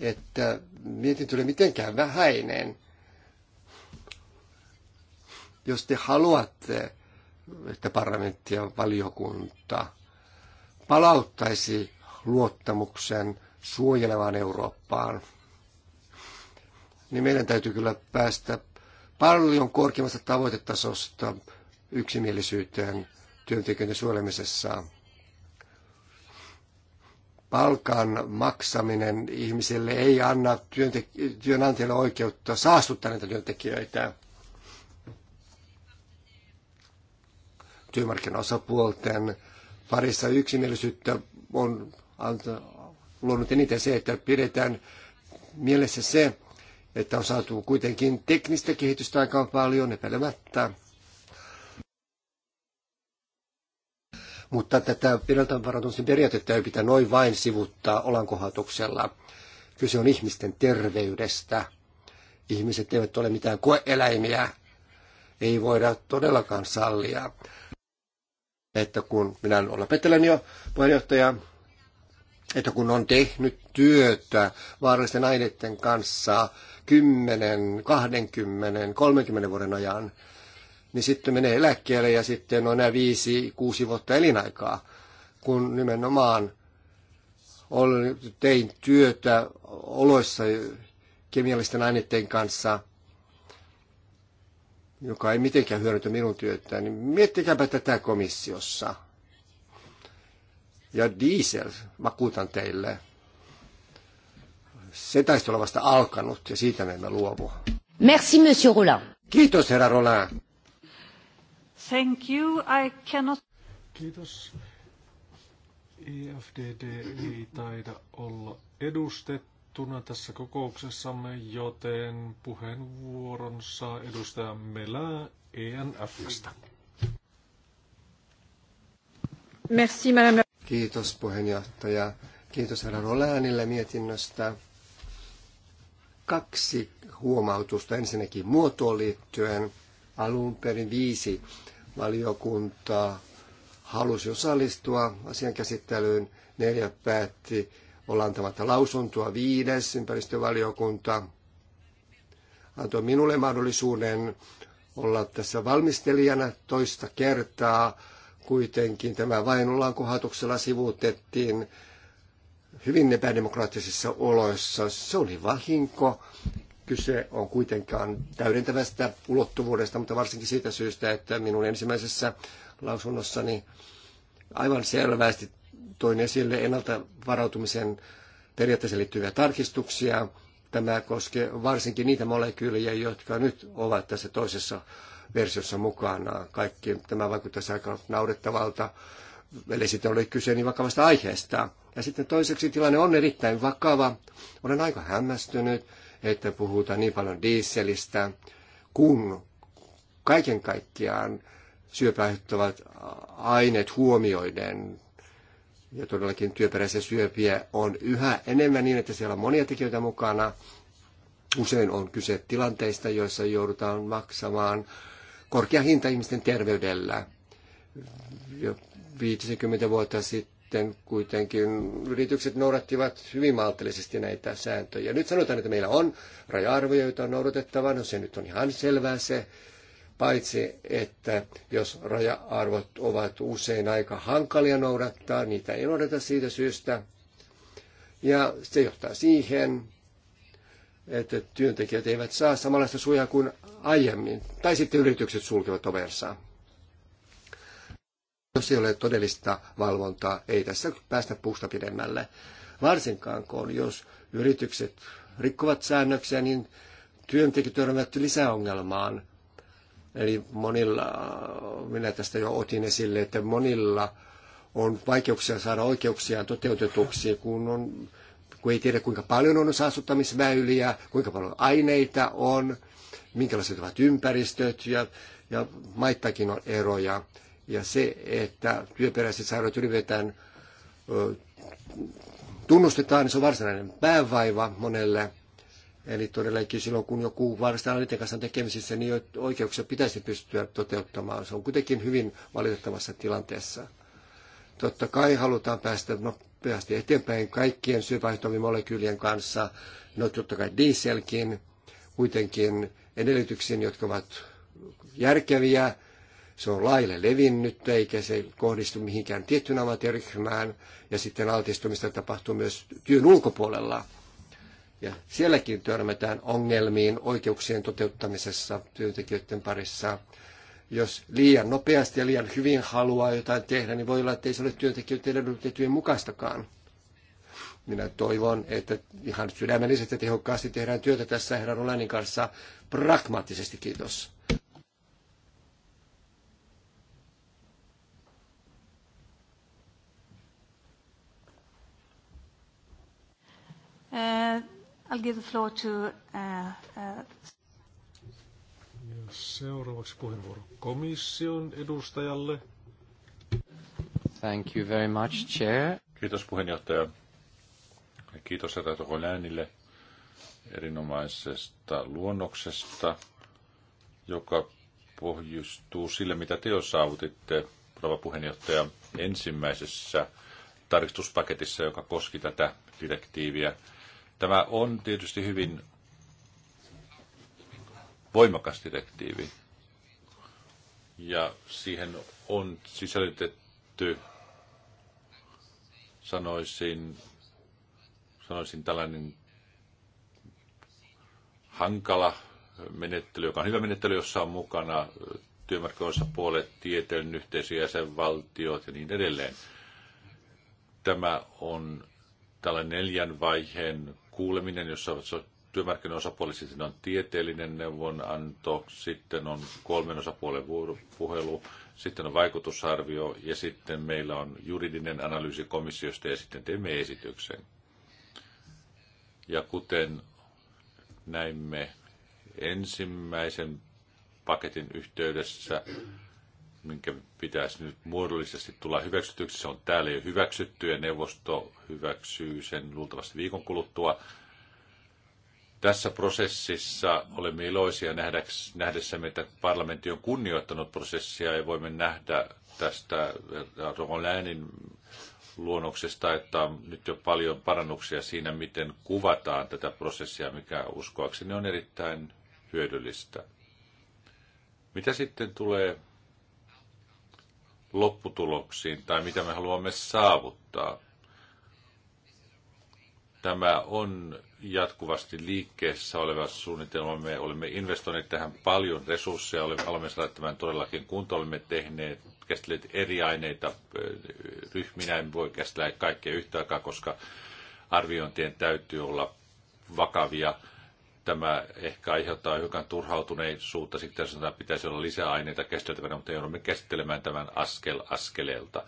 että mietin tuli mitenkään vähäinen. Jos te haluatte, että parlamentti ja valiokunta palauttaisi luottamuksen suojelevaan Eurooppaan, niin meidän täytyy kyllä päästä paljon korkeammasta tavoitetasosta yksimielisyyteen työntekijöiden suojelemisessa. Palkan maksaminen ihmiselle ei anna työntek- työnantajalle oikeutta saastuttaa näitä työntekijöitä. Työmarkkinaosapuolten parissa yksimielisyyttä on anta, luonut eniten se, että pidetään mielessä se, että on saatu kuitenkin teknistä kehitystä aikaan paljon epäilemättä. Mutta tätä pidetään varautumisen periaatetta ei pitää noin vain sivuttaa olankohatuksella. Kyse on ihmisten terveydestä. Ihmiset eivät ole mitään koeeläimiä. Ei voida todellakaan sallia. Että kun minä olen lopettelen jo puheenjohtaja, että kun on tehnyt työtä vaarallisten aineiden kanssa 10, 20, 30 vuoden ajan, niin sitten menee eläkkeelle ja sitten on nämä viisi, kuusi vuotta elinaikaa, kun nimenomaan tein työtä oloissa kemiallisten aineiden kanssa, joka ei mitenkään hyödytä minun työtä, niin miettikääpä tätä komissiossa. Ja diesel, vakuutan teille, se taisi olla vasta alkanut ja siitä me emme luovu. Merci, monsieur Roland. Kiitos, herra Roland. Thank you. I cannot... Kiitos. IFDD e ei taida olla edustettuna tässä kokouksessamme, joten puheenvuoron saa edustaja Melä ENF:stä. Merci, madame. Kiitos puheenjohtaja. Kiitos herra Roläänille mietinnöstä. Kaksi huomautusta ensinnäkin muotoon liittyen. Alun perin viisi valiokuntaa halusi osallistua asian käsittelyyn, neljä päätti olla antamatta lausuntoa, viides ympäristövaliokunta antoi minulle mahdollisuuden olla tässä valmistelijana toista kertaa. Kuitenkin tämä vain ollaan kohatuksella sivuutettiin hyvin epädemokraattisissa oloissa. Se oli vahinko. Kyse on kuitenkaan täydentävästä ulottuvuudesta, mutta varsinkin siitä syystä, että minun ensimmäisessä lausunnossani aivan selvästi toin esille ennalta varautumisen periaatteeseen liittyviä tarkistuksia. Tämä koskee varsinkin niitä molekyylejä, jotka nyt ovat tässä toisessa versiossa mukana. Kaikki tämä vaikuttaisi aika naurettavalta, eli sitten oli kyse niin vakavasta aiheesta. Ja sitten toiseksi tilanne on erittäin vakava. Olen aika hämmästynyt että puhutaan niin paljon dieselistä, kun kaiken kaikkiaan syöpäaiheuttavat aineet huomioiden ja todellakin työperäisiä syöpiä on yhä enemmän niin, että siellä on monia tekijöitä mukana. Usein on kyse tilanteista, joissa joudutaan maksamaan korkea hinta ihmisten terveydellä. Jo 50 vuotta sitten sitten kuitenkin yritykset noudattivat hyvin maltillisesti näitä sääntöjä. Nyt sanotaan, että meillä on raja-arvoja, joita on noudatettava. No se nyt on ihan selvää se, paitsi että jos raja-arvot ovat usein aika hankalia noudattaa, niitä ei noudata siitä syystä. Ja se johtaa siihen, että työntekijät eivät saa samanlaista suojaa kuin aiemmin. Tai sitten yritykset sulkevat ovensa. Jos ei ole todellista valvontaa, ei tässä päästä puusta pidemmälle. Varsinkaan kun jos yritykset rikkovat säännöksiä, niin työntekijät lisää lisäongelmaan. Eli monilla, minä tästä jo otin esille, että monilla on vaikeuksia saada oikeuksiaan toteutetuksi, kun, on, kun ei tiedä kuinka paljon on saastuttamisväyliä, kuinka paljon aineita on, minkälaiset ovat ympäristöt ja, ja maittakin on eroja. Ja se, että työperäiset sairaudet ylipäätään tunnustetaan, niin se on varsinainen päävaiva monelle. Eli todellakin silloin, kun joku varsinainen niiden kanssa on tekemisissä, niin oikeuksia pitäisi pystyä toteuttamaan. Se on kuitenkin hyvin valitettavassa tilanteessa. Totta kai halutaan päästä nopeasti eteenpäin kaikkien molekyylien kanssa. No totta kai dieselkin, kuitenkin edellytyksiin, jotka ovat järkeviä se on laille levinnyt eikä se kohdistu mihinkään tiettyyn ammattiryhmään ja sitten altistumista tapahtuu myös työn ulkopuolella. Ja sielläkin törmätään ongelmiin oikeuksien toteuttamisessa työntekijöiden parissa. Jos liian nopeasti ja liian hyvin haluaa jotain tehdä, niin voi olla, että ei se ole työntekijöiden edellytettyjen mukaistakaan. Minä toivon, että ihan sydämellisesti ja tehokkaasti tehdään työtä tässä herran Olenin kanssa pragmaattisesti. Kiitos. Uh, I'll give the floor to, uh, uh, Seuraavaksi puheenvuoro komission edustajalle. Thank you very much, Chair. Kiitos puheenjohtaja. Kiitos Rata äänille erinomaisesta luonnoksesta, joka pohjustuu sille, mitä te jo saavutitte, rouva puheenjohtaja, ensimmäisessä tarkistuspaketissa, joka koski tätä direktiiviä. Tämä on tietysti hyvin voimakas direktiivi. Ja siihen on sisällytetty, sanoisin, sanoisin tällainen hankala menettely, joka on hyvä menettely, jossa on mukana puolet, tieteen yhteisö, jäsenvaltiot ja niin edelleen. Tämä on tällainen neljän vaiheen kuuleminen, jossa työmarkkinoiden osapuoli sitten siis on tieteellinen neuvonanto, sitten on kolmen osapuolen vuoropuhelu, sitten on vaikutusarvio ja sitten meillä on juridinen analyysi komissiosta ja sitten teemme esityksen. Ja kuten näimme ensimmäisen paketin yhteydessä, minkä pitäisi nyt muodollisesti tulla hyväksytyksi. Se on täällä jo hyväksytty ja neuvosto hyväksyy sen luultavasti viikon kuluttua. Tässä prosessissa olemme iloisia nähdessämme, että parlamentti on kunnioittanut prosessia ja voimme nähdä tästä Rovon läänin luonnoksesta, että on nyt jo paljon parannuksia siinä, miten kuvataan tätä prosessia, mikä uskoakseni on erittäin hyödyllistä. Mitä sitten tulee lopputuloksiin tai mitä me haluamme saavuttaa. Tämä on jatkuvasti liikkeessä oleva suunnitelma. Me olemme investoineet tähän paljon resursseja, olemme saaneet tämän todellakin kuntoon, olemme tehneet, käsitelleet eri aineita ryhminä, en voi käsitellä kaikkea yhtä aikaa, koska arviointien täytyy olla vakavia tämä ehkä aiheuttaa hiukan turhautuneisuutta, sanotaan, että pitäisi olla lisää aineita käsiteltävänä, mutta joudumme käsittelemään tämän askel askeleelta.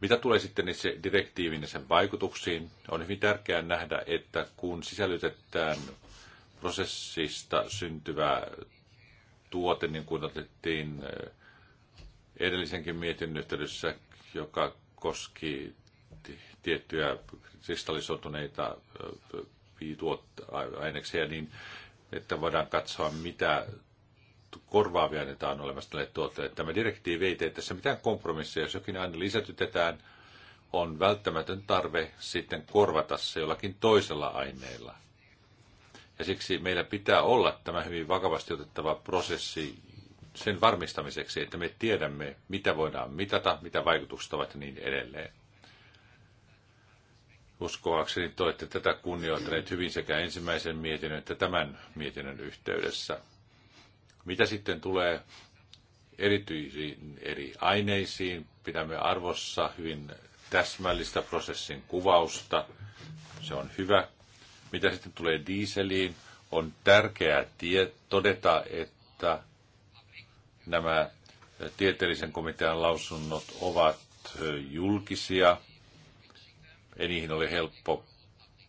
Mitä tulee sitten itse direktiivin ja sen vaikutuksiin, on hyvin tärkeää nähdä, että kun sisällytetään prosessista syntyvä tuote, niin kuin otettiin eh, edellisenkin mietinnön yhteydessä, joka koski tiettyjä kristallisoituneita eh, aineksia, niin että voidaan katsoa, mitä korvaavia aineita on olemassa tälle tuotteelle. Tämä direktiivi ei tee tässä mitään kompromisseja. Jos jokin aine lisätytetään, on välttämätön tarve sitten korvata se jollakin toisella aineella. Ja siksi meillä pitää olla tämä hyvin vakavasti otettava prosessi sen varmistamiseksi, että me tiedämme, mitä voidaan mitata, mitä vaikutukset ovat ja niin edelleen uskoakseni te olette tätä kunnioittaneet hyvin sekä ensimmäisen mietinnön että tämän mietinnön yhteydessä. Mitä sitten tulee erityisiin eri aineisiin, pidämme arvossa hyvin täsmällistä prosessin kuvausta. Se on hyvä. Mitä sitten tulee diiseliin, on tärkeää tie- todeta, että nämä tieteellisen komitean lausunnot ovat julkisia – ei niihin ole helppo,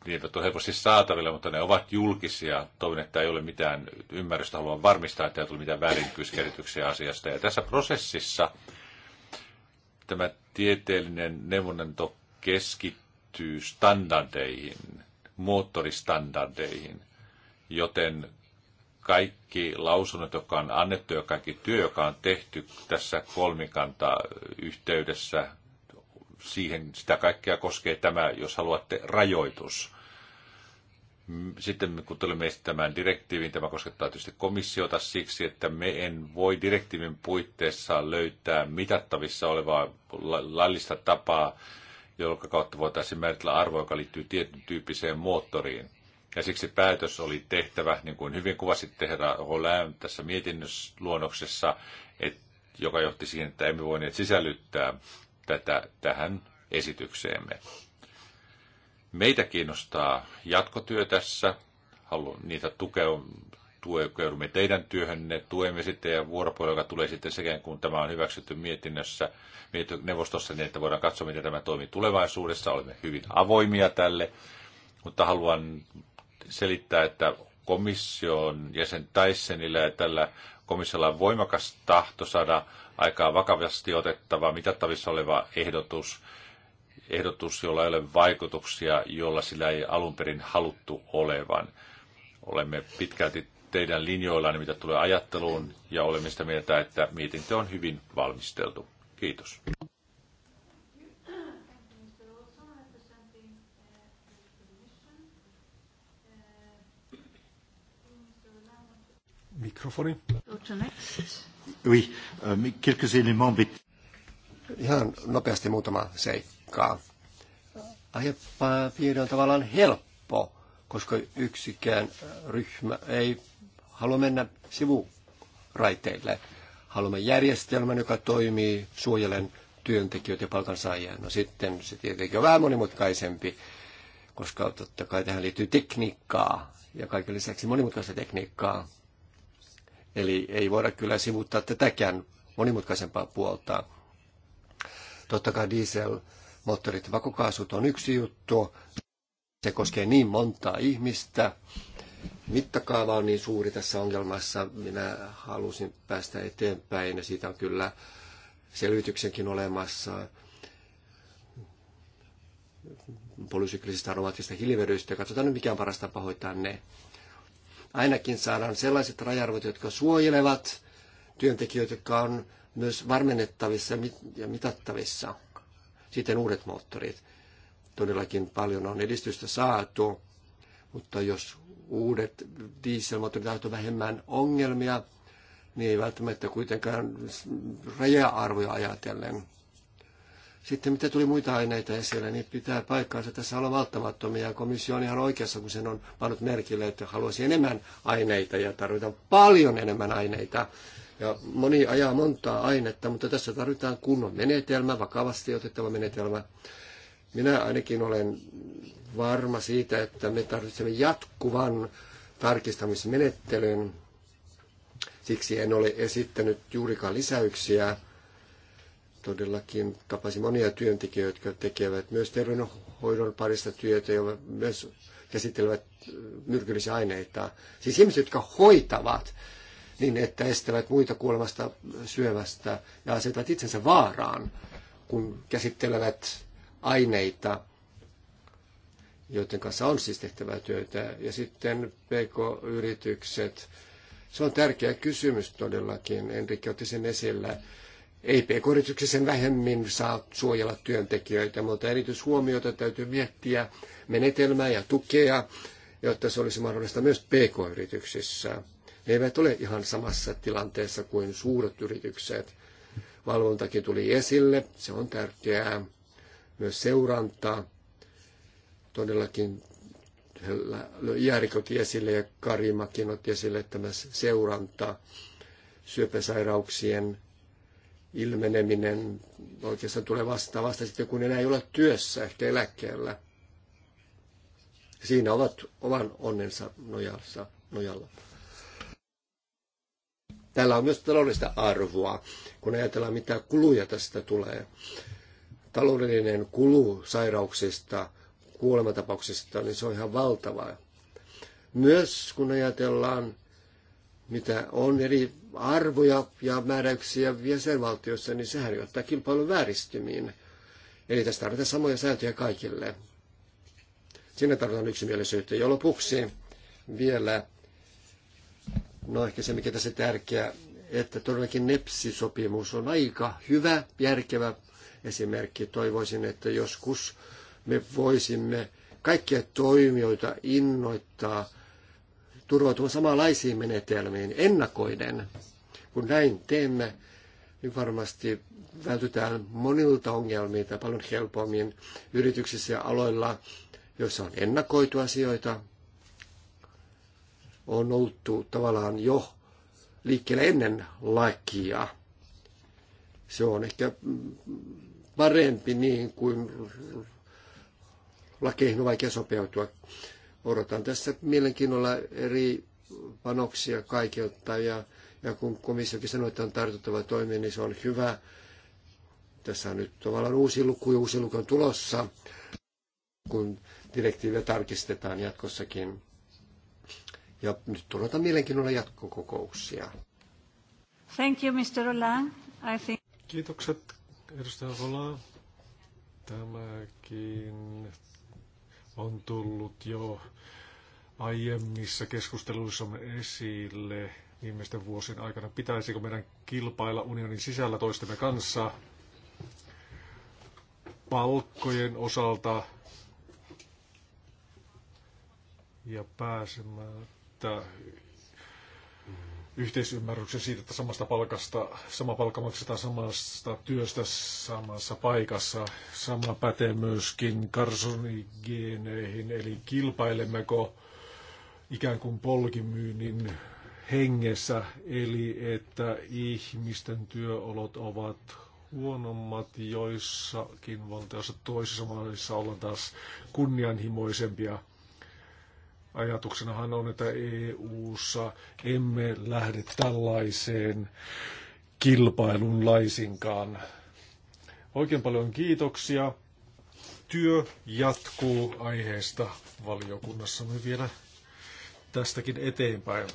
niin ole helposti saatavilla, mutta ne ovat julkisia. Toivon, että ei ole mitään ymmärrystä, haluan varmistaa, että ei tule mitään väärinkyskerityksiä asiasta. Ja tässä prosessissa tämä tieteellinen neuvonanto keskittyy standardeihin, moottoristandardeihin, joten kaikki lausunnot, jotka on annettu ja kaikki työ, joka on tehty tässä kolmikanta yhteydessä siihen sitä kaikkea koskee tämä, jos haluatte, rajoitus. Sitten kun tulemme esittämään direktiivin, tämä koskettaa tietysti komissiota siksi, että me en voi direktiivin puitteissa löytää mitattavissa olevaa laillista tapaa, jonka kautta voitaisiin määritellä arvo, joka liittyy tietyn tyyppiseen moottoriin. Ja siksi päätös oli tehtävä, niin kuin hyvin kuvasitte herra Holään tässä mietinnösluonnoksessa, että, joka johti siihen, että emme voineet sisällyttää tätä tähän esitykseemme. Meitä kiinnostaa jatkotyö tässä. Haluan niitä tukea, tukeudumme teidän työhönne, tuemme sitten ja vuoropuhelu, joka tulee sitten sekä kun tämä on hyväksytty mietinnössä, neuvostossa, niin että voidaan katsoa, miten tämä toimii tulevaisuudessa. Olemme hyvin avoimia tälle, mutta haluan selittää, että komission jäsen Tyssenillä ja tällä komissiolla on voimakas tahto saada Aika vakavasti otettava, mitattavissa oleva ehdotus, ehdotus, jolla ei ole vaikutuksia, jolla sillä ei alun perin haluttu olevan. Olemme pitkälti teidän linjoillaan, mitä tulee ajatteluun, ja olemme sitä mieltä, että mietintö on hyvin valmisteltu. Kiitos. Mikrofoni. Oui, euh, quelques éléments. Ihan nopeasti muutama seikkaa. Aihepiiri on tavallaan helppo, koska yksikään ryhmä ei halua mennä sivuraiteille. Haluamme järjestelmän, joka toimii suojelen työntekijöitä ja palkansaajia. No sitten se tietenkin on vähän monimutkaisempi, koska totta kai tähän liittyy tekniikkaa ja kaiken lisäksi monimutkaista tekniikkaa. Eli ei voida kyllä sivuttaa tätäkään monimutkaisempaa puolta. Totta kai dieselmoottorit vakokaasut on yksi juttu. Se koskee niin montaa ihmistä. Mittakaava on niin suuri tässä ongelmassa. Minä halusin päästä eteenpäin ja siitä on kyllä selvityksenkin olemassa polysyklisistä aromaattisista hiilivedyistä. Katsotaan nyt mikä on paras tapa hoitaa ne ainakin saadaan sellaiset rajarvot, jotka suojelevat työntekijöitä, jotka on myös varmennettavissa ja mitattavissa. Sitten uudet moottorit. Todellakin paljon on edistystä saatu, mutta jos uudet dieselmoottorit aiheuttavat vähemmän ongelmia, niin ei välttämättä kuitenkaan raja-arvoja ajatellen. Sitten mitä tuli muita aineita esille, niin pitää paikkaansa tässä olla malttamattomia. Komissio on ihan oikeassa, kun sen on pannut merkille, että haluaisi enemmän aineita ja tarvitaan paljon enemmän aineita. Ja moni ajaa montaa ainetta, mutta tässä tarvitaan kunnon menetelmä, vakavasti otettava menetelmä. Minä ainakin olen varma siitä, että me tarvitsemme jatkuvan tarkistamismenettelyn. Siksi en ole esittänyt juurikaan lisäyksiä todellakin tapasin monia työntekijöitä, jotka tekevät myös terveydenhoidon parissa työtä ja myös käsittelevät äh, myrkyllisiä aineita. Siis ihmiset, jotka hoitavat niin, että estävät muita kuolemasta syövästä ja asettavat itsensä vaaraan, kun käsittelevät aineita, joiden kanssa on siis tehtävää työtä. Ja sitten PK-yritykset. Se on tärkeä kysymys todellakin. Enrikki otti sen esille ei pk sen vähemmin saa suojella työntekijöitä, mutta erityishuomiota täytyy miettiä menetelmää ja tukea, jotta se olisi mahdollista myös pk-yrityksissä. Ne eivät ole ihan samassa tilanteessa kuin suuret yritykset. Valvontakin tuli esille, se on tärkeää. Myös seuranta, todellakin Jäärik esille ja Karimakin otti esille tämä seuranta syöpäsairauksien ilmeneminen oikeastaan tulee vastaan vasta sitten, kun enää ei ole työssä, ehkä eläkkeellä. Siinä ovat oman onnensa nojassa, nojalla. Täällä on myös taloudellista arvoa, kun ajatellaan, mitä kuluja tästä tulee. Taloudellinen kulu sairauksista, kuolematapauksista, niin se on ihan valtavaa. Myös kun ajatellaan mitä on eri arvoja ja määräyksiä jäsenvaltioissa, niin sehän johtaa kilpailun vääristymiin. Eli tässä tarvitaan samoja sääntöjä kaikille. Siinä tarvitaan yksimielisyyttä. Ja lopuksi vielä, no ehkä se mikä tässä tärkeää, että todellakin NEPSI-sopimus on aika hyvä, järkevä esimerkki. Toivoisin, että joskus me voisimme kaikkia toimijoita innoittaa – turvautumaan samanlaisiin menetelmiin ennakoiden. Kun näin teemme, niin varmasti vältytään monilta ongelmilta paljon helpommin yrityksissä ja aloilla, joissa on ennakoitu asioita, on oltu tavallaan jo liikkeelle ennen lakia. Se on ehkä parempi niin kuin lakeihin on vaikea sopeutua. Odotan tässä mielenkiinnolla eri panoksia kaikilta ja, ja kun komissiokin sanoi, että on tartuttava toimi, niin se on hyvä. Tässä on nyt tavallaan uusi luku ja uusi luku on tulossa, kun direktiiviä tarkistetaan jatkossakin. Ja nyt odotan mielenkiinnolla jatkokokouksia. Thank you, Mr. I think... Kiitokset, edustaja Hola. Tämäkin on tullut jo aiemmissa keskusteluissa esille viimeisten vuosien aikana. Pitäisikö meidän kilpailla unionin sisällä toistemme kanssa palkkojen osalta ja pääsemättä yhteisymmärryksen siitä, että samasta palkasta, sama palkka maksetaan samasta työstä samassa paikassa. Sama pätee myöskin karsonigeeneihin, eli kilpailemmeko ikään kuin polkimyynnin hengessä, eli että ihmisten työolot ovat huonommat joissakin valtioissa, toisissa maissa ollaan taas kunnianhimoisempia. Ajatuksenahan on, että EU-ssa emme lähde tällaiseen kilpailun laisinkaan. Oikein paljon kiitoksia. Työ jatkuu aiheesta valiokunnassamme vielä tästäkin eteenpäin.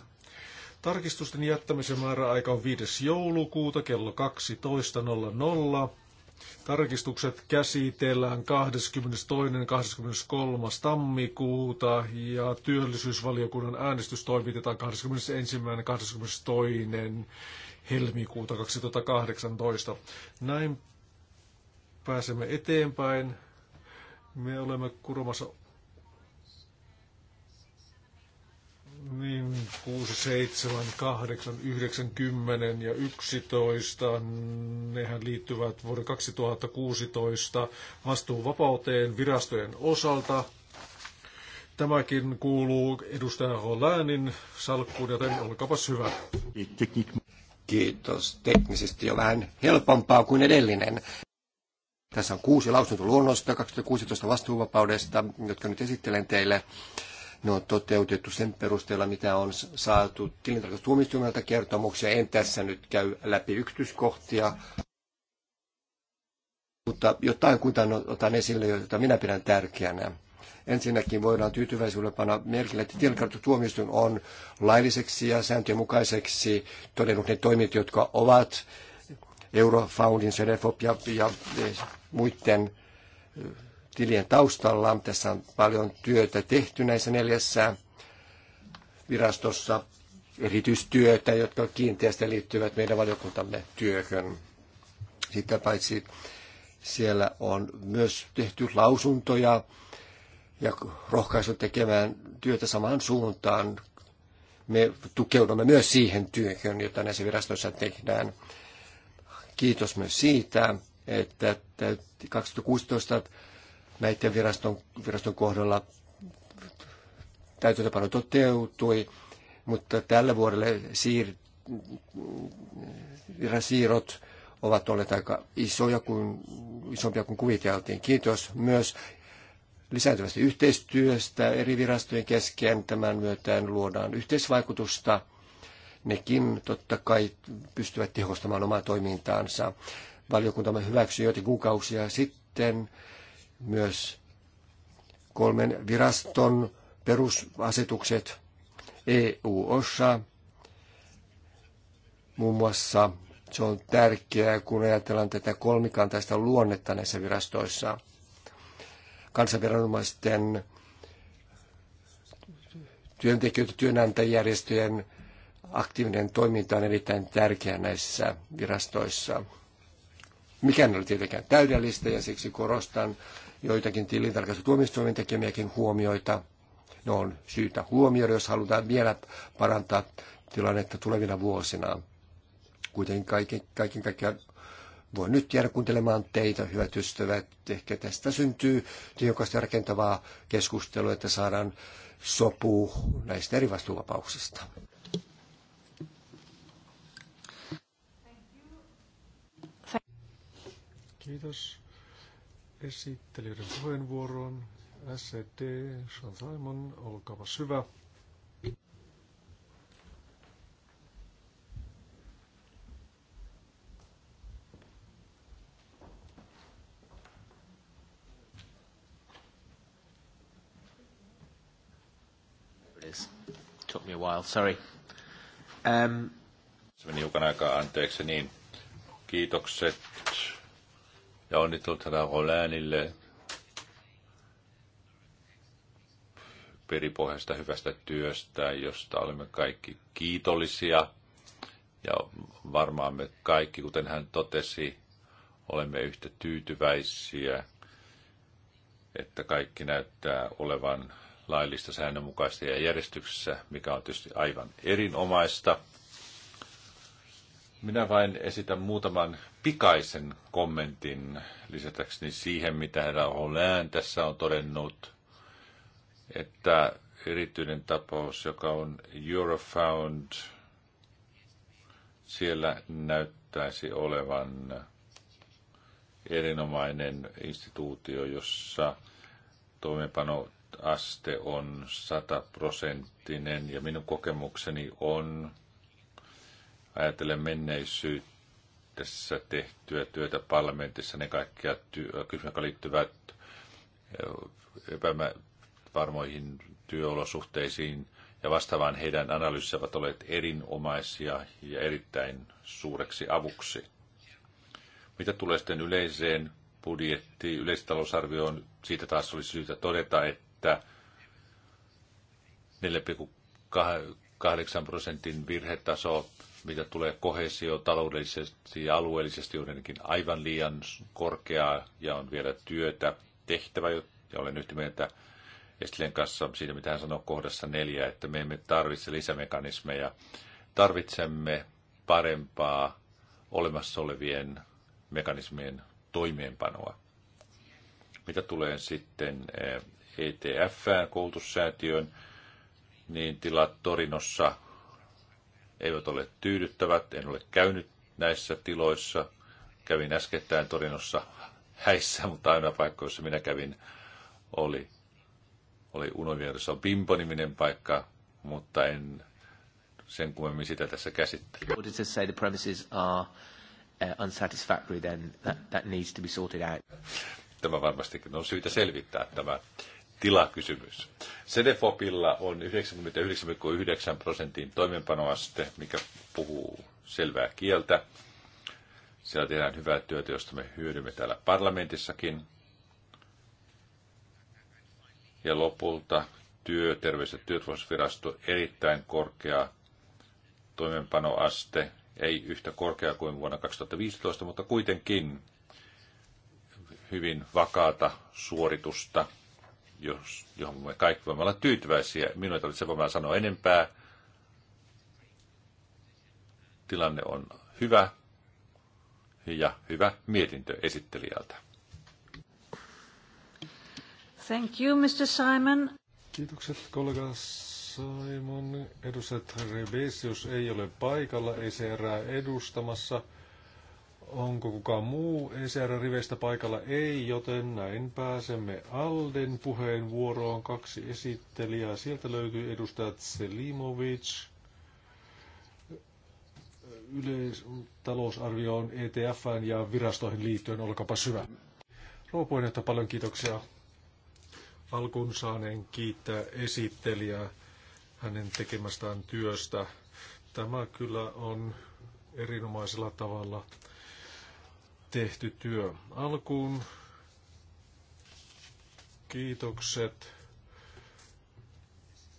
Tarkistusten jättämisen määräaika on 5. joulukuuta kello 12.00. Tarkistukset käsitellään 22. 23. tammikuuta ja työllisyysvaliokunnan äänestys toimitetaan 21. 22. helmikuuta 2018. Näin pääsemme eteenpäin. Me olemme kuromassa niin 6, 7, 8, 9, 10 ja 11, nehän liittyvät vuoden 2016 vastuuvapauteen virastojen osalta. Tämäkin kuuluu edustaja Läänin salkkuun, joten olkapas hyvä. Kiitos. Teknisesti jo vähän helpompaa kuin edellinen. Tässä on kuusi lausuntoluonnosta 2016 vastuuvapaudesta, jotka nyt esittelen teille. Ne on toteutettu sen perusteella, mitä on saatu tilintarkastustuomioistuimelta kertomuksia. En tässä nyt käy läpi yksityiskohtia, mutta jotain kuitenkin otan esille, joita minä pidän tärkeänä. Ensinnäkin voidaan tyytyväisyydellä panna merkille, että tilintarkastustuomioistuin on lailliseksi ja sääntöjen mukaiseksi todennut ne toimit, jotka ovat Eurofoundin, Serefop ja, ja muiden tilien taustalla. Tässä on paljon työtä tehty näissä neljässä virastossa, erityistyötä, jotka kiinteästi liittyvät meidän valiokuntamme työhön. Sitä paitsi siellä on myös tehty lausuntoja ja rohkaisu tekemään työtä samaan suuntaan. Me tukeudumme myös siihen työhön, jota näissä virastoissa tehdään. Kiitos myös siitä, että 2016 näiden viraston, viraston kohdalla täytäntöpano toteutui, mutta tällä vuodelle siir, siirrot ovat olleet aika isoja kuin, isompia kuin kuviteltiin. Kiitos myös lisääntyvästä yhteistyöstä eri virastojen kesken. Tämän myötään luodaan yhteisvaikutusta. Nekin totta kai pystyvät tehostamaan omaa toimintaansa. Valiokuntamme hyväksyi joitakin kuukausia sitten myös kolmen viraston perusasetukset EU-ossa. Muun muassa se on tärkeää, kun ajatellaan tätä kolmikantaista luonnetta näissä virastoissa. Kansanviranomaisten työntekijöiden, työnantajärjestöjen aktiivinen toiminta on erittäin tärkeää näissä virastoissa. Mikään ei ole tietenkään täydellistä ja siksi korostan joitakin tilintarkastustuomioistuimen tekemiäkin huomioita. Ne on syytä huomioida, jos halutaan vielä parantaa tilannetta tulevina vuosina. Kuitenkin kaiken, kaiken kaikkiaan voin nyt jäädä kuuntelemaan teitä, hyvät ystävät. Ehkä tästä syntyy tiukasti rakentavaa keskustelua, että saadaan sopu näistä eri vastuuvapauksista. Kiitos esittelijöiden puheenvuoroon. SED, Sean Simon, olkaa hyvä. took me a while, sorry. Um... Se meni hiukan aikaa, anteeksi, niin kiitokset ja onnittelut Roläänille peripohjasta hyvästä työstä, josta olemme kaikki kiitollisia. Ja varmaan me kaikki, kuten hän totesi, olemme yhtä tyytyväisiä, että kaikki näyttää olevan laillista, säännönmukaista ja järjestyksessä, mikä on tietysti aivan erinomaista. Minä vain esitän muutaman pikaisen kommentin lisätäkseni siihen, mitä herra Hollään tässä on todennut, että erityinen tapaus, joka on Eurofound, siellä näyttäisi olevan erinomainen instituutio, jossa aste on sataprosenttinen ja minun kokemukseni on, ajatellen menneisyyttä, tässä tehtyä työtä parlamentissa, ne kaikkia kysymyksiä, liittyvät eh, epävarmoihin työolosuhteisiin ja vastaavaan heidän analyysissä ovat olleet erinomaisia ja erittäin suureksi avuksi. Mitä tulee sitten yleiseen budjettiin, yleistalousarvioon, siitä taas olisi syytä todeta, että 4,8 prosentin virhetaso mitä tulee kohesio taloudellisesti ja alueellisesti, on ainakin aivan liian korkeaa ja on vielä työtä tehtävä, ja olen yhtä mieltä Estilen kanssa siitä, mitä hän sanoi kohdassa neljä, että me emme tarvitse lisämekanismeja. Tarvitsemme parempaa olemassa olevien mekanismien toimeenpanoa. Mitä tulee sitten ETF, eh, e koulutussäätiön, niin tilat Torinossa eivät ole tyydyttävät. En ole käynyt näissä tiloissa. Kävin äskettäin Torinossa häissä, mutta aina paikka, jossa minä kävin, oli, oli Unovierossa Bimbo-niminen paikka, mutta en sen kummemmin sitä tässä käsittele. Uh, tämä varmastikin on syytä selvittää tämä tilakysymys. Sedefopilla on 99,9 prosentin toimeenpanoaste, mikä puhuu selvää kieltä. Siellä tehdään hyvää työtä, josta me hyödymme täällä parlamentissakin. Ja lopulta työ, terveys- ja työtvoimisvirasto erittäin korkea toimeenpanoaste, ei yhtä korkea kuin vuonna 2015, mutta kuitenkin hyvin vakaata suoritusta jos, johon me kaikki voimme olla tyytyväisiä. Minun ei tarvitse voimaa sanoa enempää. Tilanne on hyvä ja hyvä mietintö esittelijältä. Thank you, Mr. Simon. Kiitokset kollega Simon. Edustajat Rebesius ei ole paikalla, ei se erää edustamassa – Onko kukaan muu ECR-riveistä paikalla? Ei, joten näin pääsemme Alden puheenvuoroon. Kaksi esittelijää. Sieltä löytyy edustajat Selimovic. Yleis- ETF: ETFään ja virastoihin liittyen. Olkapa syvä. Rouva että paljon kiitoksia. Alkuun saaneen kiittää esittelijää hänen tekemästään työstä. Tämä kyllä on erinomaisella tavalla tehty työ. Alkuun kiitokset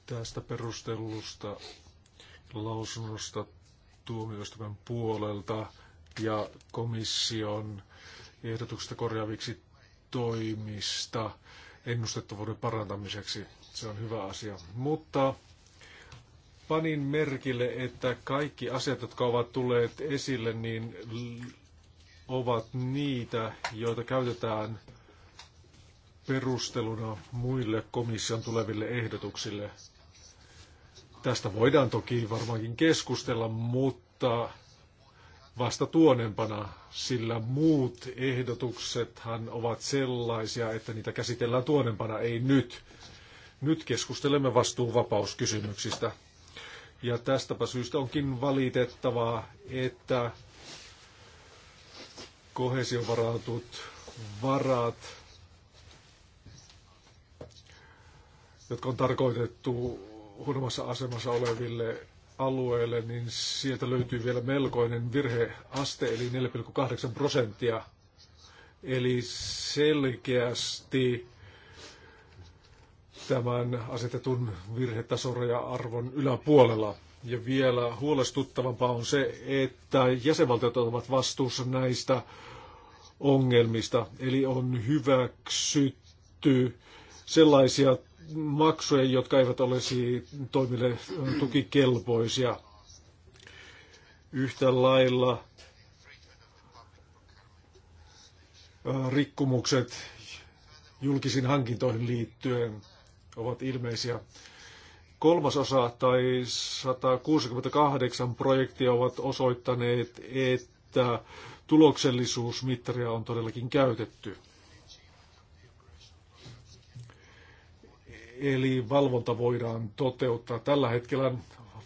tästä perustellusta lausunnosta tuomioistuimen puolelta ja komission ehdotuksesta korjaaviksi toimista ennustettavuuden parantamiseksi. Se on hyvä asia. Mutta panin merkille, että kaikki asiat, jotka ovat tulleet esille, niin ovat niitä, joita käytetään perusteluna muille komission tuleville ehdotuksille. Tästä voidaan toki varmaankin keskustella, mutta vasta tuonempana, sillä muut ehdotuksethan ovat sellaisia, että niitä käsitellään tuonempana, ei nyt. Nyt keskustelemme vastuuvapauskysymyksistä. Ja tästäpä syystä onkin valitettavaa, että kohesiovarautut varat, jotka on tarkoitettu huonommassa asemassa oleville alueille, niin sieltä löytyy vielä melkoinen virheaste, eli 4,8 prosenttia. Eli selkeästi tämän asetetun virhetasoraja-arvon yläpuolella. Ja vielä huolestuttavampaa on se, että jäsenvaltiot ovat vastuussa näistä ongelmista. Eli on hyväksytty sellaisia maksuja, jotka eivät olisi toimille äh, tukikelpoisia. Yhtä lailla äh, rikkomukset julkisiin hankintoihin liittyen ovat ilmeisiä kolmasosa tai 168 projektia ovat osoittaneet, että tuloksellisuusmittaria on todellakin käytetty. Eli valvonta voidaan toteuttaa. Tällä hetkellä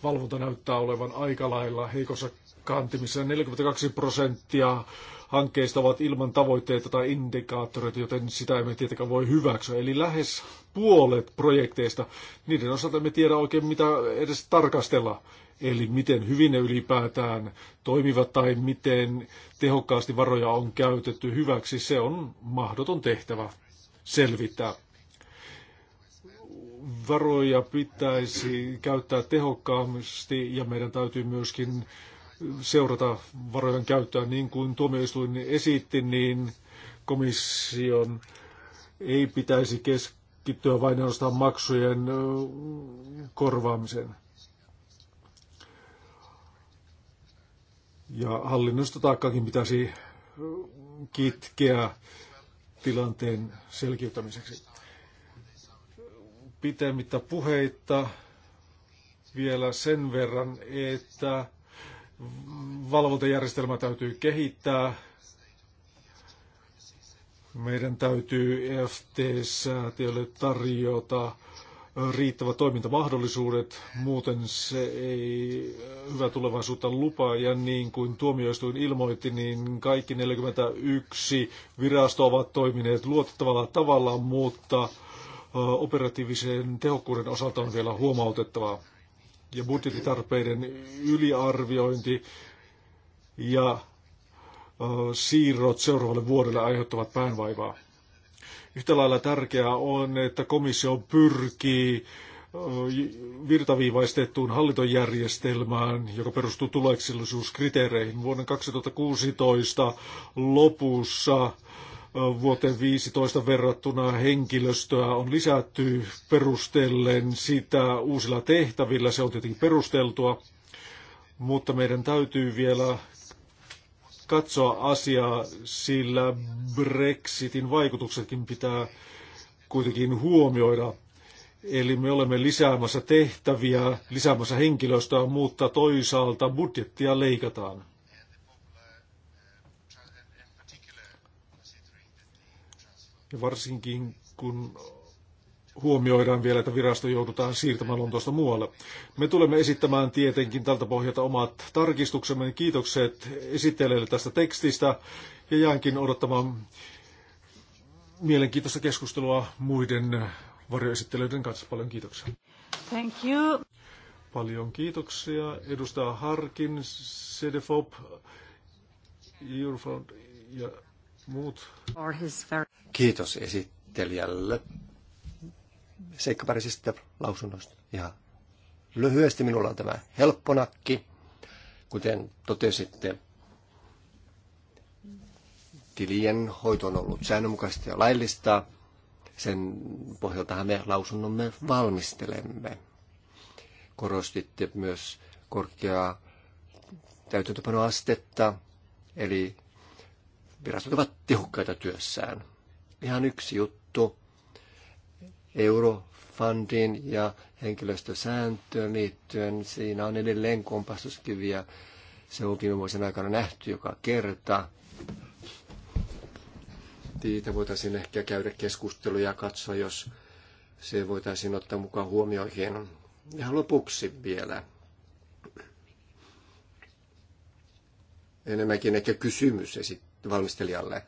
valvonta näyttää olevan aika lailla heikossa kantimissa. 42 prosenttia hankkeista ovat ilman tavoitteita tai indikaattoreita, joten sitä emme tietenkään voi hyväksyä. Eli lähes puolet projekteista, niiden osalta emme tiedä oikein mitä edes tarkastella. Eli miten hyvin ne ylipäätään toimivat tai miten tehokkaasti varoja on käytetty hyväksi, se on mahdoton tehtävä selvittää varoja pitäisi käyttää tehokkaasti ja meidän täytyy myöskin seurata varojen käyttöä. Niin kuin tuomioistuin esitti, niin komission ei pitäisi keskittyä vain ainoastaan maksujen korvaamiseen. Ja hallinnosta taakkaakin pitäisi kitkeä tilanteen selkiyttämiseksi. Pitemmittä puheitta vielä sen verran, että valvontajärjestelmä täytyy kehittää. Meidän täytyy EFT-säätiölle tarjota riittävät toimintamahdollisuudet, muuten se ei hyvä tulevaisuutta lupaa. Ja niin kuin tuomioistuin ilmoitti, niin kaikki 41 virasto ovat toimineet luotettavalla tavalla, mutta operatiivisen tehokkuuden osalta on vielä huomautettavaa ja budjettitarpeiden yliarviointi ja siirrot seuraavalle vuodelle aiheuttavat päänvaivaa. Yhtä lailla tärkeää on, että komissio pyrkii virtaviivaistettuun hallintojärjestelmään, joka perustuu tuloksellisuuskriteereihin. Vuoden 2016 lopussa vuoteen 15 verrattuna henkilöstöä on lisätty perustellen sitä uusilla tehtävillä. Se on tietenkin perusteltua, mutta meidän täytyy vielä katsoa asiaa, sillä Brexitin vaikutuksetkin pitää kuitenkin huomioida. Eli me olemme lisäämässä tehtäviä, lisäämässä henkilöstöä, mutta toisaalta budjettia leikataan. Ja varsinkin kun huomioidaan vielä, että virasto joudutaan siirtämään Lontoosta muualle. Me tulemme esittämään tietenkin tältä pohjalta omat tarkistuksemme. Kiitokset esittelijälle tästä tekstistä ja jäänkin odottamaan mielenkiintoista keskustelua muiden varjoesittelyiden kanssa. Paljon kiitoksia. Thank you. Paljon kiitoksia. Edustaja Harkin, CDFOP, Eurofound ja muut. Or his very... Kiitos esittelijälle seikkaparisista lausunnoista. Ja lyhyesti minulla on tämä helpponakki, kuten totesitte. Tilien hoito on ollut säännönmukaista ja laillista. Sen pohjaltahan me lausunnomme valmistelemme. Korostitte myös korkeaa täytäntöpanoastetta, eli virastot ovat tehokkaita työssään ihan yksi juttu. Eurofundin ja henkilöstösääntöön liittyen siinä on edelleen kompastuskiviä. Se on viime vuosien aikana nähty joka kerta. Siitä voitaisiin ehkä käydä keskusteluja ja katsoa, jos se voitaisiin ottaa mukaan huomioihin. Ja lopuksi vielä enemmänkin ehkä kysymys valmistelijalle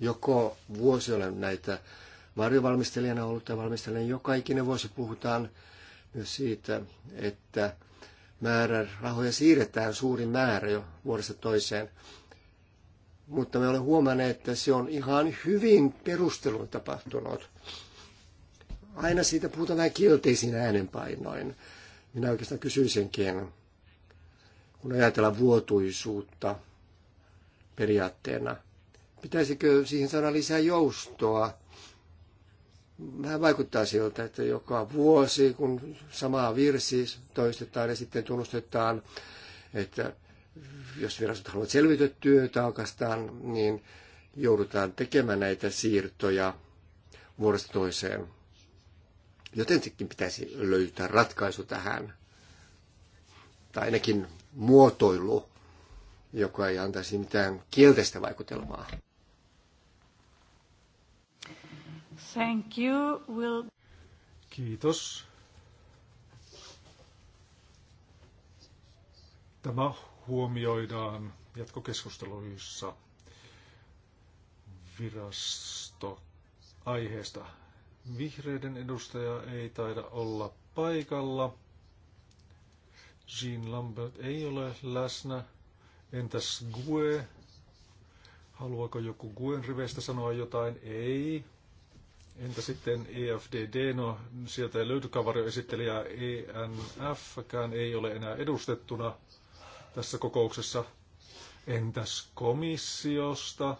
joko vuosi olen näitä varjovalmistelijana ollut tai valmistelen joka ikinen vuosi puhutaan myös siitä, että määrä rahoja siirretään suuri määrä jo vuodesta toiseen. Mutta me olemme huomanneet, että se on ihan hyvin perustelun tapahtunut. Aina siitä puhutaan vähän kilteisin äänenpainoin. Minä oikeastaan kysyisinkin, kun ajatellaan vuotuisuutta periaatteena – Pitäisikö siihen saada lisää joustoa? Vähän vaikuttaa siltä, että joka vuosi, kun samaa virsi toistetaan ja sitten tunnustetaan, että jos virastot haluavat selvitä työtaakastaan, niin joudutaan tekemään näitä siirtoja vuodesta toiseen. Jotenkin pitäisi löytää ratkaisu tähän, tai ainakin muotoilu, joka ei antaisi mitään kielteistä vaikutelmaa. Thank you. We'll... Kiitos. Tämä huomioidaan jatkokeskusteluissa virasto aiheesta. Vihreiden edustaja ei taida olla paikalla. Jean Lambert ei ole läsnä. Entäs Gue? Haluaako joku Guen riveistä sanoa jotain? Ei. Entä sitten EFDD? No, sieltä ei löydykään varjoesittelijää. ENFkään ei ole enää edustettuna tässä kokouksessa. Entäs komissiosta?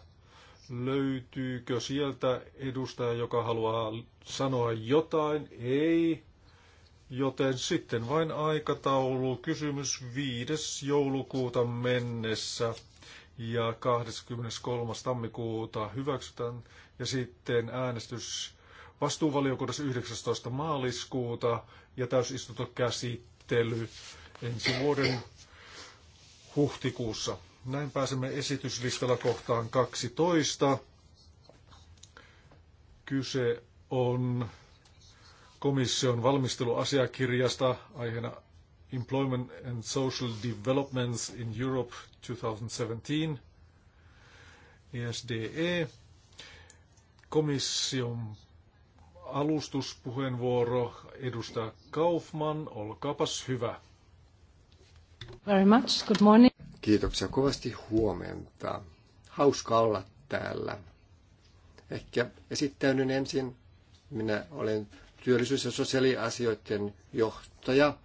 Löytyykö sieltä edustaja, joka haluaa sanoa jotain? Ei. Joten sitten vain aikataulu. Kysymys 5. joulukuuta mennessä ja 23. tammikuuta hyväksytään ja sitten äänestys vastuuvaliokunnassa 19. maaliskuuta ja täysistuntokäsittely ensi vuoden huhtikuussa. Näin pääsemme esityslistalla kohtaan 12. Kyse on komission valmisteluasiakirjasta aiheena Employment and Social Developments in Europe 2017, ESDE komission alustuspuheenvuoro. Edustaja Kaufman, olkaapas hyvä. Very much. Good morning. Kiitoksia kovasti huomenta. Hauska olla täällä. Ehkä esittäydyn ensin. Minä olen työllisyys- ja sosiaaliasioiden johtaja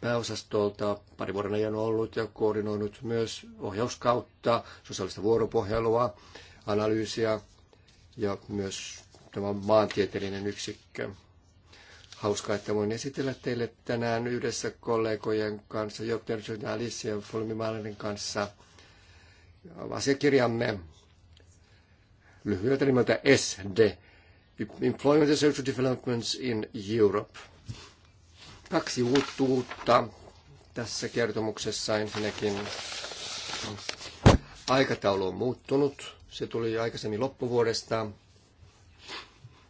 pääosastolta pari vuoden ajan ollut ja koordinoinut myös ohjauskautta, sosiaalista vuoropuhelua, analyysiä ja myös tämä maantieteellinen yksikkö. Hauskaa, että voin esitellä teille tänään yhdessä kollegojen kanssa, Joktersen ja Alice ja kanssa asiakirjamme lyhyeltä nimeltä SD, Employment and Social Developments in Europe. Kaksi uutta tässä kertomuksessa ensinnäkin aikataulu on muuttunut se tuli aikaisemmin loppuvuodesta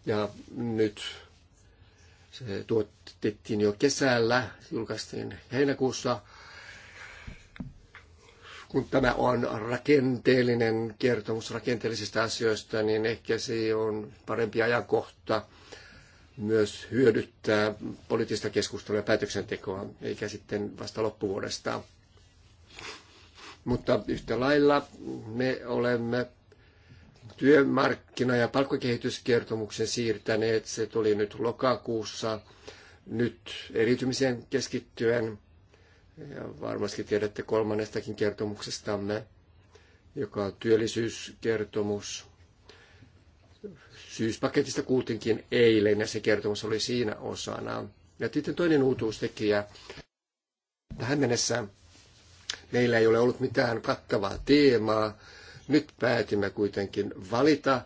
ja nyt se tuotettiin jo kesällä, julkaistiin heinäkuussa. Kun tämä on rakenteellinen kertomus rakenteellisista asioista, niin ehkä se on parempi ajankohta myös hyödyttää poliittista keskustelua ja päätöksentekoa, eikä sitten vasta loppuvuodesta. Mutta yhtä lailla me olemme työmarkkina- ja palkkakehityskertomuksen siirtäneet. Se tuli nyt lokakuussa nyt eriytymiseen keskittyen. Ja varmasti tiedätte kolmannestakin kertomuksestamme, joka on työllisyyskertomus. Syyspaketista kuultiinkin eilen ja se kertomus oli siinä osana. Ja sitten toinen uutuustekijä. Tähän mennessä meillä ei ole ollut mitään kattavaa teemaa, nyt päätimme kuitenkin valita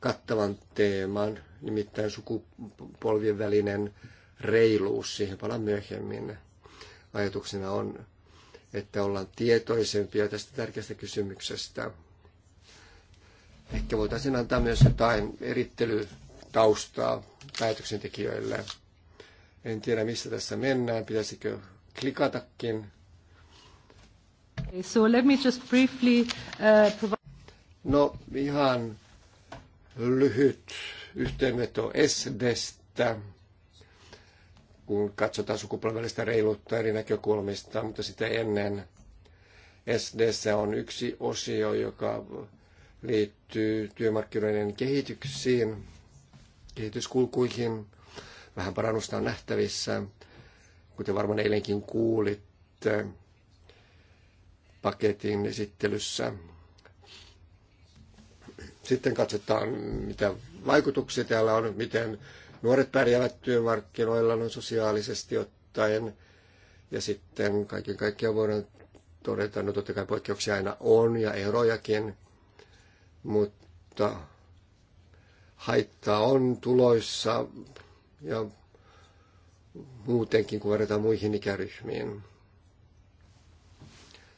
kattavan teeman, nimittäin sukupolvien välinen reiluus. Siihen palaan myöhemmin. Ajatuksena on, että ollaan tietoisempia tästä tärkeästä kysymyksestä. Ehkä voitaisiin antaa myös jotain erittelytaustaa päätöksentekijöille. En tiedä, missä tässä mennään. Pitäisikö klikatakin? So let me just briefly, uh, No ihan lyhyt yhteenveto SDstä, kun katsotaan sukupolvelista reiluutta eri näkökulmista, mutta sitä ennen SDssä on yksi osio, joka liittyy työmarkkinoiden kehityksiin, kehityskulkuihin. Vähän parannusta on nähtävissä, kuten varmaan eilenkin kuulitte paketin esittelyssä sitten katsotaan, mitä vaikutuksia täällä on, miten nuoret pärjäävät työmarkkinoilla noin sosiaalisesti ottaen. Ja sitten kaiken kaikkiaan voidaan todeta, no totta kai poikkeuksia aina on ja erojakin, mutta haittaa on tuloissa ja muutenkin, kun verrataan muihin ikäryhmiin.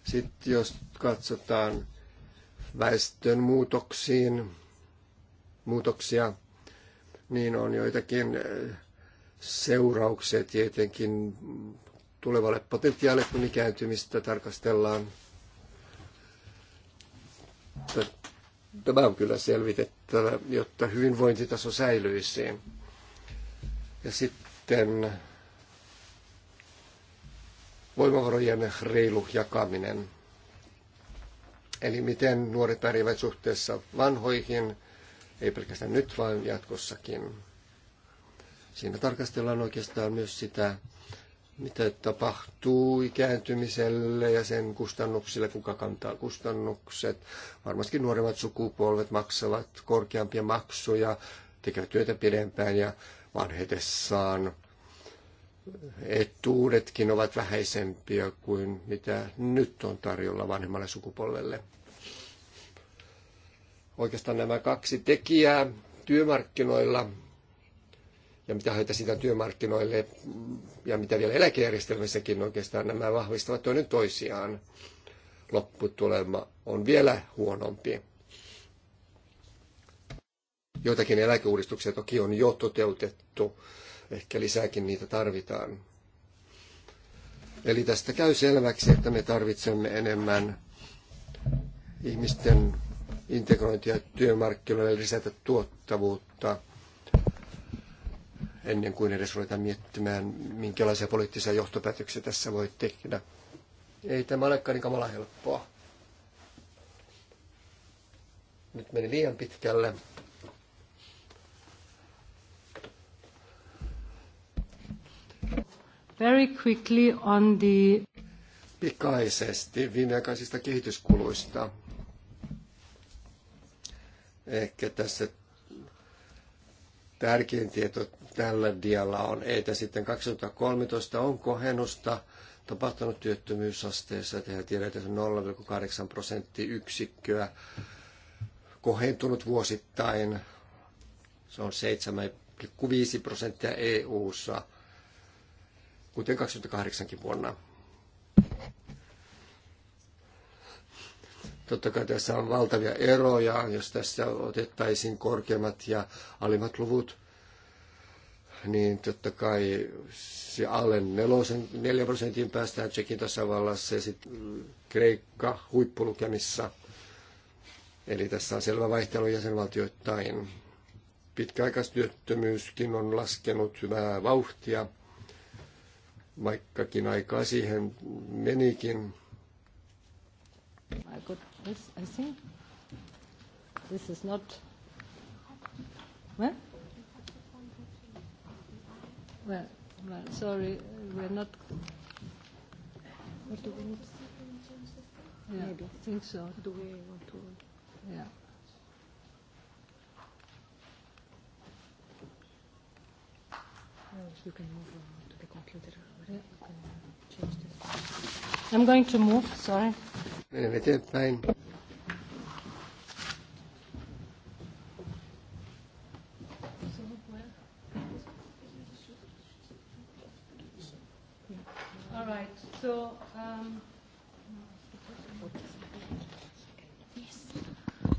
Sitten jos katsotaan väestön muutoksiin, muutoksia, niin on joitakin eh, seurauksia tietenkin tulevalle potentiaalille, kun ikääntymistä tarkastellaan. Tämä on kyllä selvitettävä, jotta hyvinvointitaso säilyisi. Ja sitten voimavarojen reilu jakaminen. Eli miten nuoret pärjäävät suhteessa vanhoihin, ei pelkästään nyt, vaan jatkossakin. Siinä tarkastellaan oikeastaan myös sitä, mitä tapahtuu ikääntymiselle ja sen kustannuksille, kuka kantaa kustannukset. Varmasti nuoremmat sukupolvet maksavat korkeampia maksuja, tekevät työtä pidempään ja vanhetessaan etuudetkin ovat vähäisempiä kuin mitä nyt on tarjolla vanhemmalle sukupolvelle. Oikeastaan nämä kaksi tekijää työmarkkinoilla ja mitä haita sitä työmarkkinoille ja mitä vielä eläkejärjestelmässäkin oikeastaan nämä vahvistavat toinen toisiaan. Lopputulema on vielä huonompi. Joitakin eläkeuudistuksia toki on jo toteutettu ehkä lisääkin niitä tarvitaan. Eli tästä käy selväksi, että me tarvitsemme enemmän ihmisten integrointia työmarkkinoille, lisätä tuottavuutta ennen kuin edes ruvetaan miettimään, minkälaisia poliittisia johtopäätöksiä tässä voi tehdä. Ei tämä olekaan niin kamala helppoa. Nyt meni liian pitkälle. Very quickly on the... Pikaisesti viimeaikaisista kehityskuluista. Ehkä tässä tärkein tieto tällä dialla on, että sitten 2013 on kohennusta tapahtunut työttömyysasteessa. Tehän tiedätte, että 0,8 prosenttiyksikköä kohentunut vuosittain. Se on 7,5 prosenttia EU-ssa kuten 2008 vuonna. Totta kai tässä on valtavia eroja, jos tässä otettaisiin korkeimmat ja alimmat luvut, niin totta kai se alle nelosen, 4 prosentin päästään Tsekin tasavallassa ja sitten Kreikka huippulukemissa. Eli tässä on selvä vaihtelu jäsenvaltioittain. Pitkäaikaistyöttömyyskin on laskenut hyvää vauhtia vaikkakin aikaa siihen menikin. I got this, I think. This is not... Well? Well, well sorry, we're not... What do we need? Yeah, Maybe. I think so. Do we want to... Yeah. No, you can move on. I'm going to move, sorry. Menen eteenpäin. All right, so um,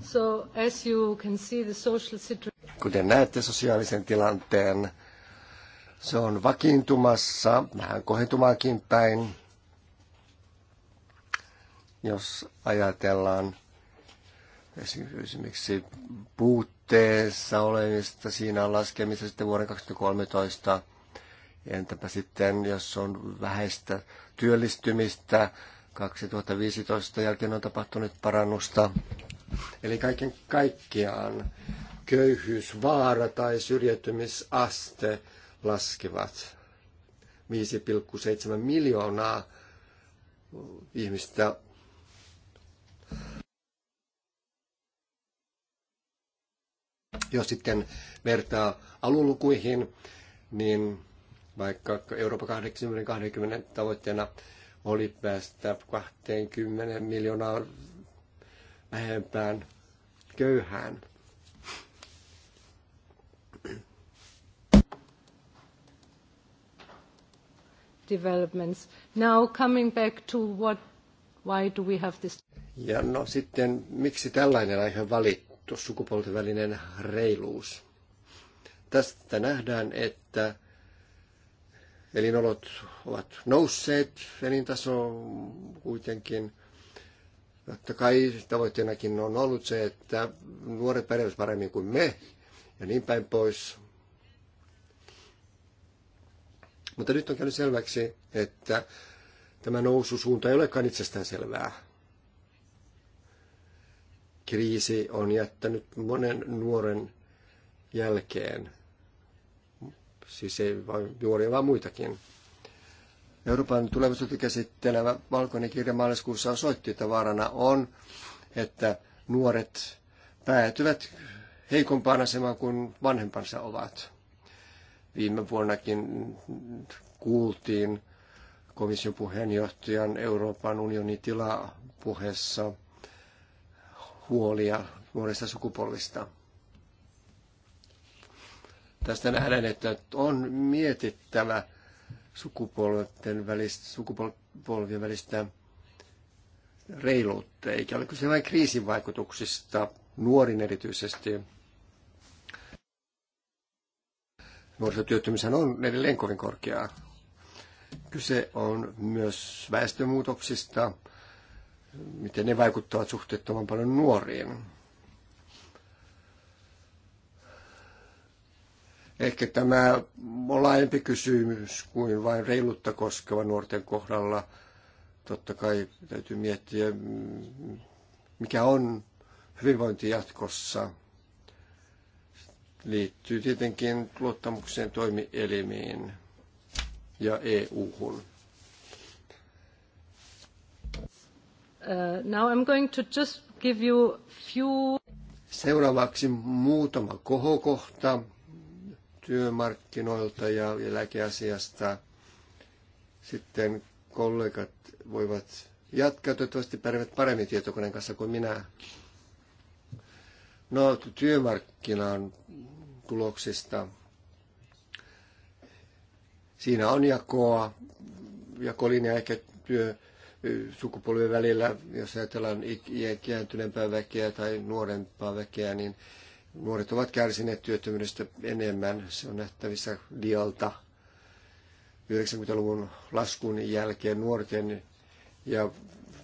so as you can see the social situation Kuten näette sosiaalisen tilanteen se on vakiintumassa, vähän kohentumaakin päin, jos ajatellaan esimerkiksi puutteessa olemista siinä laskemista sitten vuoden 2013. Entäpä sitten, jos on vähäistä työllistymistä, 2015 jälkeen on tapahtunut parannusta. Eli kaiken kaikkiaan köyhyysvaara tai syrjäytymisaste laskevat. 5,7 miljoonaa ihmistä Jos sitten vertaa alulukuihin, niin vaikka Euroopan 80, 20 tavoitteena oli päästä 20 miljoonaa vähempään köyhään, developments. Now coming back to what, why do we have this? Ja no sitten, miksi tällainen aihe valittu, sukupuolten välinen reiluus? Tästä nähdään, että elinolot ovat nousseet, elintaso kuitenkin. Totta kai tavoitteenakin on ollut se, että nuoret pärjäävät paremmin kuin me ja niin päin pois. Mutta nyt on käynyt selväksi, että tämä noususuunta ei olekaan itsestään selvää. Kriisi on jättänyt monen nuoren jälkeen. Siis ei vain juoria, vaan muitakin. Euroopan tulevaisuutta käsittelevä valkoinen kirja maaliskuussa osoitti, että vaarana on, että nuoret päätyvät heikompaan asemaan kuin vanhempansa ovat. Viime vuonnakin kuultiin komission puheenjohtajan Euroopan unionin tilapuheessa huolia nuorista sukupolvista. Tästä nähdään, että on mietittävä sukupolvien välistä, sukupolvien välistä reiluutta, eikä ole kyse vain kriisin vaikutuksista nuorin erityisesti, Nuorisotyöttömyyshän on edelleen kovin korkeaa. Kyse on myös väestömuutoksista, miten ne vaikuttavat suhteettoman paljon nuoriin. Ehkä tämä on laajempi kysymys kuin vain reilutta koskeva nuorten kohdalla. Totta kai täytyy miettiä, mikä on hyvinvointi jatkossa liittyy tietenkin luottamukseen toimielimiin ja EU-hun. Uh, now I'm going to just give you few... Seuraavaksi muutama kohokohta työmarkkinoilta ja eläkeasiasta. Sitten kollegat voivat jatkaa, toivottavasti pärjäävät paremmin tietokoneen kanssa kuin minä. No, työmarkkinan tuloksista. Siinä on jakoa, jakolinja ehkä työ sukupolvien välillä, jos ajatellaan ikääntyneempää väkeä tai nuorempaa väkeä, niin nuoret ovat kärsineet työttömyydestä enemmän. Se on nähtävissä dialta 90-luvun laskun jälkeen nuorten ja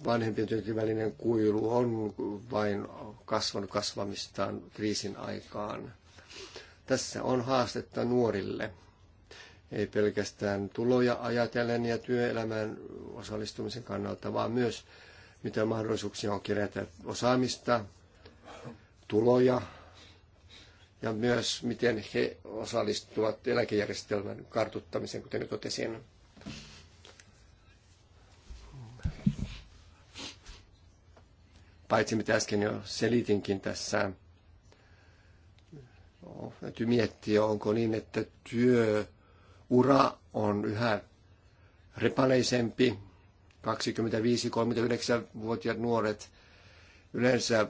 vanhempien työntekijöiden välinen kuilu on vain kasvanut kasvamistaan kriisin aikaan. Tässä on haastetta nuorille. Ei pelkästään tuloja ajatellen ja työelämän osallistumisen kannalta, vaan myös mitä mahdollisuuksia on kerätä osaamista, tuloja ja myös miten he osallistuvat eläkejärjestelmän kartuttamiseen, kuten nyt totesin. Paitsi mitä äsken jo selitinkin tässä No, täytyy miettiä, onko niin, että työura on yhä repaleisempi. 25-39-vuotiaat nuoret yleensä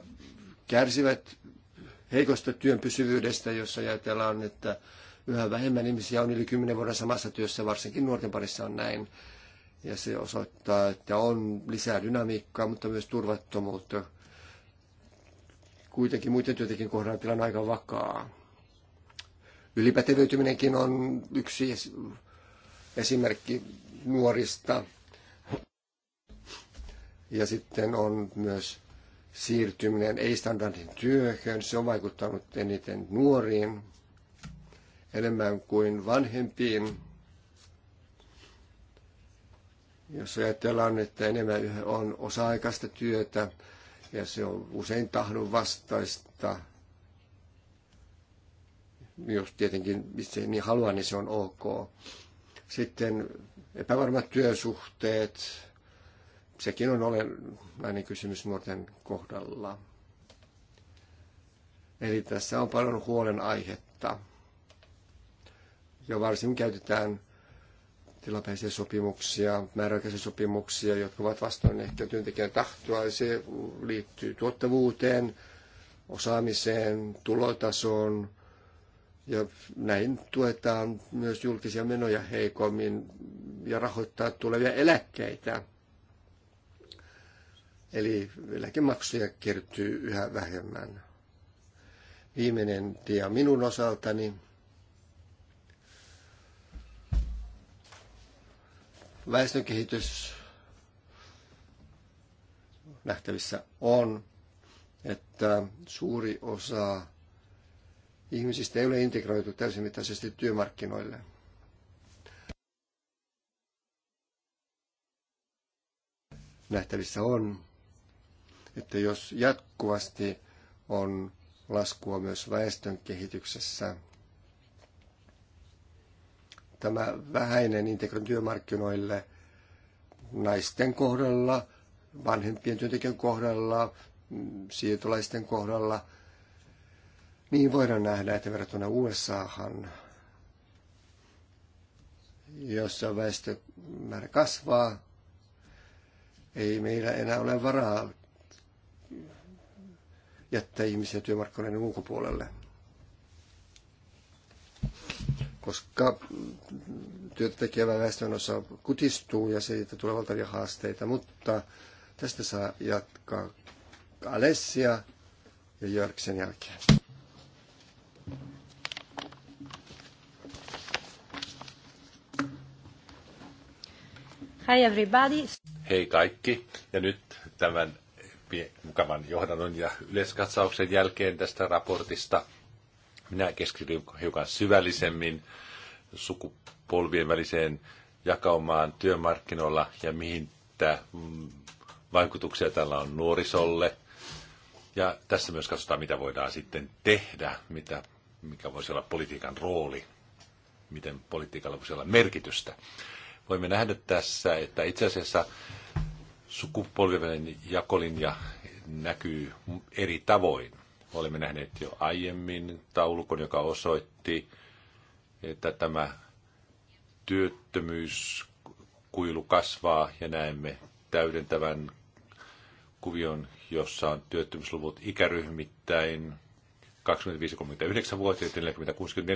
kärsivät heikosta työn pysyvyydestä, jos ajatellaan, että yhä vähemmän ihmisiä on yli 10 vuoden samassa työssä, varsinkin nuorten parissa on näin. Ja se osoittaa, että on lisää dynamiikkaa, mutta myös turvattomuutta. Kuitenkin muiden työntekijän kohdalla tilanne on aika vakaa. Ylipätevöityminenkin on yksi esimerkki nuorista. Ja sitten on myös siirtyminen ei-standardin työhön. Se on vaikuttanut eniten nuoriin enemmän kuin vanhempiin. Jos ajatellaan, että enemmän on osa-aikaista työtä ja se on usein tahdon vastaista, jos tietenkin itse niin haluan, niin se on ok. Sitten epävarmat työsuhteet, sekin on olennainen kysymys nuorten kohdalla. Eli tässä on paljon huolenaihetta. Ja varsin käytetään tilapäisiä sopimuksia, määräaikaisia sopimuksia, jotka ovat vastoin ehkä työntekijän tahtoa. Se liittyy tuottavuuteen, osaamiseen, tulotasoon, ja näin tuetaan myös julkisia menoja heikommin ja rahoittaa tulevia eläkkeitä. Eli eläkemaksuja kertyy yhä vähemmän. Viimeinen tie minun osaltani. Väestönkehitys nähtävissä on, että suuri osa ihmisistä ei ole integroitu täysimittaisesti työmarkkinoille. Nähtävissä on, että jos jatkuvasti on laskua myös väestön kehityksessä, tämä vähäinen integrointi työmarkkinoille naisten kohdalla, vanhempien työntekijän kohdalla, siirtolaisten kohdalla – niin voidaan nähdä, että verrattuna USAhan, jossa väestömäärä kasvaa, ei meillä enää ole varaa jättää ihmisiä työmarkkinoiden ulkopuolelle. Koska työtä tekevä väestön osa kutistuu ja siitä tulee valtavia haasteita, mutta tästä saa jatkaa Alessia ja Jörgsen jälkeen. Hi everybody. Hei kaikki. Ja nyt tämän mukavan johdannon ja yleiskatsauksen jälkeen tästä raportista minä keskityn hiukan syvällisemmin sukupolvien väliseen jakaumaan työmarkkinoilla ja mihin tämä mm, vaikutuksia tällä on nuorisolle. Ja tässä myös katsotaan, mitä voidaan sitten tehdä, mitä, mikä voisi olla politiikan rooli, miten politiikalla voisi olla merkitystä. Voimme nähdä tässä, että itse asiassa sukupolvien jakolinja näkyy eri tavoin. Olemme nähneet jo aiemmin taulukon, joka osoitti, että tämä työttömyyskuilu kasvaa ja näemme täydentävän kuvion, jossa on työttömyysluvut ikäryhmittäin 25-39-vuotiaat ja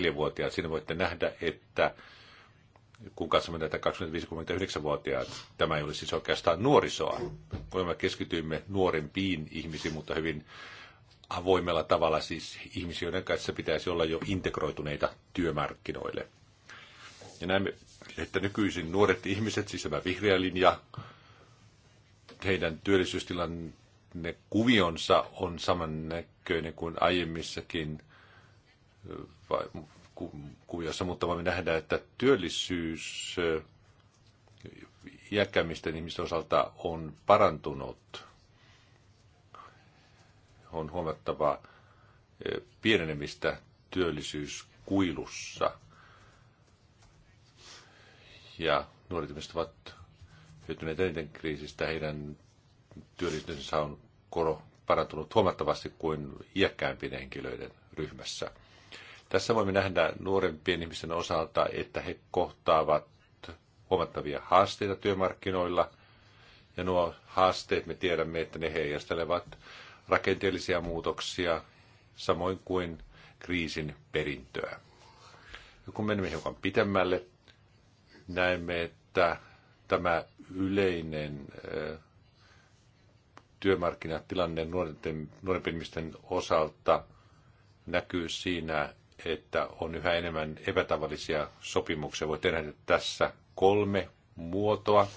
44-vuotiaat. Siinä voitte nähdä, että kun katsomme näitä 25 29 vuotiaat tämä ei ole siis oikeastaan nuorisoa. Kun me keskityimme nuorempiin ihmisiin, mutta hyvin avoimella tavalla siis ihmisiä, joiden kanssa pitäisi olla jo integroituneita työmarkkinoille. Ja näemme, että nykyisin nuoret ihmiset, siis tämä vihreä linja, heidän työllisyystilanne kuvionsa on samannäköinen kuin aiemmissakin kuviossa, mutta voimme nähdä, että työllisyys iäkkäämmisten ihmisten osalta on parantunut. On huomattava pienenemistä työllisyyskuilussa. Ja nuoret ihmiset ovat hyötyneet eniten kriisistä. Heidän työllisyydensä on koro parantunut huomattavasti kuin iäkkäämpien henkilöiden ryhmässä. Tässä voimme nähdä nuorempien ihmisten osalta, että he kohtaavat huomattavia haasteita työmarkkinoilla. Ja nuo haasteet me tiedämme, että ne heijastelevat rakenteellisia muutoksia, samoin kuin kriisin perintöä. Ja kun menemme hiukan pitemmälle, näemme, että tämä yleinen eh, työmarkkinatilanne nuorempien ihmisten osalta näkyy siinä, että on yhä enemmän epätavallisia sopimuksia. Voi tehdä tässä kolme muotoa,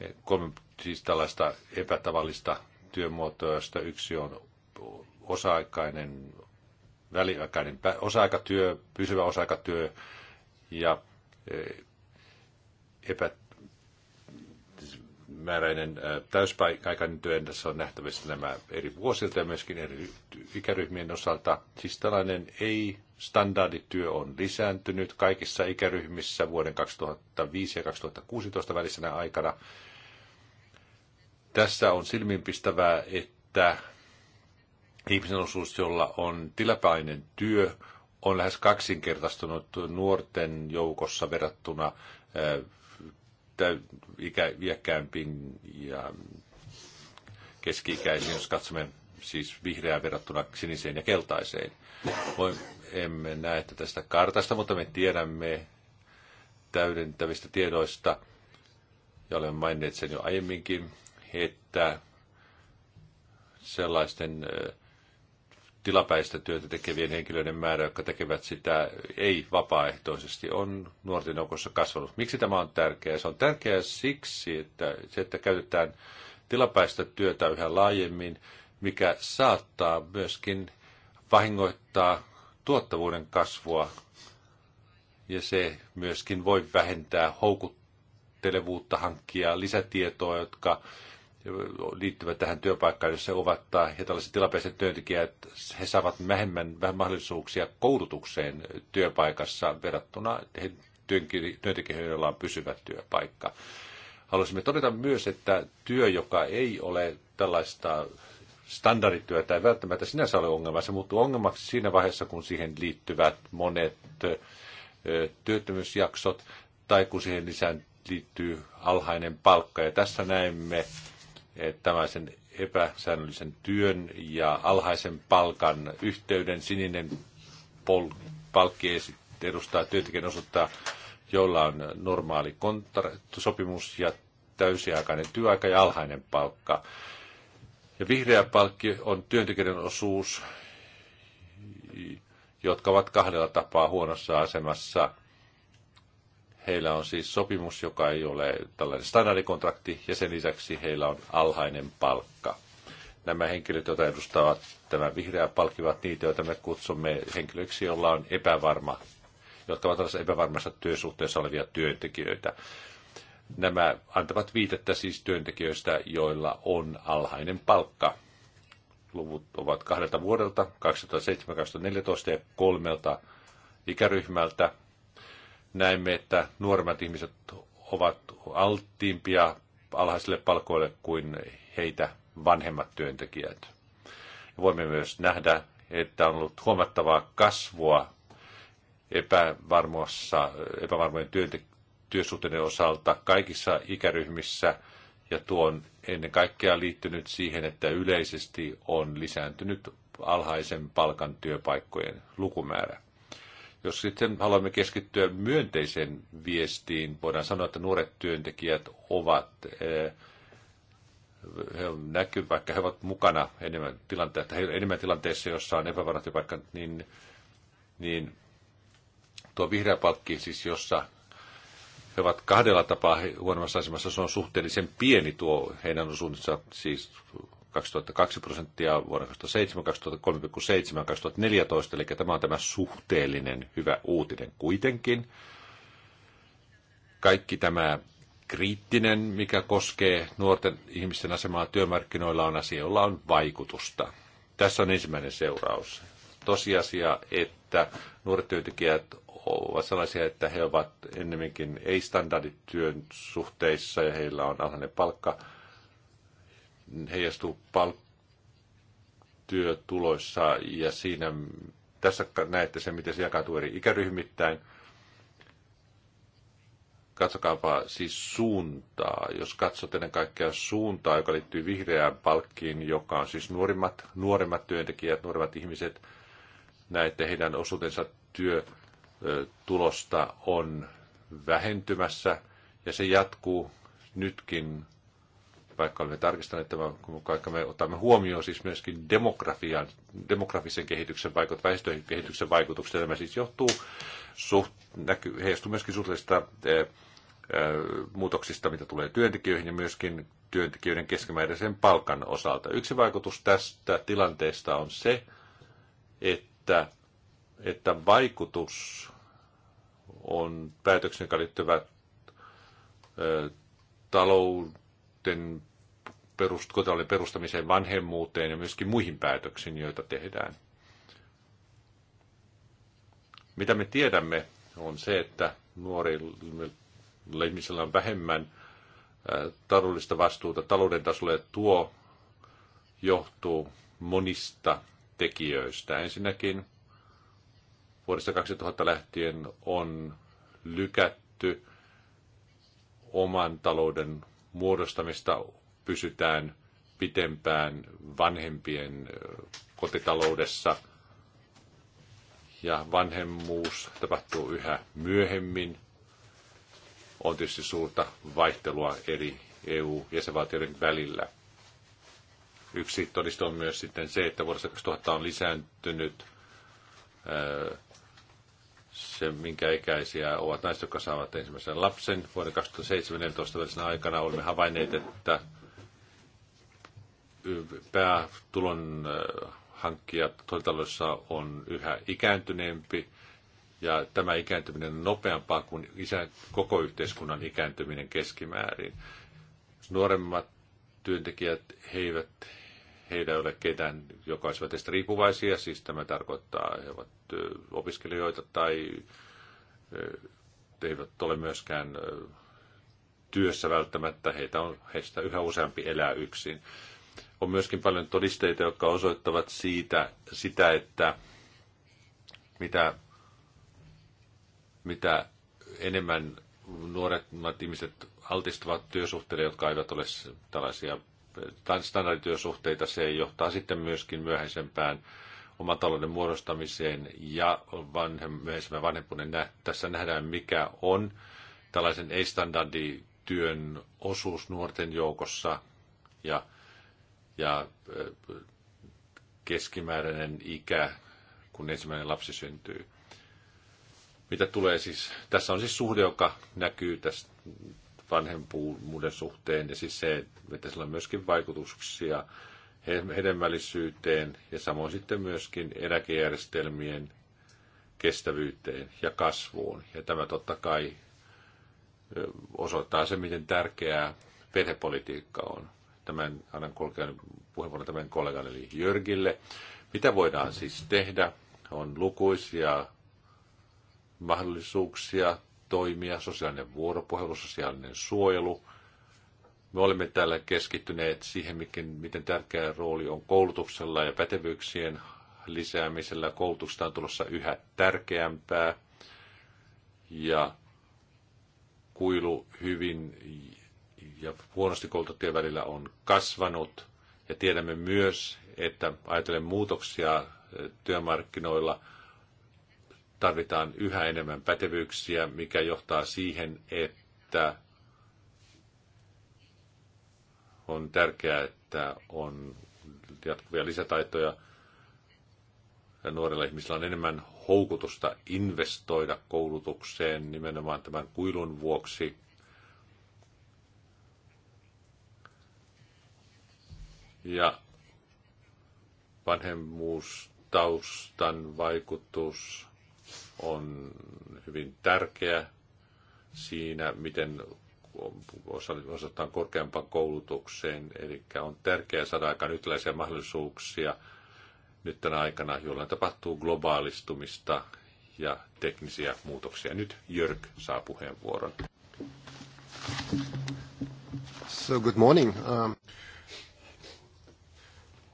eh, kolme siis tällaista epätavallista työmuotoa, josta yksi on osa-aikainen, väliaikainen, osa-aikatyö, pysyvä osa-aikatyö ja eh, epätavallinen määräinen täyspäikäinen työ, tässä on nähtävissä nämä eri vuosilta ja myöskin eri ikäryhmien osalta. Siis tällainen ei-standardityö on lisääntynyt kaikissa ikäryhmissä vuoden 2005 ja 2016 välisenä aikana. Tässä on silmiinpistävää, että ihmisen osuus, jolla on tilapäinen työ, on lähes kaksinkertaistunut nuorten joukossa verrattuna ikä, iäkkäämpiin ja keski-ikäisiin, jos katsomme siis vihreää verrattuna siniseen ja keltaiseen. Voi, emme näe että tästä kartasta, mutta me tiedämme täydentävistä tiedoista, ja olemme maininneet sen jo aiemminkin, että sellaisten äh, tilapäistä työtä tekevien henkilöiden määrä, jotka tekevät sitä ei vapaaehtoisesti, on nuorten joukossa kasvanut. Miksi tämä on tärkeää? Se on tärkeää siksi, että se, että käytetään tilapäistä työtä yhä laajemmin, mikä saattaa myöskin vahingoittaa tuottavuuden kasvua ja se myöskin voi vähentää houkuttelevuutta hankkia lisätietoa, jotka liittyvät tähän työpaikkaan, jos he ovat tai ja tällaiset tilapäiset työntekijät, he saavat vähemmän, vähän mahdollisuuksia koulutukseen työpaikassa verrattuna he työntekijöihin, joilla on pysyvä työpaikka. Haluaisimme todeta myös, että työ, joka ei ole tällaista standardityötä ei välttämättä sinänsä ole ongelma. Se muuttuu ongelmaksi siinä vaiheessa, kun siihen liittyvät monet työttömyysjaksot tai kun siihen lisään liittyy alhainen palkka. Ja tässä näemme tällaisen epäsäännöllisen työn ja alhaisen palkan yhteyden. Sininen pol- palkki edustaa työntekijän osoittaa, jolla on normaali sopimus ja täysiaikainen työaika ja alhainen palkka. Ja vihreä palkki on työntekijän osuus, jotka ovat kahdella tapaa huonossa asemassa – Heillä on siis sopimus, joka ei ole tällainen standardikontrakti, ja sen lisäksi heillä on alhainen palkka. Nämä henkilöt, joita edustavat tämä vihreä palkivat niitä, joita me kutsumme henkilöiksi, joilla on epävarma, jotka ovat tällaisessa epävarmassa työsuhteessa olevia työntekijöitä. Nämä antavat viitettä siis työntekijöistä, joilla on alhainen palkka. Luvut ovat kahdelta vuodelta, 2007-2014 ja kolmelta ikäryhmältä, näemme, että nuoremmat ihmiset ovat alttiimpia alhaisille palkoille kuin heitä vanhemmat työntekijät. Voimme myös nähdä, että on ollut huomattavaa kasvua epävarmoissa, epävarmojen työnte- työsuhteiden osalta kaikissa ikäryhmissä, ja tuo on ennen kaikkea liittynyt siihen, että yleisesti on lisääntynyt alhaisen palkan työpaikkojen lukumäärä. Jos sitten haluamme keskittyä myönteiseen viestiin, voidaan sanoa, että nuoret työntekijät ovat, eh, he näkyvät, vaikka he ovat mukana enemmän, tilanteessa, he enemmän tilanteessa, jossa on epävarmat vaikka, niin, niin tuo vihreä palkki, siis jossa he ovat kahdella tapaa huonommassa asemassa, se on suhteellisen pieni tuo heidän osuutensa, siis 2002 prosenttia vuonna 2007, 2003,7 2014, eli tämä on tämä suhteellinen hyvä uutinen kuitenkin. Kaikki tämä kriittinen, mikä koskee nuorten ihmisten asemaa työmarkkinoilla, on asia, jolla on vaikutusta. Tässä on ensimmäinen seuraus. Tosiasia, että nuoret työntekijät ovat sellaisia, että he ovat ennemminkin ei-standardityön suhteissa ja heillä on alhainen palkka – heijastuu palkkatyötuloissa ja siinä tässä näette sen, miten se jakautuu eri ikäryhmittäin. Katsokaapa siis suuntaa. Jos katsot ennen kaikkea suuntaa, joka liittyy vihreään palkkiin, joka on siis nuorimmat, nuoremmat työntekijät, nuoremmat ihmiset, näette heidän osuutensa työtulosta on vähentymässä ja se jatkuu nytkin vaikka olemme tarkistaneet tämän, vaikka me otamme huomioon siis myöskin demografian, demografisen kehityksen vaikut, väestön kehityksen vaikutukset, tämä siis johtuu suht, näky, heistu myöskin suhteellisista eh, eh, muutoksista, mitä tulee työntekijöihin ja myöskin työntekijöiden keskimääräisen palkan osalta. Yksi vaikutus tästä tilanteesta on se, että, että vaikutus on päätöksen, joka eh, talouden sitten perust, kotitalouden perustamiseen, vanhemmuuteen ja myöskin muihin päätöksiin, joita tehdään. Mitä me tiedämme, on se, että nuorilla ihmisillä on vähemmän taloudellista vastuuta talouden tasolla ja tuo johtuu monista tekijöistä. Ensinnäkin vuodesta 2000 lähtien on lykätty oman talouden muodostamista pysytään pitempään vanhempien kotitaloudessa ja vanhemmuus tapahtuu yhä myöhemmin. On tietysti suurta vaihtelua eri EU-jäsenvaltioiden välillä. Yksi todiste on myös sitten se, että vuodesta 2000 on lisääntynyt ää, se, minkä ikäisiä ovat naiset, jotka saavat ensimmäisen lapsen. Vuoden 2017 välisenä aikana olemme havainneet, että päätulon äh, hankkijat toitaloissa on yhä ikääntyneempi ja tämä ikääntyminen on nopeampaa kuin isä, koko yhteiskunnan ikääntyminen keskimäärin. Nuoremmat työntekijät he eivät heillä ei ole ketään, joka olisivat teistä riippuvaisia, siis tämä tarkoittaa, he ovat opiskelijoita tai eivät ole myöskään työssä välttämättä, heitä on, heistä yhä useampi elää yksin. On myöskin paljon todisteita, jotka osoittavat siitä, sitä, että mitä, mitä enemmän nuoret ihmiset altistuvat työsuhteille, jotka eivät ole tällaisia standardityösuhteita, se johtaa sitten myöskin myöhäisempään oman talouden muodostamiseen ja myöhäisemmän vanhempuuden. nä Tässä nähdään, mikä on tällaisen ei-standardityön osuus nuorten joukossa ja, ja keskimääräinen ikä, kun ensimmäinen lapsi syntyy. Mitä tulee siis, tässä on siis suhde, joka näkyy tästä vanhempuuden suhteen ja siis se, että sillä on myöskin vaikutuksia hedelmällisyyteen ja samoin sitten myöskin eläkejärjestelmien kestävyyteen ja kasvuun. Ja tämä totta kai osoittaa se, miten tärkeää perhepolitiikka on. Tämän annan kolkean puheenvuoron tämän kollegan eli Jörgille. Mitä voidaan siis tehdä? On lukuisia mahdollisuuksia toimia, sosiaalinen vuoropuhelu, sosiaalinen suojelu. Me olemme täällä keskittyneet siihen, miten tärkeä rooli on koulutuksella ja pätevyyksien lisäämisellä. Koulutuksesta on tulossa yhä tärkeämpää ja kuilu hyvin ja huonosti koulutettujen välillä on kasvanut. Ja tiedämme myös, että ajatellen muutoksia eh, työmarkkinoilla – tarvitaan yhä enemmän pätevyyksiä, mikä johtaa siihen, että on tärkeää, että on jatkuvia lisätaitoja ja nuorilla ihmisillä on enemmän houkutusta investoida koulutukseen nimenomaan tämän kuilun vuoksi. Ja vanhemmuustaustan vaikutus on hyvin tärkeä siinä, miten osataan korkeampaan koulutukseen. Eli on tärkeää saada aika yhtäläisiä mahdollisuuksia nyt tänä aikana, jolloin tapahtuu globaalistumista ja teknisiä muutoksia. Nyt Jörg saa puheenvuoron. So good morning. Um...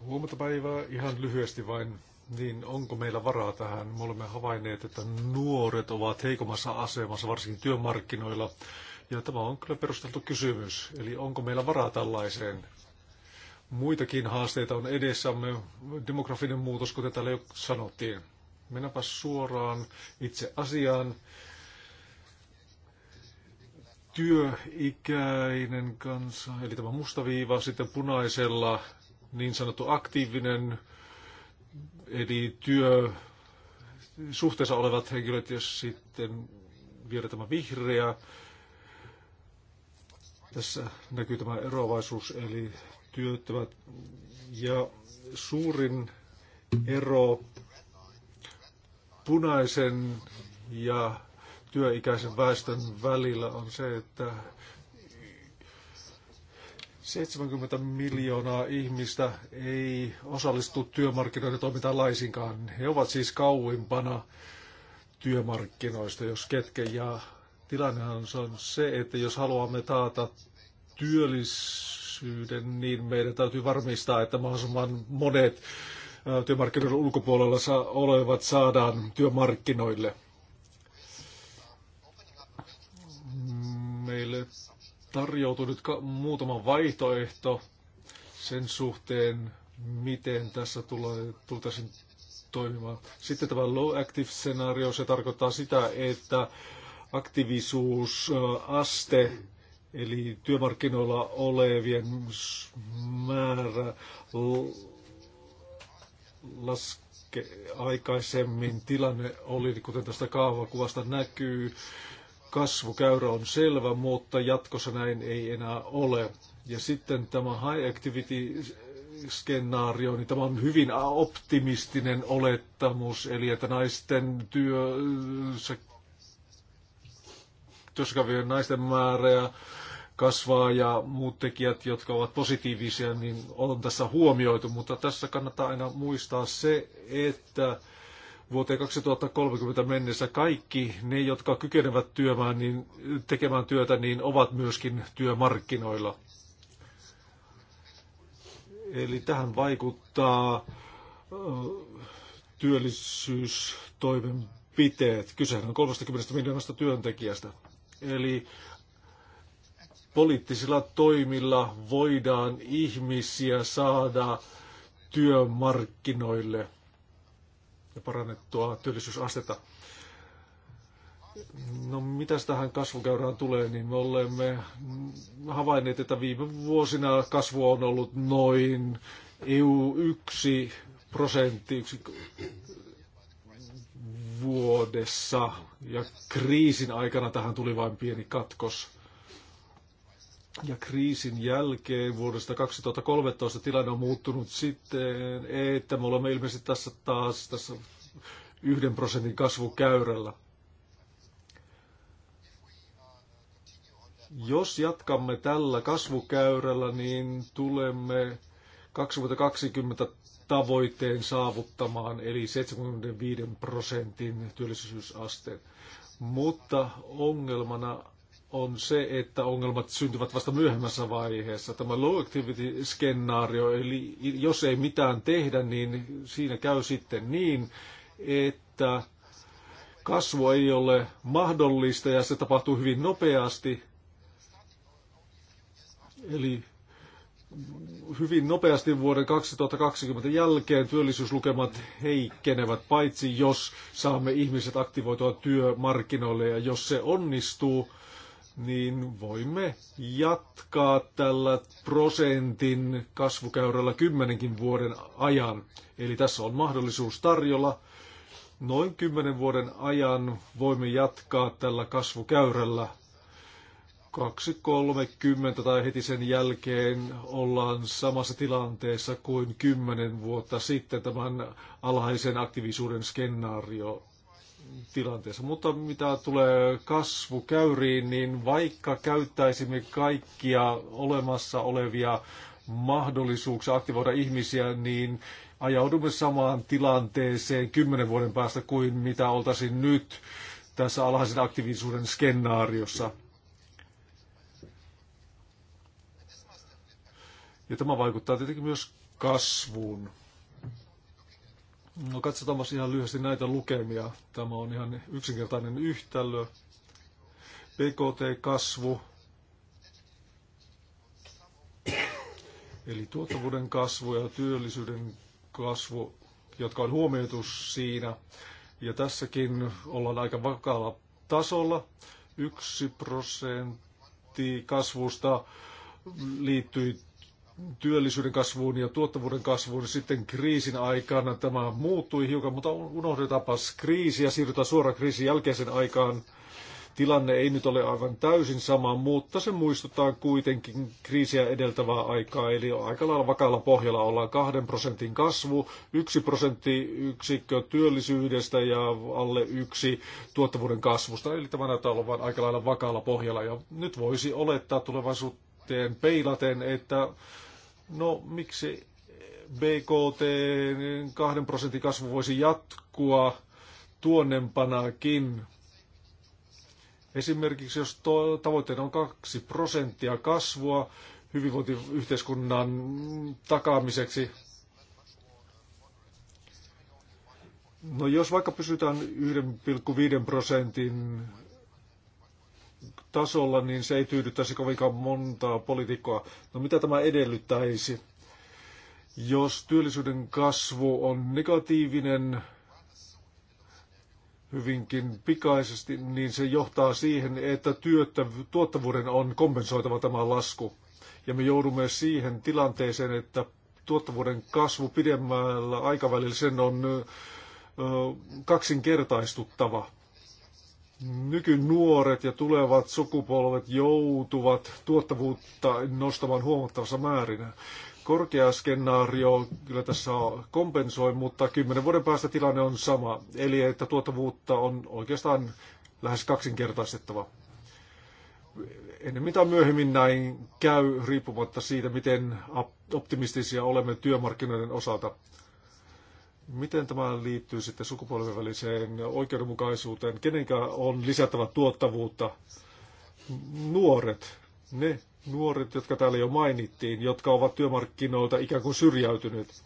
Huomenta päivää ihan lyhyesti vain niin onko meillä varaa tähän? Me olemme havainneet, että nuoret ovat heikommassa asemassa, varsinkin työmarkkinoilla. Ja tämä on kyllä perusteltu kysymys. Eli onko meillä varaa tällaiseen? Muitakin haasteita on edessämme. Demografinen muutos, kuten täällä jo sanottiin. Mennäänpä suoraan itse asiaan. Työikäinen kansa, eli tämä mustaviiva, sitten punaisella niin sanottu aktiivinen Eli työ suhteessa olevat henkilöt, jos sitten vielä tämä vihreä, tässä näkyy tämä eroavaisuus, eli työttömät. Ja suurin ero punaisen ja työikäisen väestön välillä on se, että 70 miljoonaa ihmistä ei osallistu työmarkkinoiden toimintaan laisinkaan. He ovat siis kauimpana työmarkkinoista, jos ketkä. Ja tilannehan on se, että jos haluamme taata työllisyyden, niin meidän täytyy varmistaa, että mahdollisimman monet työmarkkinoiden ulkopuolella olevat saadaan työmarkkinoille. tarjoutunut muutama vaihtoehto sen suhteen, miten tässä tulee, tultaisiin toimimaan. Sitten tämä low active scenario, se tarkoittaa sitä, että aktiivisuusaste, eli työmarkkinoilla olevien määrä laske aikaisemmin. Tilanne oli, kuten tästä kaavakuvasta näkyy, kasvukäyrä on selvä, mutta jatkossa näin ei enää ole. Ja sitten tämä high activity skenaario, niin tämä on hyvin optimistinen olettamus, eli että naisten työssä, työssäkävien naisten määrä ja kasvaa ja muut tekijät, jotka ovat positiivisia, niin on tässä huomioitu, mutta tässä kannattaa aina muistaa se, että vuoteen 2030 mennessä kaikki ne, jotka kykenevät työmään, niin, tekemään työtä, niin ovat myöskin työmarkkinoilla. Eli tähän vaikuttaa työllisyystoimenpiteet. Kysehän on 30 miljoonasta työntekijästä. Eli poliittisilla toimilla voidaan ihmisiä saada työmarkkinoille – ja parannettua työllisyysastetta. No mitä tähän kasvukäyrään tulee, niin me olemme havainneet, että viime vuosina kasvu on ollut noin EU1 prosentti vuodessa ja kriisin aikana tähän tuli vain pieni katkos. Ja kriisin jälkeen vuodesta 2013 tilanne on muuttunut sitten, että me olemme ilmeisesti tässä taas tässä yhden prosentin kasvukäyrällä. Jos jatkamme tällä kasvukäyrällä, niin tulemme 2020 tavoitteen saavuttamaan, eli 75 prosentin työllisyysasteen. Mutta ongelmana on se, että ongelmat syntyvät vasta myöhemmässä vaiheessa. Tämä low activity-skenaario, eli jos ei mitään tehdä, niin siinä käy sitten niin, että kasvu ei ole mahdollista ja se tapahtuu hyvin nopeasti. Eli hyvin nopeasti vuoden 2020 jälkeen työllisyyslukemat heikkenevät, paitsi jos saamme ihmiset aktivoitua työmarkkinoille ja jos se onnistuu, niin voimme jatkaa tällä prosentin kasvukäyrällä kymmenenkin vuoden ajan. Eli tässä on mahdollisuus tarjolla. Noin kymmenen vuoden ajan voimme jatkaa tällä kasvukäyrällä. 2.30 tai heti sen jälkeen ollaan samassa tilanteessa kuin kymmenen vuotta sitten tämän alhaisen aktiivisuuden skenaario tilanteessa. Mutta mitä tulee kasvukäyriin, niin vaikka käyttäisimme kaikkia olemassa olevia mahdollisuuksia aktivoida ihmisiä, niin ajaudumme samaan tilanteeseen kymmenen vuoden päästä kuin mitä oltaisiin nyt tässä alhaisen aktiivisuuden skenaariossa. Ja tämä vaikuttaa tietenkin myös kasvuun. No katsotaan ihan lyhyesti näitä lukemia. Tämä on ihan yksinkertainen yhtälö. PKT-kasvu, eli tuottavuuden kasvu ja työllisyyden kasvu, jotka on huomioitu siinä. Ja tässäkin ollaan aika vakaalla tasolla. Yksi prosentti kasvusta liittyi työllisyyden kasvuun ja tuottavuuden kasvuun. Sitten kriisin aikana tämä muuttui hiukan, mutta unohdetaanpas kriisi ja siirrytään suoraan kriisin jälkeisen aikaan. Tilanne ei nyt ole aivan täysin sama, mutta se muistuttaa kuitenkin kriisiä edeltävää aikaa, eli aika lailla vakaalla pohjalla ollaan kahden prosentin kasvu, yksi prosentti yksikkö työllisyydestä ja alle yksi tuottavuuden kasvusta, eli tämä näyttää olevan aika lailla vakaalla pohjalla, ja nyt voisi olettaa tulevaisuuteen peilaten, että No miksi BKT 2 prosentin kasvu voisi jatkua tuonnempanakin? Esimerkiksi jos tavoitteena on 2 prosenttia kasvua hyvinvointiyhteiskunnan takaamiseksi, No jos vaikka pysytään 1,5 prosentin tasolla, niin se ei tyydyttäisi kovinkaan montaa poliitikkoa. No mitä tämä edellyttäisi? Jos työllisyyden kasvu on negatiivinen hyvinkin pikaisesti, niin se johtaa siihen, että työttä, tuottavuuden on kompensoitava tämä lasku. Ja me joudumme siihen tilanteeseen, että tuottavuuden kasvu pidemmällä aikavälillä sen on ö, kaksinkertaistuttava. Nykynuoret ja tulevat sukupolvet joutuvat tuottavuutta nostamaan huomattavassa määrin. Korkea skenaario kyllä tässä kompensoi, mutta kymmenen vuoden päästä tilanne on sama. Eli että tuottavuutta on oikeastaan lähes kaksinkertaistettava Ennen mitä myöhemmin näin käy, riippumatta siitä, miten optimistisia olemme työmarkkinoiden osalta. Miten tämä liittyy sitten sukupolven väliseen oikeudenmukaisuuteen? Kenenkä on lisättävä tuottavuutta? Nuoret, ne nuoret, jotka täällä jo mainittiin, jotka ovat työmarkkinoilta ikään kuin syrjäytyneet.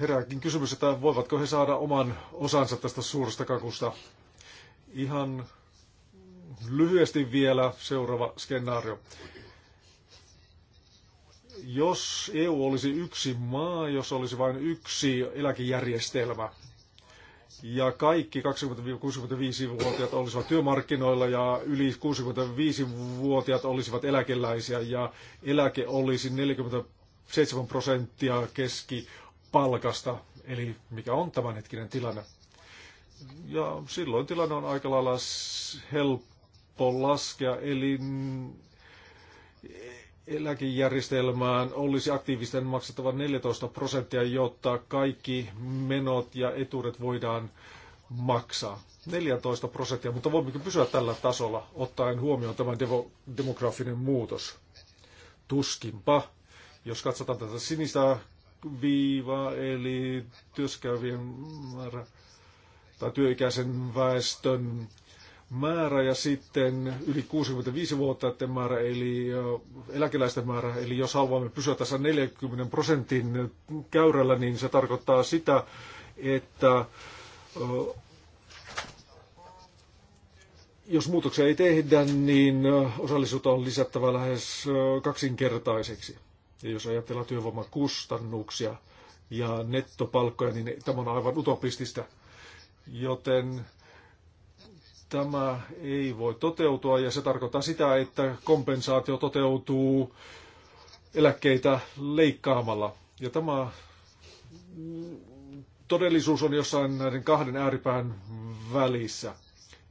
Herääkin kysymys, että voivatko he saada oman osansa tästä suuresta kakusta. Ihan lyhyesti vielä seuraava skenaario jos EU olisi yksi maa, jos olisi vain yksi eläkejärjestelmä, ja kaikki 20-65-vuotiaat olisivat työmarkkinoilla ja yli 65-vuotiaat olisivat eläkeläisiä ja eläke olisi 47 prosenttia keskipalkasta, eli mikä on tämänhetkinen tilanne. Ja silloin tilanne on aika lailla helppo laskea, eli eläkejärjestelmään olisi aktiivisten maksettava 14 prosenttia, jotta kaikki menot ja etuudet voidaan maksaa. 14 prosenttia, mutta voimmeko pysyä tällä tasolla ottaen huomioon tämä demografinen muutos? Tuskinpa. Jos katsotaan tätä sinistä viivaa, eli työskäyvien määrä tai työikäisen väestön määrä ja sitten yli 65-vuotiaiden määrä, eli eläkeläisten määrä. Eli jos haluamme pysyä tässä 40 prosentin käyrällä, niin se tarkoittaa sitä, että jos muutoksia ei tehdä, niin osallisuutta on lisättävä lähes kaksinkertaiseksi. Ja jos ajatellaan työvoimakustannuksia ja nettopalkkoja, niin tämä on aivan utopistista. Joten tämä ei voi toteutua ja se tarkoittaa sitä, että kompensaatio toteutuu eläkkeitä leikkaamalla. Ja tämä todellisuus on jossain näiden kahden ääripään välissä.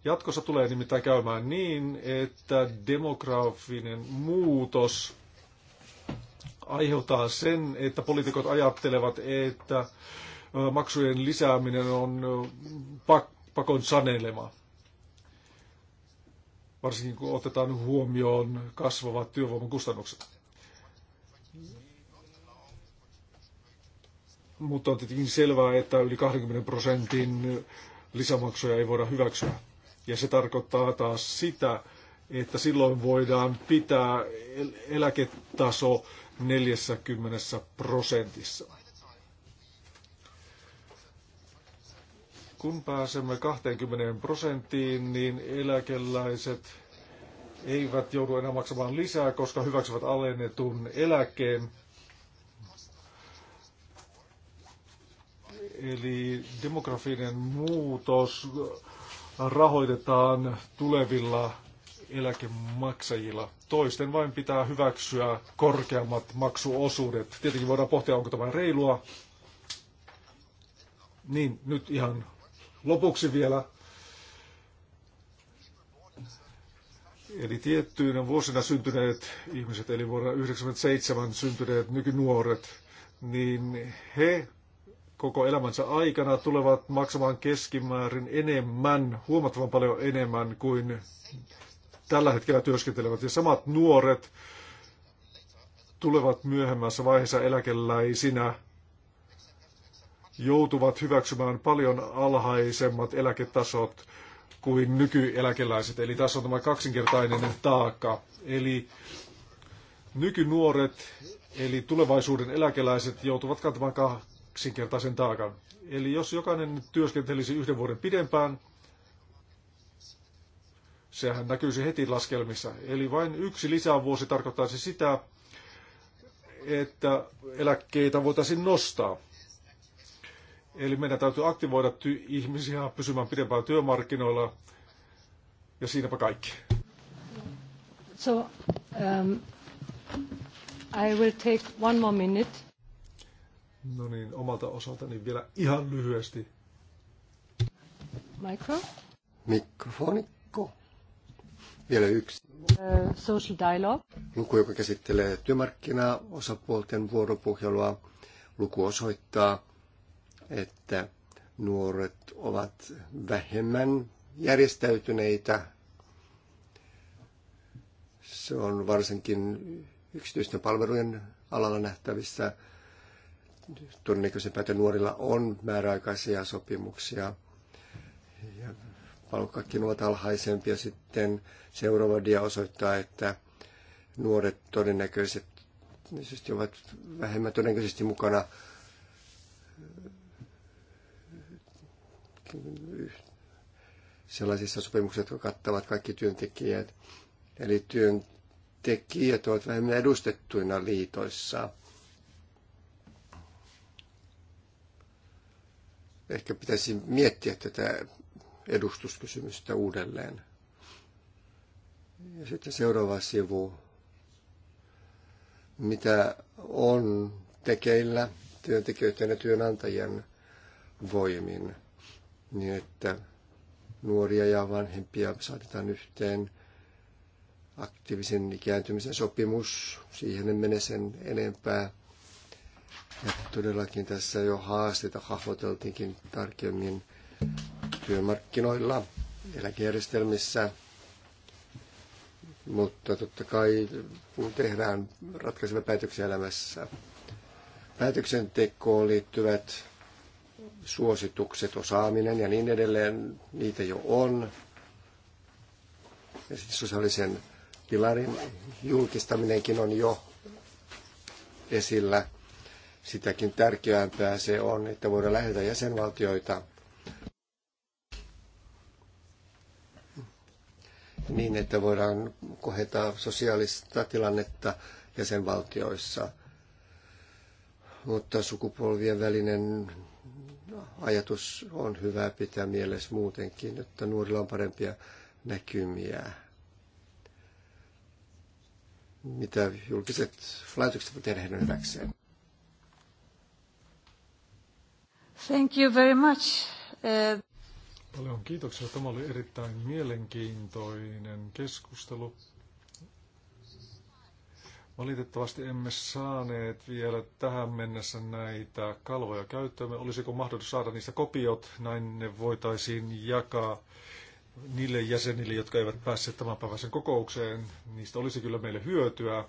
Jatkossa tulee nimittäin käymään niin, että demografinen muutos aiheuttaa sen, että poliitikot ajattelevat, että maksujen lisääminen on pakon sanelema varsinkin kun otetaan huomioon kasvavat työvoiman kustannukset. Mutta on tietenkin selvää, että yli 20 prosentin lisämaksuja ei voida hyväksyä. Ja se tarkoittaa taas sitä, että silloin voidaan pitää eläketaso 40 prosentissa. Kun pääsemme 20 prosenttiin, niin eläkeläiset eivät joudu enää maksamaan lisää, koska hyväksyvät alennetun eläkkeen. Eli demografinen muutos rahoitetaan tulevilla eläkemaksajilla. Toisten vain pitää hyväksyä korkeammat maksuosuudet. Tietenkin voidaan pohtia, onko tämä reilua. Niin, nyt ihan Lopuksi vielä. Eli tiettyinä vuosina syntyneet ihmiset, eli vuonna 1997 syntyneet nykynuoret, niin he koko elämänsä aikana tulevat maksamaan keskimäärin enemmän, huomattavan paljon enemmän kuin tällä hetkellä työskentelevät. Ja samat nuoret tulevat myöhemmässä vaiheessa eläkeläisinä joutuvat hyväksymään paljon alhaisemmat eläketasot kuin nykyeläkeläiset. Eli tässä on tämä kaksinkertainen taakka. Eli nykynuoret, eli tulevaisuuden eläkeläiset, joutuvat kantamaan kaksinkertaisen taakan. Eli jos jokainen työskentelisi yhden vuoden pidempään, sehän näkyisi heti laskelmissa. Eli vain yksi lisävuosi tarkoittaisi sitä, että eläkkeitä voitaisiin nostaa. Eli meidän täytyy aktivoida ty- ihmisiä pysymään pidempään työmarkkinoilla ja siinäpä kaikki. So, um, I will take one more minute. No niin, omalta osaltani vielä ihan lyhyesti. Mikro? Mikrofonikko. Vielä yksi. Uh, social dialogue. Luku, joka käsittelee työmarkkinaa, osapuolten vuoropuhelua. Luku osoittaa, että nuoret ovat vähemmän järjestäytyneitä. Se on varsinkin yksityisten palvelujen alalla nähtävissä. Todennäköisempää, että nuorilla on määräaikaisia sopimuksia ja palkkakin ovat alhaisempia. Sitten seuraava dia osoittaa, että nuoret todennäköisesti ovat vähemmän todennäköisesti mukana sellaisissa sopimuksissa, jotka kattavat kaikki työntekijät. Eli työntekijät ovat vähemmän edustettuina liitoissa. Ehkä pitäisi miettiä tätä edustuskysymystä uudelleen. Ja sitten seuraava sivu. Mitä on tekeillä työntekijöiden ja työnantajien voimin? niin että nuoria ja vanhempia saatetaan yhteen. Aktiivisen ikääntymisen sopimus, siihen en mene sen enempää. Ja todellakin tässä jo haasteita hahmoteltiinkin tarkemmin työmarkkinoilla, eläkejärjestelmissä, mutta totta kai kun tehdään ratkaisevia päätöksiä elämässä, päätöksentekoon liittyvät suositukset, osaaminen ja niin edelleen, niitä jo on. Ja sitten sosiaalisen pilarin julkistaminenkin on jo esillä. Sitäkin tärkeämpää se on, että voidaan lähetä jäsenvaltioita niin, että voidaan kohentaa sosiaalista tilannetta jäsenvaltioissa. Mutta sukupolvien välinen ajatus on hyvä pitää mielessä muutenkin, että nuorilla on parempia näkymiä. Mitä julkiset laitokset voivat tehdä heidän hyväkseen? Thank you very much. Uh... Paljon kiitoksia. Tämä oli erittäin mielenkiintoinen keskustelu. Valitettavasti emme saaneet vielä tähän mennessä näitä kalvoja käyttöön. Olisiko mahdollista saada niistä kopiot? Näin ne voitaisiin jakaa niille jäsenille, jotka eivät päässeet päiväisen kokoukseen. Niistä olisi kyllä meille hyötyä.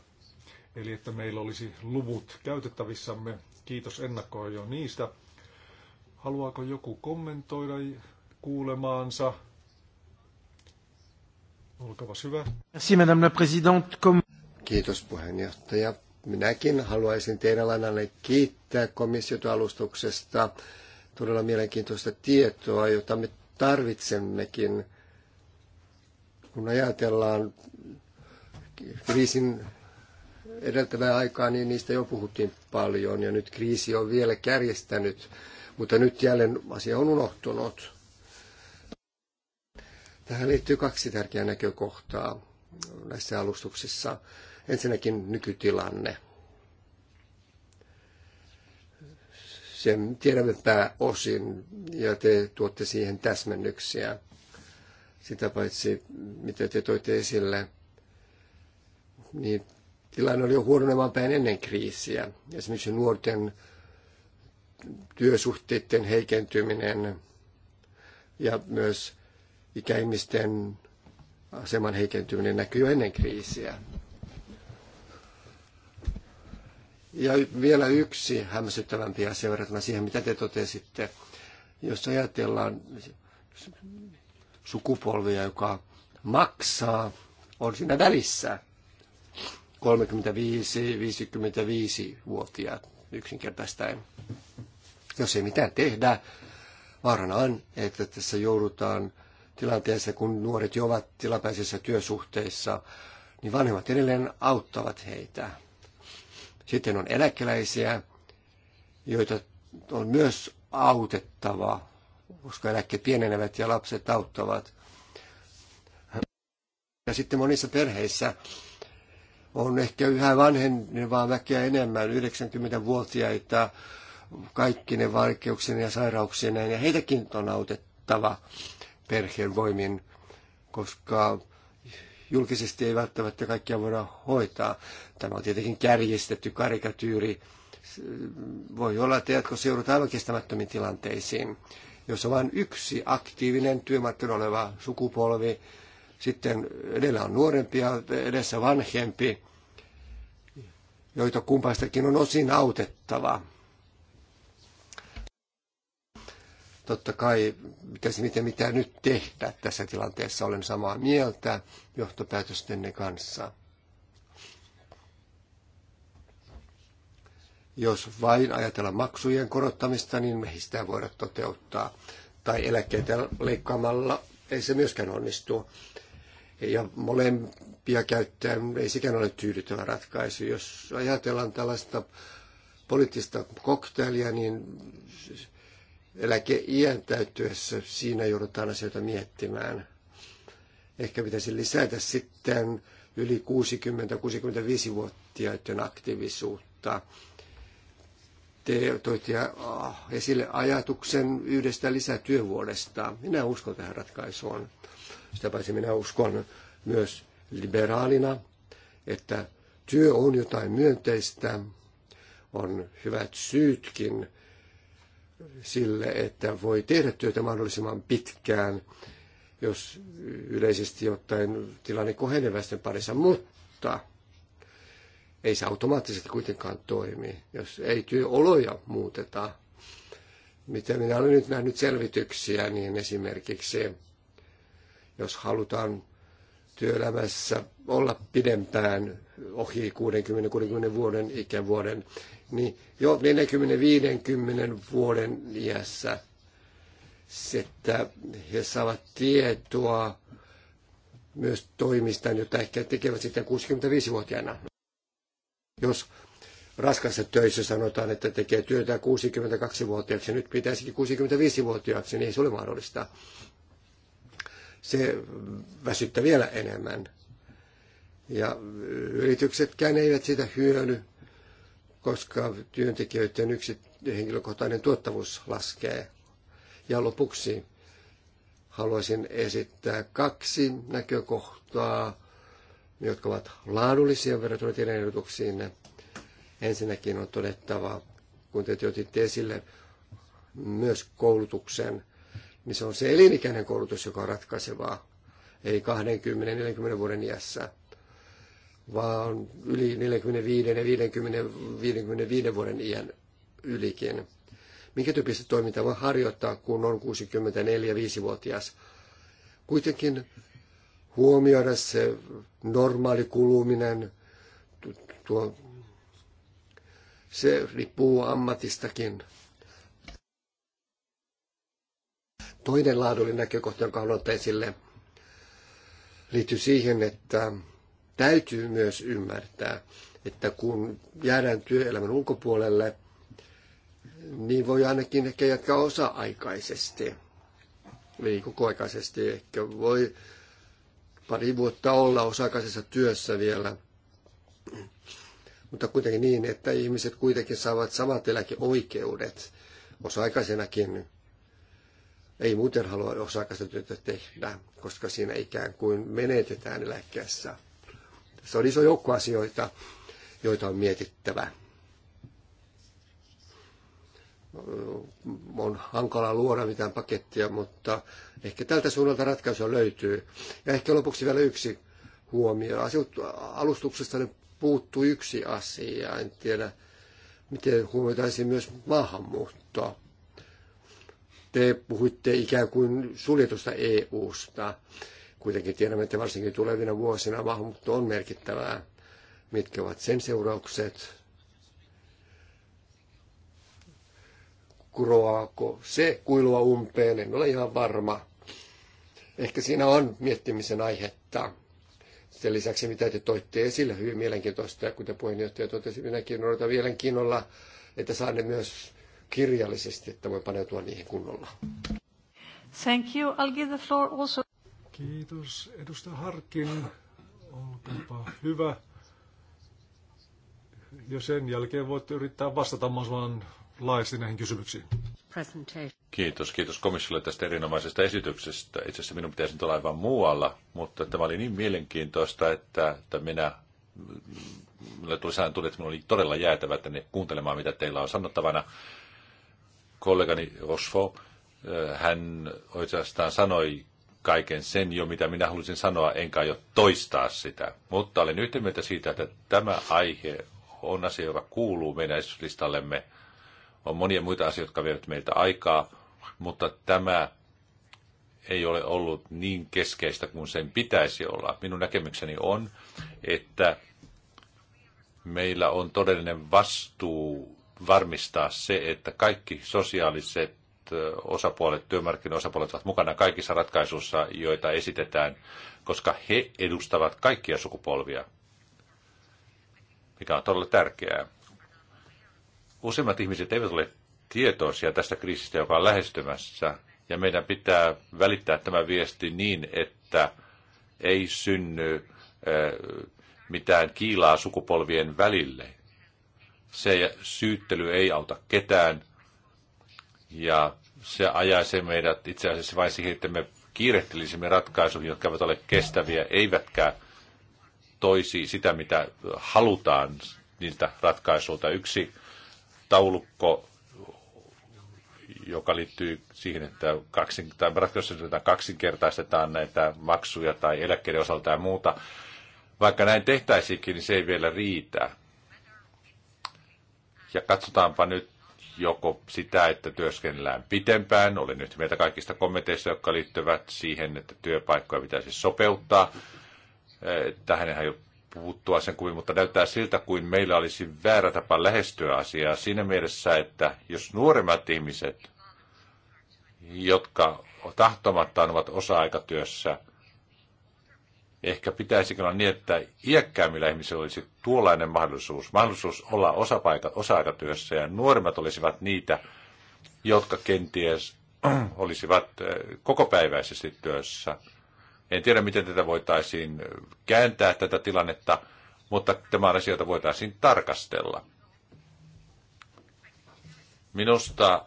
Eli että meillä olisi luvut käytettävissämme. Kiitos ennakkoon jo niistä. Haluaako joku kommentoida kuulemaansa? Olkaa hyvä. Merci, madame la présidente. Comme... Kiitos puheenjohtaja. Minäkin haluaisin teidän lainanne kiittää komissiota alustuksesta Todella mielenkiintoista tietoa, jota me tarvitsemmekin, kun ajatellaan kriisin edeltävää aikaa, niin niistä jo puhuttiin paljon ja nyt kriisi on vielä kärjestänyt, mutta nyt jälleen asia on unohtunut. Tähän liittyy kaksi tärkeää näkökohtaa näissä alustuksissa. Ensinnäkin nykytilanne. Sen tiedämme pääosin ja te tuotte siihen täsmennyksiä. Sitä paitsi, mitä te toitte esille, niin tilanne oli jo huononemaan päin ennen kriisiä. Esimerkiksi nuorten työsuhteiden heikentyminen ja myös ikäihmisten aseman heikentyminen näkyy jo ennen kriisiä. Ja vielä yksi hämmästyttävämpi asia verrattuna siihen, mitä te totesitte. Jos ajatellaan sukupolvia, joka maksaa, on siinä välissä 35-55-vuotiaat yksinkertaistaen. Jos ei mitään tehdä, vaarana on, että tässä joudutaan tilanteessa, kun nuoret jo ovat tilapäisissä työsuhteissa, niin vanhemmat edelleen auttavat heitä sitten on eläkeläisiä, joita on myös autettava, koska eläkkeet pienenevät ja lapset auttavat. Ja sitten monissa perheissä on ehkä yhä vanhenevaa väkeä enemmän, 90-vuotiaita, kaikki ne vaikeuksien ja sairauksien ja heitäkin on autettava perheen voimin, koska julkisesti ei välttämättä kaikkia voida hoitaa. Tämä on tietenkin kärjistetty karikatyyri. Voi olla, että jatkossa joudutaan aivan kestämättömiin tilanteisiin. Jos on vain yksi aktiivinen työmarkkinoilla oleva sukupolvi, sitten edellä on nuorempi ja edessä vanhempi, joita kumpaistakin on osin autettava Totta kai pitäisi miten mitä nyt tehdä tässä tilanteessa. Olen samaa mieltä johtopäätöstenne kanssa. Jos vain ajatella maksujen korottamista, niin me sitä voida toteuttaa. Tai eläkkeitä leikkaamalla ei se myöskään onnistu. Ja molempia käyttäen ei sekään ole tyydyttävä ratkaisu. Jos ajatellaan tällaista poliittista kokteilia, niin eläkeiän täyttyessä siinä joudutaan asioita miettimään. Ehkä pitäisi lisätä sitten yli 60-65-vuotiaiden aktiivisuutta. Te toitte esille ajatuksen yhdestä lisätyövuodesta. Minä uskon tähän ratkaisuun. Sitä paitsi minä uskon myös liberaalina, että työ on jotain myönteistä, on hyvät syytkin sille, että voi tehdä työtä mahdollisimman pitkään, jos yleisesti ottaen tilanne kohenee väestön parissa, mutta ei se automaattisesti kuitenkaan toimi, jos ei työoloja muuteta. Mitä minä olen nyt nähnyt selvityksiä, niin esimerkiksi jos halutaan työelämässä olla pidempään, ohi 60-60 vuoden ikävuoden, niin jo 40-50 vuoden iässä, että he saavat tietoa myös toimista, jota ehkä tekevät sitten 65-vuotiaana. Jos raskassa töissä sanotaan, että tekee työtä 62-vuotiaaksi, nyt pitäisikin 65-vuotiaaksi, niin ei se ole mahdollista. Se väsyttää vielä enemmän. Ja yrityksetkään eivät sitä hyödy, koska työntekijöiden yksi henkilökohtainen tuottavuus laskee. Ja lopuksi haluaisin esittää kaksi näkökohtaa, jotka ovat laadullisia verrattuna teidän ehdotuksiinne. Ensinnäkin on todettava, kun te otitte esille myös koulutuksen, niin se on se elinikäinen koulutus, joka on ratkaisevaa, ei 20-40 vuoden iässä vaan yli 45 ja 50, 55 vuoden iän ylikin. Minkä tyyppistä toimintaa voi harjoittaa, kun on 64-5-vuotias? Kuitenkin huomioida se normaali kuluminen, tuo, se riippuu ammatistakin. Toinen laadullinen näkökohta, jonka haluan ottaa esille, liittyy siihen, että täytyy myös ymmärtää, että kun jäädään työelämän ulkopuolelle, niin voi ainakin ehkä jatkaa osa-aikaisesti. Eli kokoaikaisesti ehkä voi pari vuotta olla osa-aikaisessa työssä vielä. Mutta kuitenkin niin, että ihmiset kuitenkin saavat samat eläkeoikeudet osa-aikaisenakin. Ei muuten halua osa-aikaista työtä tehdä, koska siinä ikään kuin menetetään eläkkeessä. Tässä on iso joukko asioita, joita on mietittävä. On hankala luoda mitään pakettia, mutta ehkä tältä suunnalta ratkaisua löytyy. Ja ehkä lopuksi vielä yksi huomio. Alustuksesta puuttuu yksi asia. En tiedä, miten huomioitaisiin myös maahanmuuttoa. Te puhuitte ikään kuin suljetusta EU-sta. Kuitenkin tiedämme, että varsinkin tulevina vuosina maahanmuutto on merkittävää. Mitkä ovat sen seuraukset? Kuroaako se kuilua umpeen? En ole ihan varma. Ehkä siinä on miettimisen aihetta. Sen lisäksi, mitä te toitte esille, hyvin mielenkiintoista, ja kuten puheenjohtaja totesi, minäkin odotan mielenkiinnolla, että saan ne myös kirjallisesti, että voi paneutua niihin kunnolla. Thank you. I'll give the floor also. Kiitos. Edustaja Harkin, olkaapa hyvä. Ja sen jälkeen voitte yrittää vastata mahdollisimman laajasti näihin kysymyksiin. Kiitos, kiitos komissiolle tästä erinomaisesta esityksestä. Itse asiassa minun pitäisi nyt olla aivan muualla, mutta tämä oli niin mielenkiintoista, että, että minä minulle tuli sään tuli, että minulla oli todella jäätävä tänne kuuntelemaan, mitä teillä on sanottavana. Kollegani Osfo, eh, hän oikeastaan sanoi kaiken sen jo, mitä minä halusin sanoa, enkä jo toistaa sitä. Mutta olen yhtä mieltä siitä, että tämä aihe on asia, joka kuuluu meidän esityslistallemme. On monia muita asioita, jotka vievät meiltä aikaa, mutta tämä ei ole ollut niin keskeistä kuin sen pitäisi olla. Minun näkemykseni on, että meillä on todellinen vastuu varmistaa se, että kaikki sosiaaliset osapuolet, työmarkkinaosapuolet ovat mukana kaikissa ratkaisuissa, joita esitetään, koska he edustavat kaikkia sukupolvia, mikä on todella tärkeää. Useimmat ihmiset eivät ole tietoisia tästä kriisistä, joka on lähestymässä, ja meidän pitää välittää tämä viesti niin, että ei synny eh, mitään kiilaa sukupolvien välille. Se syyttely ei auta ketään, ja se ajaisi meidät itse asiassa vain siihen, että me kiirehtelisimme ratkaisuihin, jotka eivät ole kestäviä, eivätkä toisi sitä, mitä halutaan niiltä ratkaisuilta. Yksi taulukko, joka liittyy siihen, että kaksin, tai ratkaisuja kaksinkertaistetaan näitä maksuja tai eläkkeiden osalta ja muuta. Vaikka näin tehtäisikin, niin se ei vielä riitä. Ja katsotaanpa nyt joko sitä, että työskennellään pitempään, olen nyt mieltä kaikista kommenteista, jotka liittyvät siihen, että työpaikkoja pitäisi sopeuttaa. Eh, tähän ei puuttua sen kuvin, mutta näyttää siltä, kuin meillä olisi väärä tapa lähestyä asiaa siinä mielessä, että jos nuoremmat ihmiset, jotka tahtomattaan ovat osa-aikatyössä – Ehkä pitäisikö olla niin, että iäkkäämmillä ihmisillä olisi tuollainen mahdollisuus, mahdollisuus olla osapaikat, osa-aikatyössä ja nuoremmat olisivat niitä, jotka kenties olisivat eh, kokopäiväisesti työssä. En tiedä, miten tätä voitaisiin eh, kääntää tätä tilannetta, mutta tämä on asioita voitaisiin tarkastella. Minusta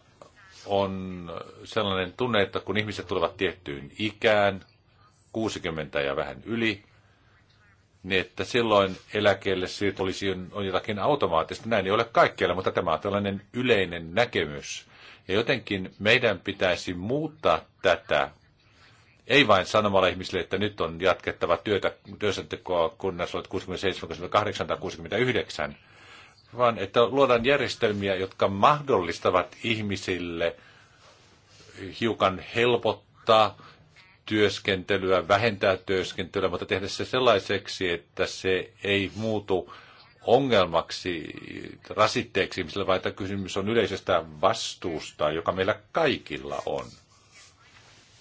on sellainen tunne, että kun ihmiset tulevat tiettyyn ikään, 60 ja vähän yli, niin että silloin eläkkeelle siitä olisi on jotakin automaattista. Näin ei ole kaikkialla, mutta tämä on tällainen yleinen näkemys. Ja jotenkin meidän pitäisi muuttaa tätä, ei vain sanomalla ihmisille, että nyt on jatkettava työtä, työsäntekoa, kunnes olet 67, 68 tai 69, vaan että luodaan järjestelmiä, jotka mahdollistavat ihmisille hiukan helpottaa työskentelyä, vähentää työskentelyä, mutta tehdä se sellaiseksi, että se ei muutu ongelmaksi, rasitteeksi ihmisille, vaan että kysymys on yleisestä vastuusta, joka meillä kaikilla on.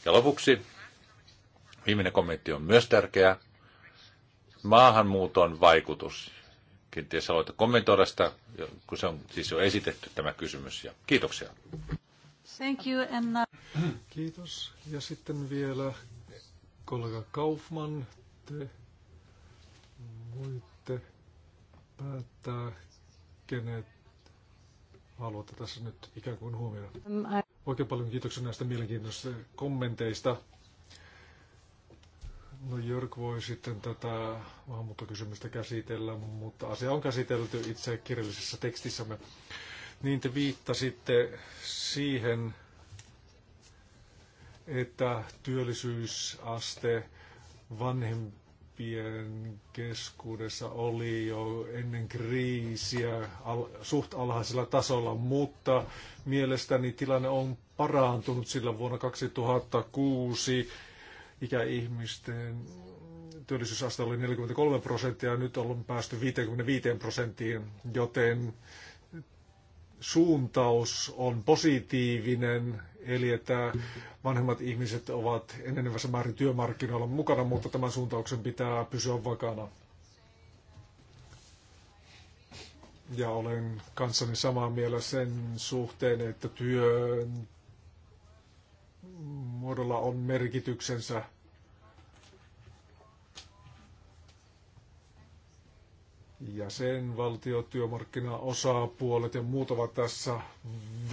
Ja lopuksi viimeinen kommentti on myös tärkeä. Maahanmuuton vaikutus. Kenties haluatte kommentoida sitä, kun se on siis jo esitetty tämä kysymys. Ja kiitoksia. Thank you, Anna. Uh, Kiitos. Ja sitten vielä kollega Kaufman, te voitte päättää, kenet haluatte tässä nyt ikään kuin huomioida. Um, Oikein paljon kiitoksia näistä mielenkiintoisista kommenteista. No Jörg voi sitten tätä maahanmuuttokysymystä käsitellä, mutta asia on käsitelty itse kirjallisessa tekstissämme niin te viittasitte siihen, että työllisyysaste vanhempien keskuudessa oli jo ennen kriisiä al- suht alhaisella tasolla, mutta mielestäni tilanne on parantunut, sillä vuonna 2006 ikäihmisten työllisyysaste oli 43 prosenttia ja nyt on päästy 55 prosenttiin, joten suuntaus on positiivinen, eli että vanhemmat ihmiset ovat enenevässä määrin työmarkkinoilla mukana, mutta tämän suuntauksen pitää pysyä vakana. Ja olen kanssani samaa mieltä sen suhteen, että työn muodolla on merkityksensä jäsenvaltiot, työmarkkinaosapuolet ja muut ovat tässä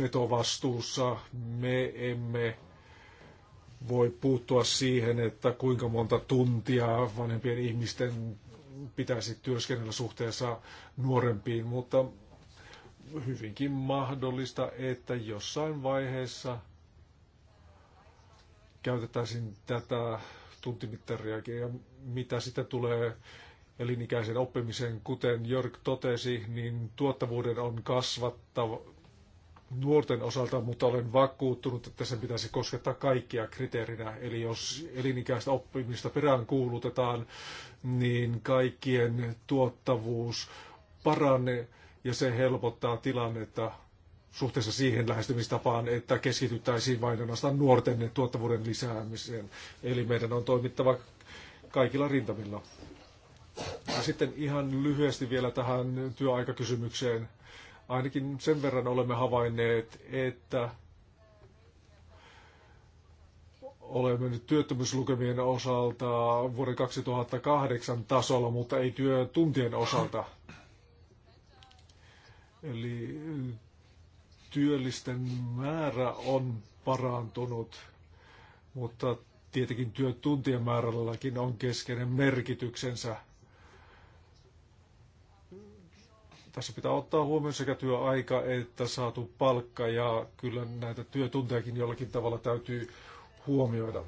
vetovastuussa. Me emme voi puuttua siihen, että kuinka monta tuntia vanhempien ihmisten pitäisi työskennellä suhteessa nuorempiin, mutta hyvinkin mahdollista, että jossain vaiheessa käytettäisiin tätä tuntimittariakin ja mitä sitten tulee elinikäisen oppimisen, kuten Jörg totesi, niin tuottavuuden on kasvattava nuorten osalta, mutta olen vakuuttunut, että sen pitäisi koskettaa kaikkia kriteerinä. Eli jos elinikäistä oppimista perään kuulutetaan, niin kaikkien tuottavuus paranee ja se helpottaa tilannetta suhteessa siihen lähestymistapaan, että keskityttäisiin vain ainoastaan nuorten tuottavuuden lisäämiseen. Eli meidän on toimittava kaikilla rintamilla. Ja sitten ihan lyhyesti vielä tähän työaikakysymykseen. Ainakin sen verran olemme havainneet, että olemme nyt työttömyyslukemien osalta vuoden 2008 tasolla, mutta ei työtuntien osalta. Eli työllisten määrä on parantunut, mutta tietenkin työtuntien määrälläkin on keskeinen merkityksensä. Tässä pitää ottaa huomioon sekä työaika että saatu palkka ja kyllä näitä työtuntejakin jollakin tavalla täytyy huomioida.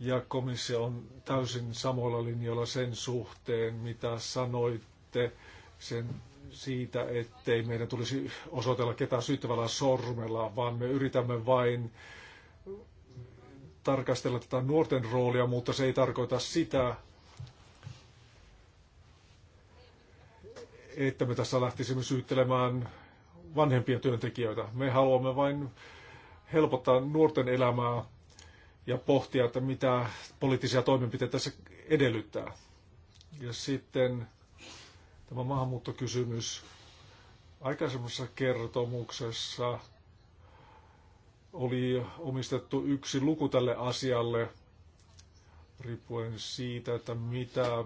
Ja komissio on täysin samoilla linjoilla sen suhteen, mitä sanoitte sen siitä, ettei meidän tulisi osoitella ketään syyttävällä sormella, vaan me yritämme vain tarkastella tätä nuorten roolia, mutta se ei tarkoita sitä, että me tässä lähtisimme syyttelemään vanhempia työntekijöitä. Me haluamme vain helpottaa nuorten elämää ja pohtia, että mitä poliittisia toimenpiteitä tässä edellyttää. Ja sitten tämä maahanmuuttokysymys. Aikaisemmassa kertomuksessa oli omistettu yksi luku tälle asialle, riippuen siitä, että mitä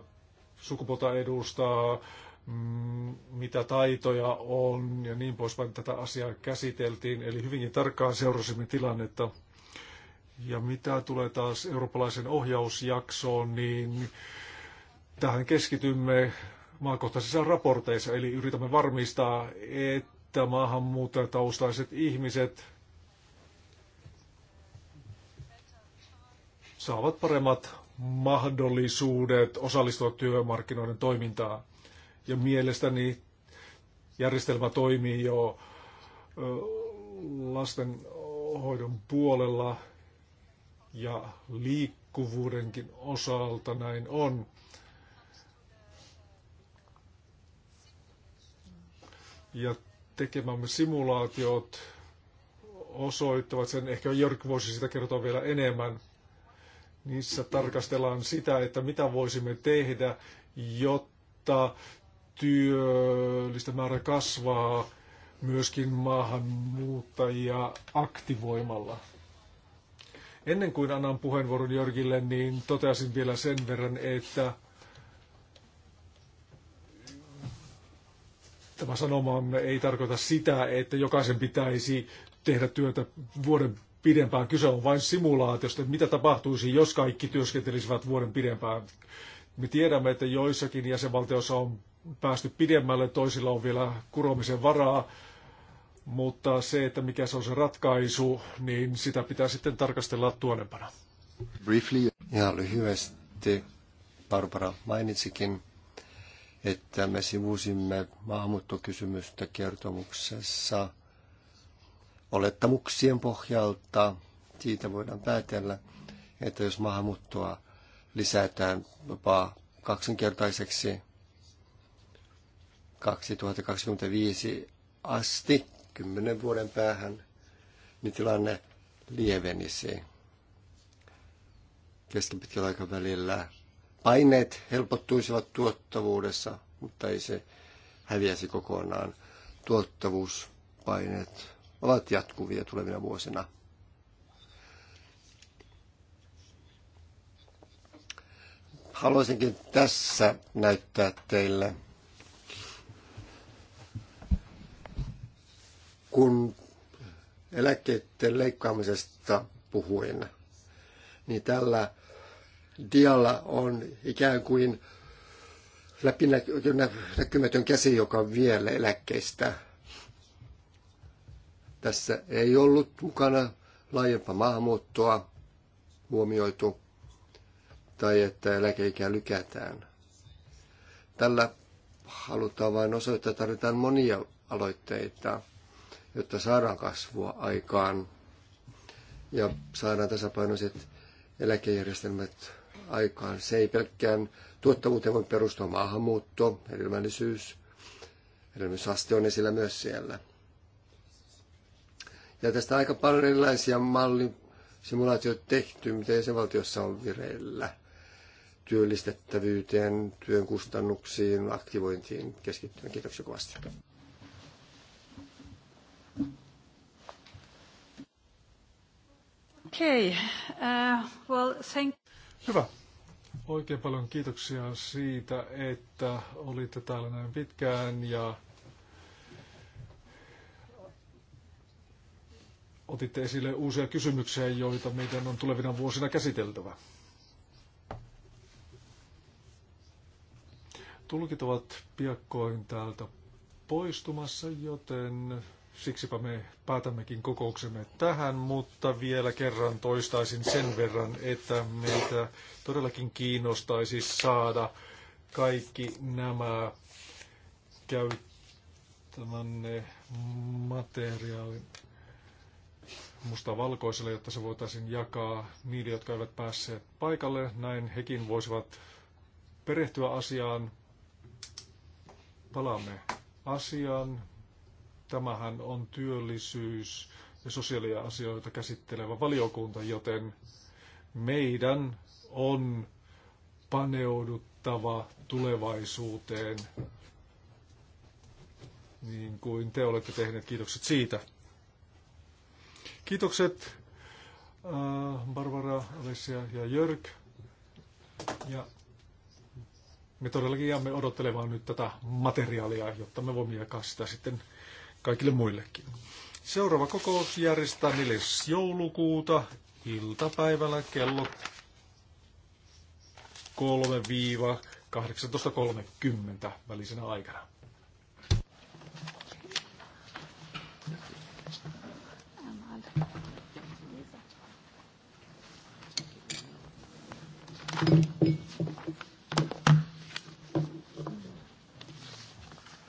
sukupuolta edustaa, Mm, mitä taitoja on ja niin poispäin tätä asiaa käsiteltiin. Eli hyvinkin tarkkaan seurasimme tilannetta. Ja mitä tulee taas eurooppalaisen ohjausjaksoon, niin tähän keskitymme maakohtaisissa raporteissa, eli yritämme varmistaa, että maahanmuuttajataustaiset ihmiset saavat paremmat mahdollisuudet osallistua työmarkkinoiden toimintaan. Ja mielestäni järjestelmä toimii jo lastenhoidon puolella ja liikkuvuudenkin osalta näin on. Ja tekemämme simulaatiot osoittavat sen, ehkä Jörg voisi sitä kertoa vielä enemmän. Niissä tarkastellaan sitä, että mitä voisimme tehdä, jotta työllisten määrä kasvaa myöskin maahanmuuttajia aktivoimalla. Ennen kuin annan puheenvuoron Jörgille, niin toteasin vielä sen verran, että tämä sanoma ei tarkoita sitä, että jokaisen pitäisi tehdä työtä vuoden pidempään. Kyse on vain simulaatiosta, että mitä tapahtuisi, jos kaikki työskentelisivät vuoden pidempään. Me tiedämme, että joissakin jäsenvaltioissa on päästy pidemmälle, toisilla on vielä kuromisen varaa, mutta se, että mikä se on se ratkaisu, niin sitä pitää sitten tarkastella tuonempana. Briefly ja lyhyesti Barbara mainitsikin, että me sivusimme maahanmuuttokysymystä kertomuksessa olettamuksien pohjalta. Siitä voidaan päätellä, että jos maahanmuuttoa lisätään jopa kaksinkertaiseksi, 2025 asti, kymmenen vuoden päähän, niin tilanne lievenisi keskipitkällä aikavälillä. Paineet helpottuisivat tuottavuudessa, mutta ei se häviäisi kokonaan. Tuottavuuspaineet ovat jatkuvia tulevina vuosina. Haluaisinkin tässä näyttää teille kun eläkkeiden leikkaamisesta puhuin, niin tällä dialla on ikään kuin läpinäkymätön käsi, joka vielä eläkkeistä. Tässä ei ollut mukana laajempaa maahanmuuttoa huomioitu tai että eläkeikää lykätään. Tällä halutaan vain osoittaa, että tarvitaan monia aloitteita jotta saadaan kasvua aikaan ja saadaan tasapainoiset eläkejärjestelmät aikaan. Se ei pelkkään tuottavuuteen voi perustua maahanmuutto, hedelmällisyys, hedelmällisyysaste on esillä myös siellä. Ja tästä aika paljon erilaisia mallisimulaatioita tehty, miten se valtiossa on vireillä työllistettävyyteen, työn kustannuksiin, aktivointiin keskittyen. Kiitoksia kovasti. Okay. Uh, well, thank... Hyvä. Oikein paljon kiitoksia siitä, että olitte täällä näin pitkään ja otitte esille uusia kysymyksiä, joita meidän on tulevina vuosina käsiteltävä. Tulkit ovat piakkoin täältä poistumassa, joten Siksipä me päätämmekin kokouksemme tähän, mutta vielä kerran toistaisin sen verran, että meitä todellakin kiinnostaisi saada kaikki nämä käyttämänne materiaalin musta valkoiselle, jotta se voitaisiin jakaa niille, jotka eivät päässeet paikalle. Näin hekin voisivat perehtyä asiaan. Palaamme asiaan Tämähän on työllisyys- ja sosiaalia asioita käsittelevä valiokunta, joten meidän on paneuduttava tulevaisuuteen, niin kuin te olette tehneet. Kiitokset siitä. Kiitokset äh, Barbara, Alessia ja Jörg. Ja me todellakin jäämme odottelemaan nyt tätä materiaalia, jotta me voimme jakaa sitä sitten kaikille muillekin. Seuraava kokous järjestetään 4. joulukuuta iltapäivällä kello 3-18.30 välisenä aikana. Thank you.